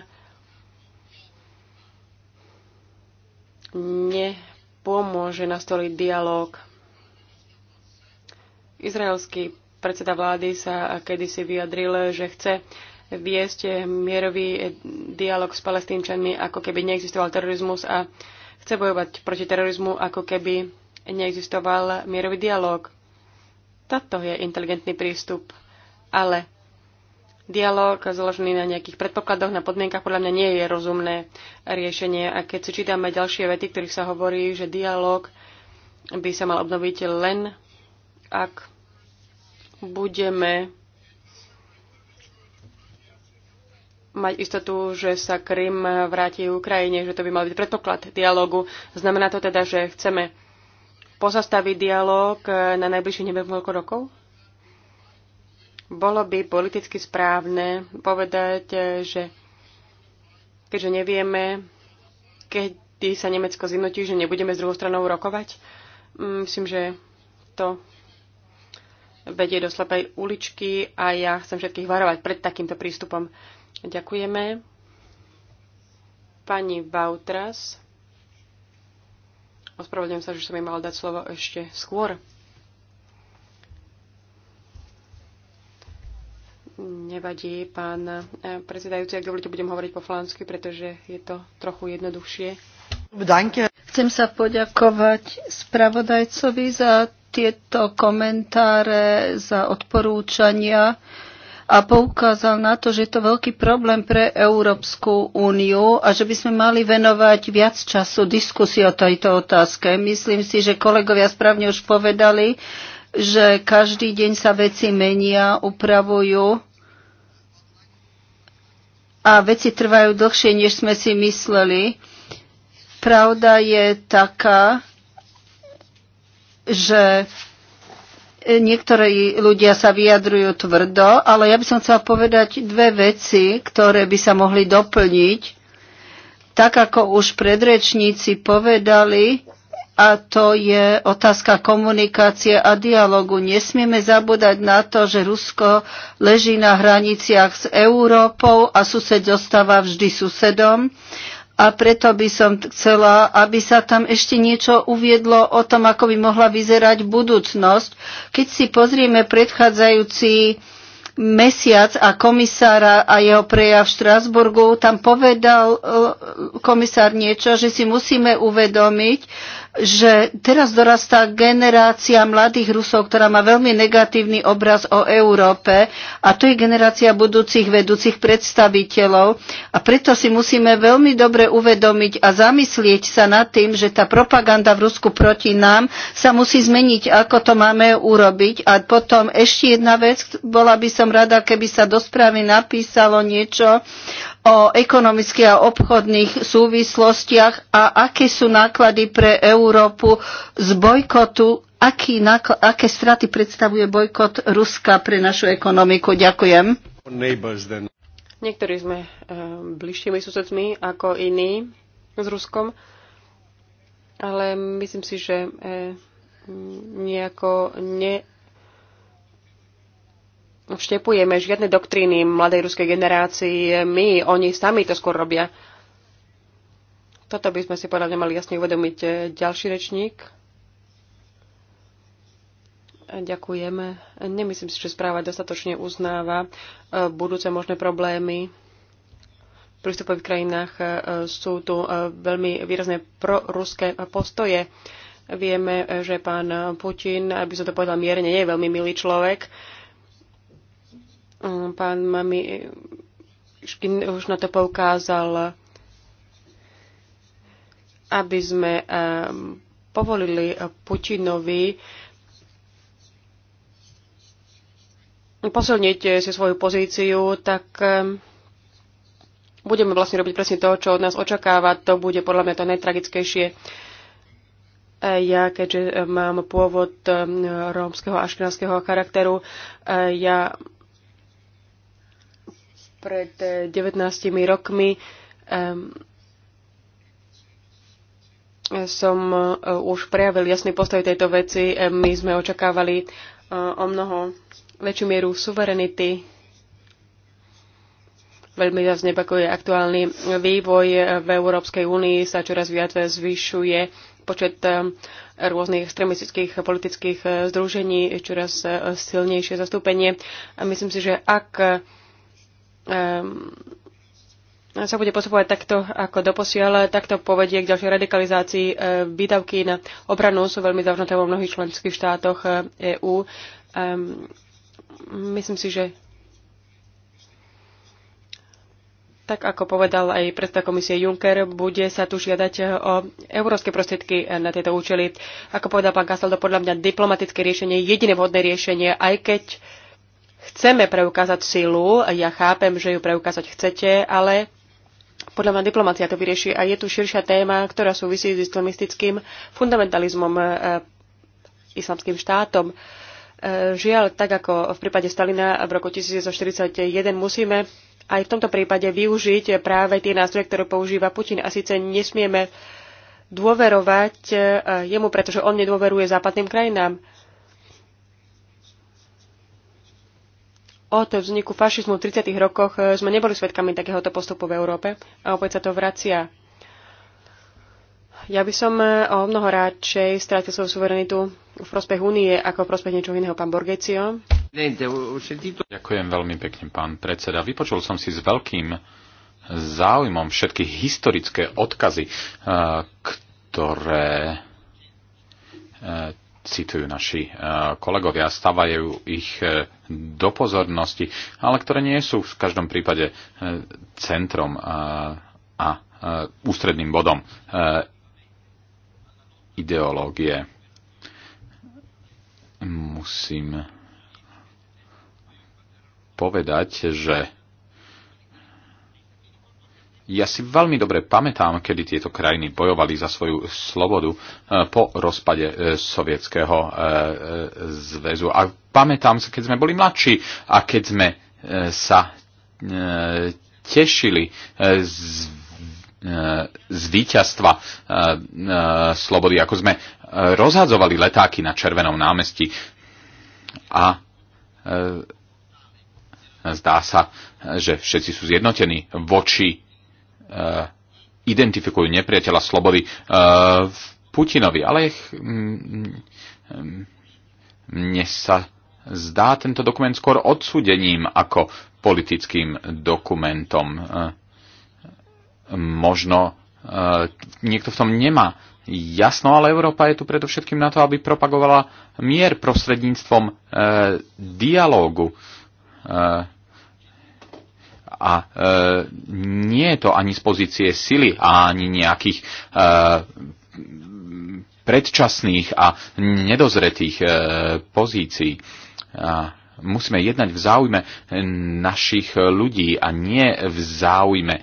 nepomôže nastoliť dialog Izraelský predseda vlády sa kedysi vyjadril, že chce viesť mierový dialog s palestínčanmi, ako keby neexistoval terorizmus a chce bojovať proti terorizmu, ako keby neexistoval mierový dialog. Toto je inteligentný prístup, ale dialog založený na nejakých predpokladoch, na podmienkach, podľa mňa nie je rozumné riešenie. A keď si čítame ďalšie vety, ktorých sa hovorí, že dialog by sa mal obnoviť len ak budeme mať istotu, že sa Krym vráti Ukrajine, že to by mal byť predpoklad dialogu. Znamená to teda, že chceme pozastaviť dialog na najbližších neviem koľko rokov? Bolo by politicky správne povedať, že keďže nevieme, kedy sa Nemecko zjednotí, že nebudeme s druhou stranou rokovať, mm, myslím, že to vedie do slepej uličky a ja chcem všetkých varovať pred takýmto prístupom. Ďakujeme. Pani Vautras. Ospravedlňujem sa, že som jej mal dať slovo ešte skôr. Nevadí, pán eh, predsedajúci, ak dovolíte, budem hovoriť po flánsky, pretože je to trochu jednoduchšie. Chcem sa poďakovať spravodajcovi za tieto komentáre, za odporúčania a poukázal na to, že je to veľký problém pre Európsku úniu a že by sme mali venovať viac času diskusii o tejto otázke. Myslím si, že kolegovia správne už povedali, že každý deň sa veci menia, upravujú a veci trvajú dlhšie, než sme si mysleli. Pravda je taká, že niektorí ľudia sa vyjadrujú tvrdo, ale ja by som chcela povedať dve veci, ktoré by sa mohli doplniť. Tak ako už predrečníci povedali, a to je otázka komunikácie a dialogu. Nesmieme zabúdať na to, že Rusko leží na hraniciach s Európou a sused zostáva vždy susedom a preto by som chcela, aby sa tam ešte niečo uviedlo o tom, ako by mohla vyzerať budúcnosť. Keď si pozrieme predchádzajúci mesiac a komisára a jeho prejav v Štrásburgu, tam povedal e, komisár niečo, že si musíme uvedomiť, že teraz dorastá generácia mladých Rusov, ktorá má veľmi negatívny obraz o Európe a to je generácia budúcich vedúcich predstaviteľov a preto si musíme veľmi dobre uvedomiť a zamyslieť sa nad tým, že tá propaganda v Rusku proti nám sa musí zmeniť, ako to máme urobiť a potom ešte jedna vec, bola by som rada, keby sa do správy napísalo niečo o ekonomických a obchodných súvislostiach a aké sú náklady pre Európu z bojkotu, aký aké straty predstavuje bojkot Ruska pre našu ekonomiku. Ďakujem. Niektorí sme e, eh, bližšími susedmi ako iní s Ruskom, ale myslím si, že e, nejako ne vštepujeme žiadne doktríny mladej ruskej generácii. My, oni sami to skôr robia. Toto by sme si podľa mňa mali jasne uvedomiť. E, ďalší rečník. Ďakujem. Nemyslím si, že správa dostatočne uznáva e, budúce možné problémy v prístupových krajinách. E, sú tu veľmi výrazné proruské postoje. Vieme, že pán Putin, aby som to povedal mierne, nie je veľmi milý človek. Mm, pán Mami eh, Škin už na to poukázal, aby sme ehm, povolili Putinovi posilniť eh, si svoju pozíciu, tak ehm, budeme vlastne robiť presne to, čo od nás očakáva. To bude podľa mňa to najtragickejšie. Eh, ja, keďže mám pôvod ehm, rómskeho a škrinárskeho charakteru, ja pred 19 eh, rokmi um, som eh, už prejavil jasný postoj tejto veci. My sme očakávali eh, o mnoho väčšiu mieru suverenity. Veľmi nás nepakuje aktuálny vývoj v Európskej únii, sa čoraz viac zvyšuje počet rôznych extremistických politických združení, čoraz silnejšie zastúpenie. A myslím si, že ak Ehm, sa bude postupovať takto ako doposiaľ, takto povedie k ďalšej radikalizácii. Ehm, výdavky na obranu sú veľmi zavnuté vo mnohých členských štátoch EÚ. Eh, e ehm, myslím si, že tak ako povedal aj predseda komisie Juncker, bude sa tu žiadať eh, o európske prostriedky eh, na tieto účely. Ako povedal pán to podľa mňa diplomatické riešenie je jediné vhodné riešenie, aj keď uh, chceme preukázať silu, ja chápem, že ju preukázať chcete, ale podľa mňa diplomácia to vyrieši a je tu širšia téma, ktorá súvisí s islamistickým fundamentalizmom, e, islamským štátom. E, žiaľ, tak ako v prípade Stalina v roku 1941 musíme aj v tomto prípade využiť práve tie nástroje, ktoré používa Putin. A síce nesmieme dôverovať e, jemu, pretože on nedôveruje západným krajinám. od vzniku fašizmu v 30. rokoch e, sme neboli svedkami takéhoto postupu v Európe a opäť sa to vracia. Ja by som e, o mnoho radšej strátil svoju suverenitu v prospech únie ako v prospech niečoho iného, pán Borgecio. Ďakujem veľmi pekne, pán predseda. Vypočul som si s veľkým záujmom všetky historické odkazy, e, ktoré citujú naši eh, kolegovia, stavajú ich eh, do pozornosti, ale ktoré nie sú v každom prípade eh, centrom a ústredným bodom ideológie. Musím povedať, že ja si veľmi dobre pamätám, kedy tieto krajiny bojovali za svoju slobodu e, po rozpade e, Sovietskeho e, zväzu. A pamätám sa, keď sme boli mladší a keď sme sa tešili z, z víťazstva slobody, ako sme rozhadzovali letáky na Červenom námestí. A zdá sa, že všetci sú zjednotení voči Eh, identifikujú nepriateľa slobody eh, v Putinovi. Ale ich, mm, mm, mne sa zdá tento dokument skôr odsúdením ako politickým dokumentom. Eh, možno niekto v tom nemá jasno, ale Európa je tu predovšetkým na to, aby propagovala mier prostredníctvom dialógu a e, nie je to ani z pozície sily a ani nejakých e, predčasných a nedozretých e, pozícií. A musíme jednať v záujme našich ľudí a nie v záujme e,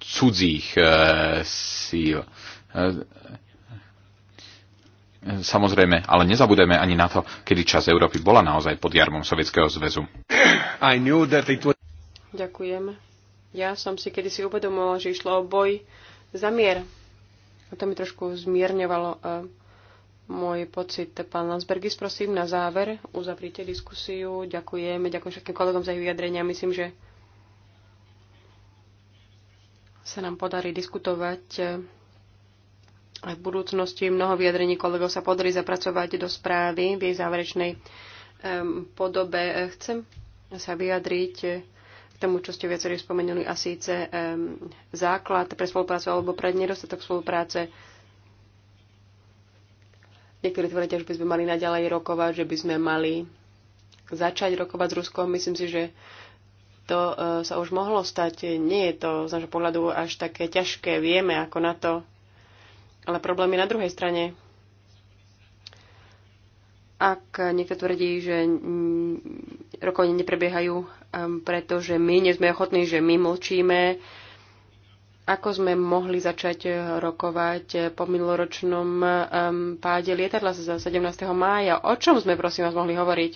cudzích e, síl. E, Samozrejme, ale nezabudeme ani na to, kedy čas Európy bola naozaj pod jarmom Sovietskeho zväzu. Was... Ďakujem. Ja som si kedysi uvedomila, že išlo o boj za mier. A to mi trošku zmierňovalo uh, môj pocit. Pán Lansbergis, prosím, na záver uzavrite diskusiu. Ďakujeme, ďakujem všetkým kolegom za ich vyjadrenia. Myslím, že sa nám podarí diskutovať eh, aj v budúcnosti mnoho vyjadrení kolegov sa podarí zapracovať do správy v jej záverečnej podobe. Chcem sa vyjadriť eh, k tomu, čo ste viacerí spomenuli, a síce základ pre spoluprácu alebo pre nedostatok spolupráce. Niektorí tvrdia, že by sme mali naďalej rokovať, že by sme mali začať rokovať s Ruskom. Myslím si, že to eh, sa už mohlo stať. Nie je to z nášho pohľadu až také ťažké. Vieme, ako na to ale problém je na druhej strane. Ak niekto tvrdí, že rokovania neprebiehajú, pretože my nie sme ochotní, že my mlčíme, ako sme mohli začať rokovať po minuloročnom páde lietadla za 17. mája. O čom sme, prosím vás, mohli hovoriť?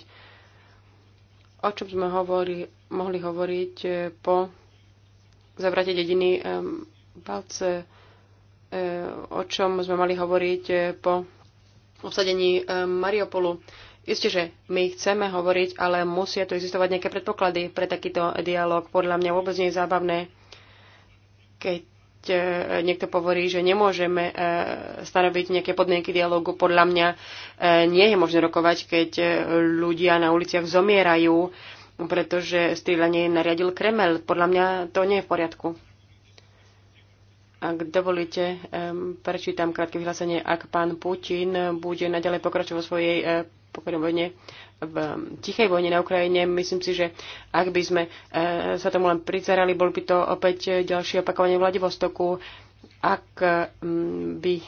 O čom sme hovori, mohli hovoriť po zavrate dediny um, palce? o čom sme mali hovoriť e, po obsadení e, Mariupolu. Isté, že my chceme hovoriť, ale musia tu existovať nejaké predpoklady pre takýto dialog. Podľa mňa vôbec nie je zábavné, keď e, niekto povorí, že nemôžeme stanoviť nejaké podmienky dialogu. Podľa mňa nie je možné rokovať, keď ľudia na uliciach zomierajú, pretože strieľanie nariadil Kremel. Podľa mňa to nie je v poriadku. Ak dovolíte, prečítam krátke vyhlásenie. Ak pán Putin bude naďalej pokračovať vo svojej eh, pokojnej vojne, v tichej vojne na Ukrajine, myslím si, že ak by sme eh, sa tomu len pricerali, bol by to opäť ďalšie opakovanie Vladivostoku. Ak by eh,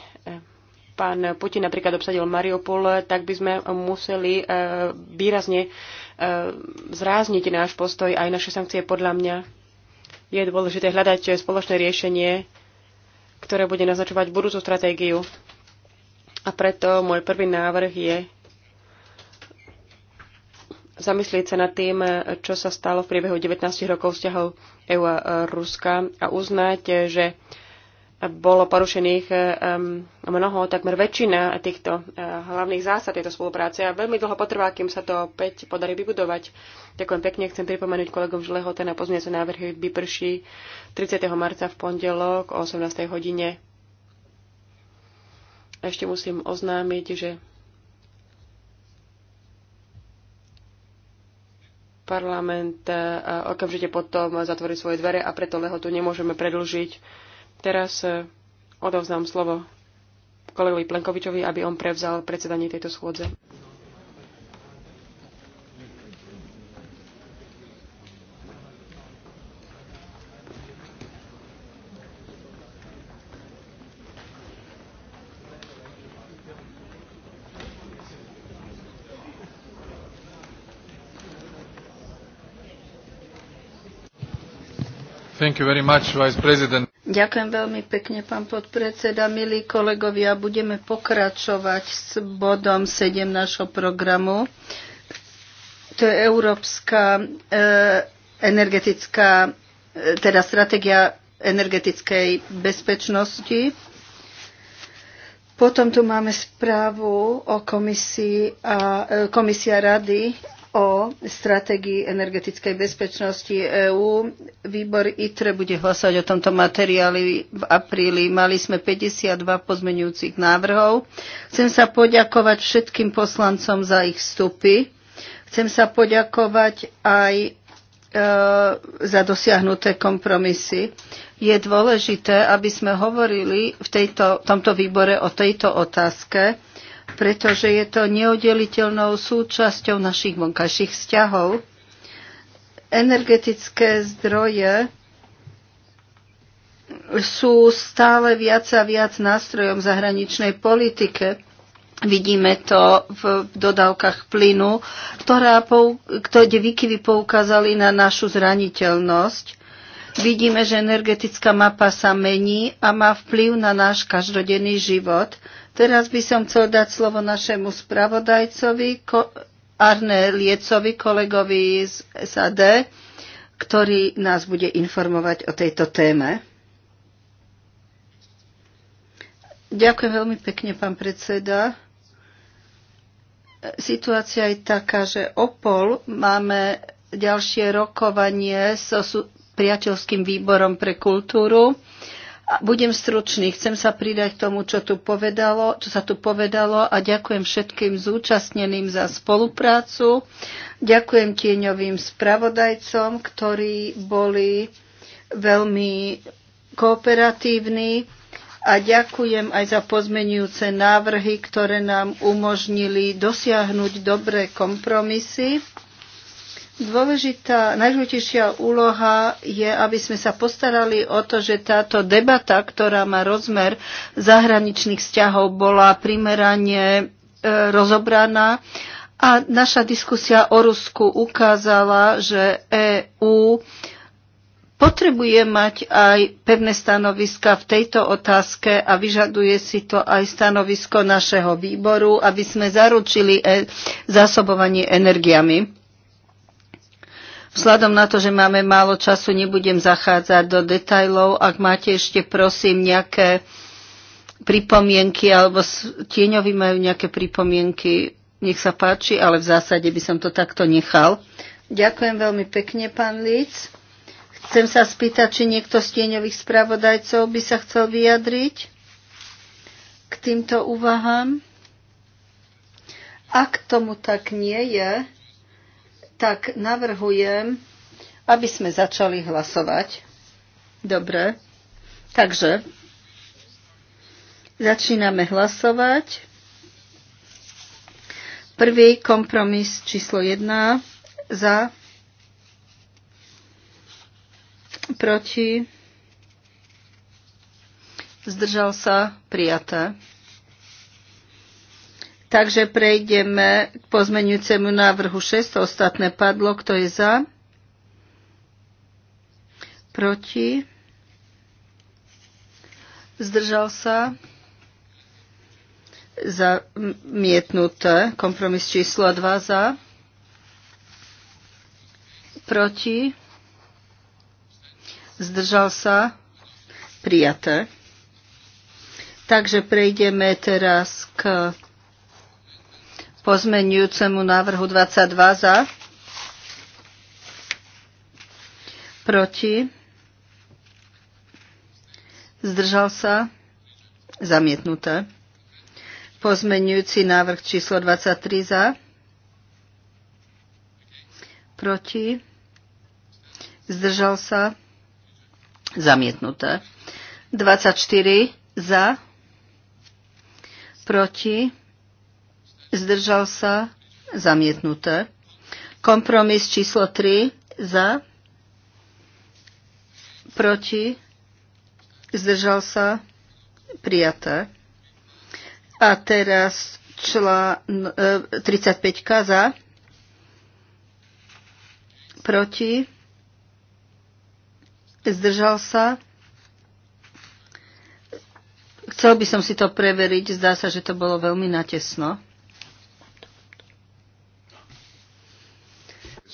pán Putin napríklad obsadil Mariupol, tak by sme museli výrazne zrázniť náš postoj aj naše sankcie podľa mňa. Je dôležité hľadať spoločné riešenie ktoré bude naznačovať budúcu stratégiu. A preto môj prvý návrh je zamyslieť sa nad tým, čo sa stalo v priebehu 19 rokov vzťahov EU a Ruska a uznať, že bolo porušených eh, mnoho, takmer väčšina týchto eh, hlavných zásad tejto spolupráce a veľmi dlho potrvá, kým sa to opäť podarí vybudovať. Ďakujem pekne, chcem pripomenúť kolegom Žleho, ten pozmie sa návrhy vyprší 30. marca v pondelok o 18. hodine. Ešte musím oznámiť, že parlament eh, okamžite potom zatvorí svoje dvere a preto lehotu nemôžeme predlžiť Teraz e, odovzdám slovo kolegovi Plenkovičovi, aby on prevzal predsedanie tejto schôdze. Thank you very much, Vice President. Ďakujem veľmi pekne, pán podpredseda. Milí kolegovia, budeme pokračovať s bodom 7 našho programu. To je Európska e, energetická, e, teda stratégia energetickej bezpečnosti. Potom tu máme správu o komisii a, e, komisia rady o stratégii energetickej bezpečnosti EÚ. Výbor ITRE bude hlasovať o tomto materiáli v apríli. Mali sme 52 pozmenujúcich návrhov. Chcem sa poďakovať všetkým poslancom za ich vstupy. Chcem sa poďakovať aj e, za dosiahnuté kompromisy. Je dôležité, aby sme hovorili v tejto, tomto výbore o tejto otázke pretože je to neoddeliteľnou súčasťou našich vonkajších vzťahov. Energetické zdroje sú stále viac a viac nástrojom zahraničnej politike. Vidíme to v dodávkach plynu, ktorá, kde výkyvy poukázali na našu zraniteľnosť. Vidíme, že energetická mapa sa mení a má vplyv na náš každodenný život. Teraz by som chcel dať slovo našemu spravodajcovi Arne Liecovi, kolegovi z SAD, ktorý nás bude informovať o tejto téme. Ďakujem veľmi pekne, pán predseda. Situácia je taká, že opol máme ďalšie rokovanie so priateľským výborom pre kultúru budem stručný, chcem sa pridať k tomu, čo, tu povedalo, čo sa tu povedalo a ďakujem všetkým zúčastneným za spoluprácu. Ďakujem tieňovým spravodajcom, ktorí boli veľmi kooperatívni a ďakujem aj za pozmenujúce návrhy, ktoré nám umožnili dosiahnuť dobré kompromisy Dôležitá, najdôležitejšia úloha je, aby sme sa postarali o to, že táto debata, ktorá má rozmer zahraničných vzťahov, bola primerane e, rozobraná a naša diskusia o Rusku ukázala, že EÚ potrebuje mať aj pevné stanoviska v tejto otázke a vyžaduje si to aj stanovisko našeho výboru, aby sme zaručili e- zásobovanie energiami. Vzhľadom na to, že máme málo času, nebudem zachádzať do detajlov. Ak máte ešte, prosím, nejaké pripomienky, alebo tieňovi majú nejaké pripomienky, nech sa páči, ale v zásade by som to takto nechal. Ďakujem veľmi pekne, pán Líc. Chcem sa spýtať, či niekto z tieňových spravodajcov by sa chcel vyjadriť k týmto úvahám. Ak tomu tak nie je, tak navrhujem, aby sme začali hlasovať. Dobre. Takže začíname hlasovať. Prvý kompromis číslo 1 za, proti, zdržal sa, prijaté. Takže prejdeme k pozmeňujúcemu návrhu 6. Ostatné padlo. Kto je za? Proti? Zdržal sa? Zamietnuté. Kompromis číslo 2 za? Proti? Zdržal sa? Prijaté. Takže prejdeme teraz k pozmenujúcemu návrhu 22 za, proti, zdržal sa, zamietnuté. Pozmenujúci návrh číslo 23 za, proti, zdržal sa, zamietnuté. 24 za, proti, zdržal sa, zamietnuté. Kompromis číslo 3 za, proti, zdržal sa, prijaté. A teraz čla e, 35 za, proti, zdržal sa. Chcel by som si to preveriť, zdá sa, že to bolo veľmi natesno.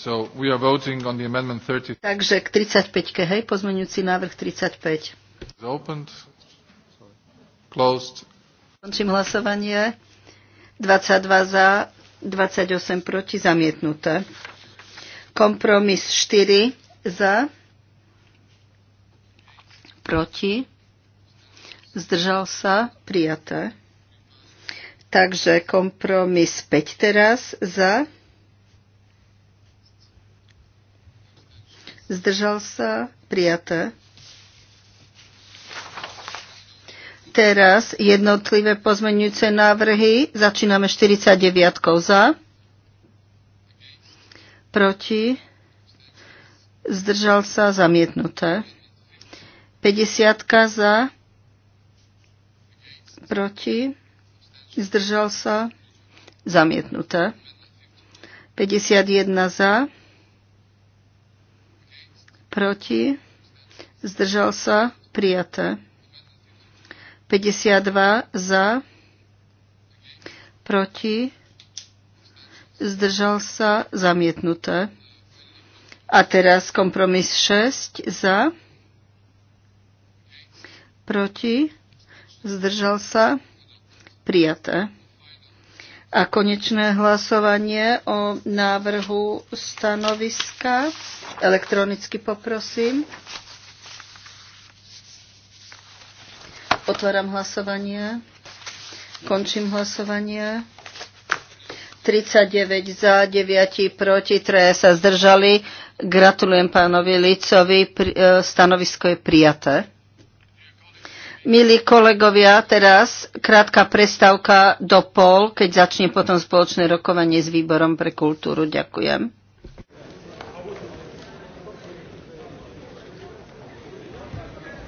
So we are voting on the amendment 30. Takže k 35-ke, hej, pozmeňujúci návrh 35. It's opened. Closed. Končím hlasovanie. 22 za, 28 proti, zamietnuté. Kompromis 4 za, proti, zdržal sa, prijaté. Takže kompromis 5 teraz za, zdržal sa, prijaté. Teraz jednotlivé pozmeňujúce návrhy. Začíname 49 za, proti, zdržal sa, zamietnuté. 50 za, proti, zdržal sa, zamietnuté. 51 za, proti, zdržal sa, prijaté. 52 za, proti, zdržal sa, zamietnuté. A teraz kompromis 6 za, proti, zdržal sa, prijaté a konečné hlasovanie o návrhu stanoviska. Elektronicky poprosím. Otváram hlasovanie. Končím hlasovanie. 39 za, 9 proti, 3 sa zdržali. Gratulujem pánovi Licovi. E, stanovisko je prijaté. Milí kolegovia, teraz krátka prestávka do pol, keď začne potom spoločné rokovanie s výborom pre kultúru. Ďakujem.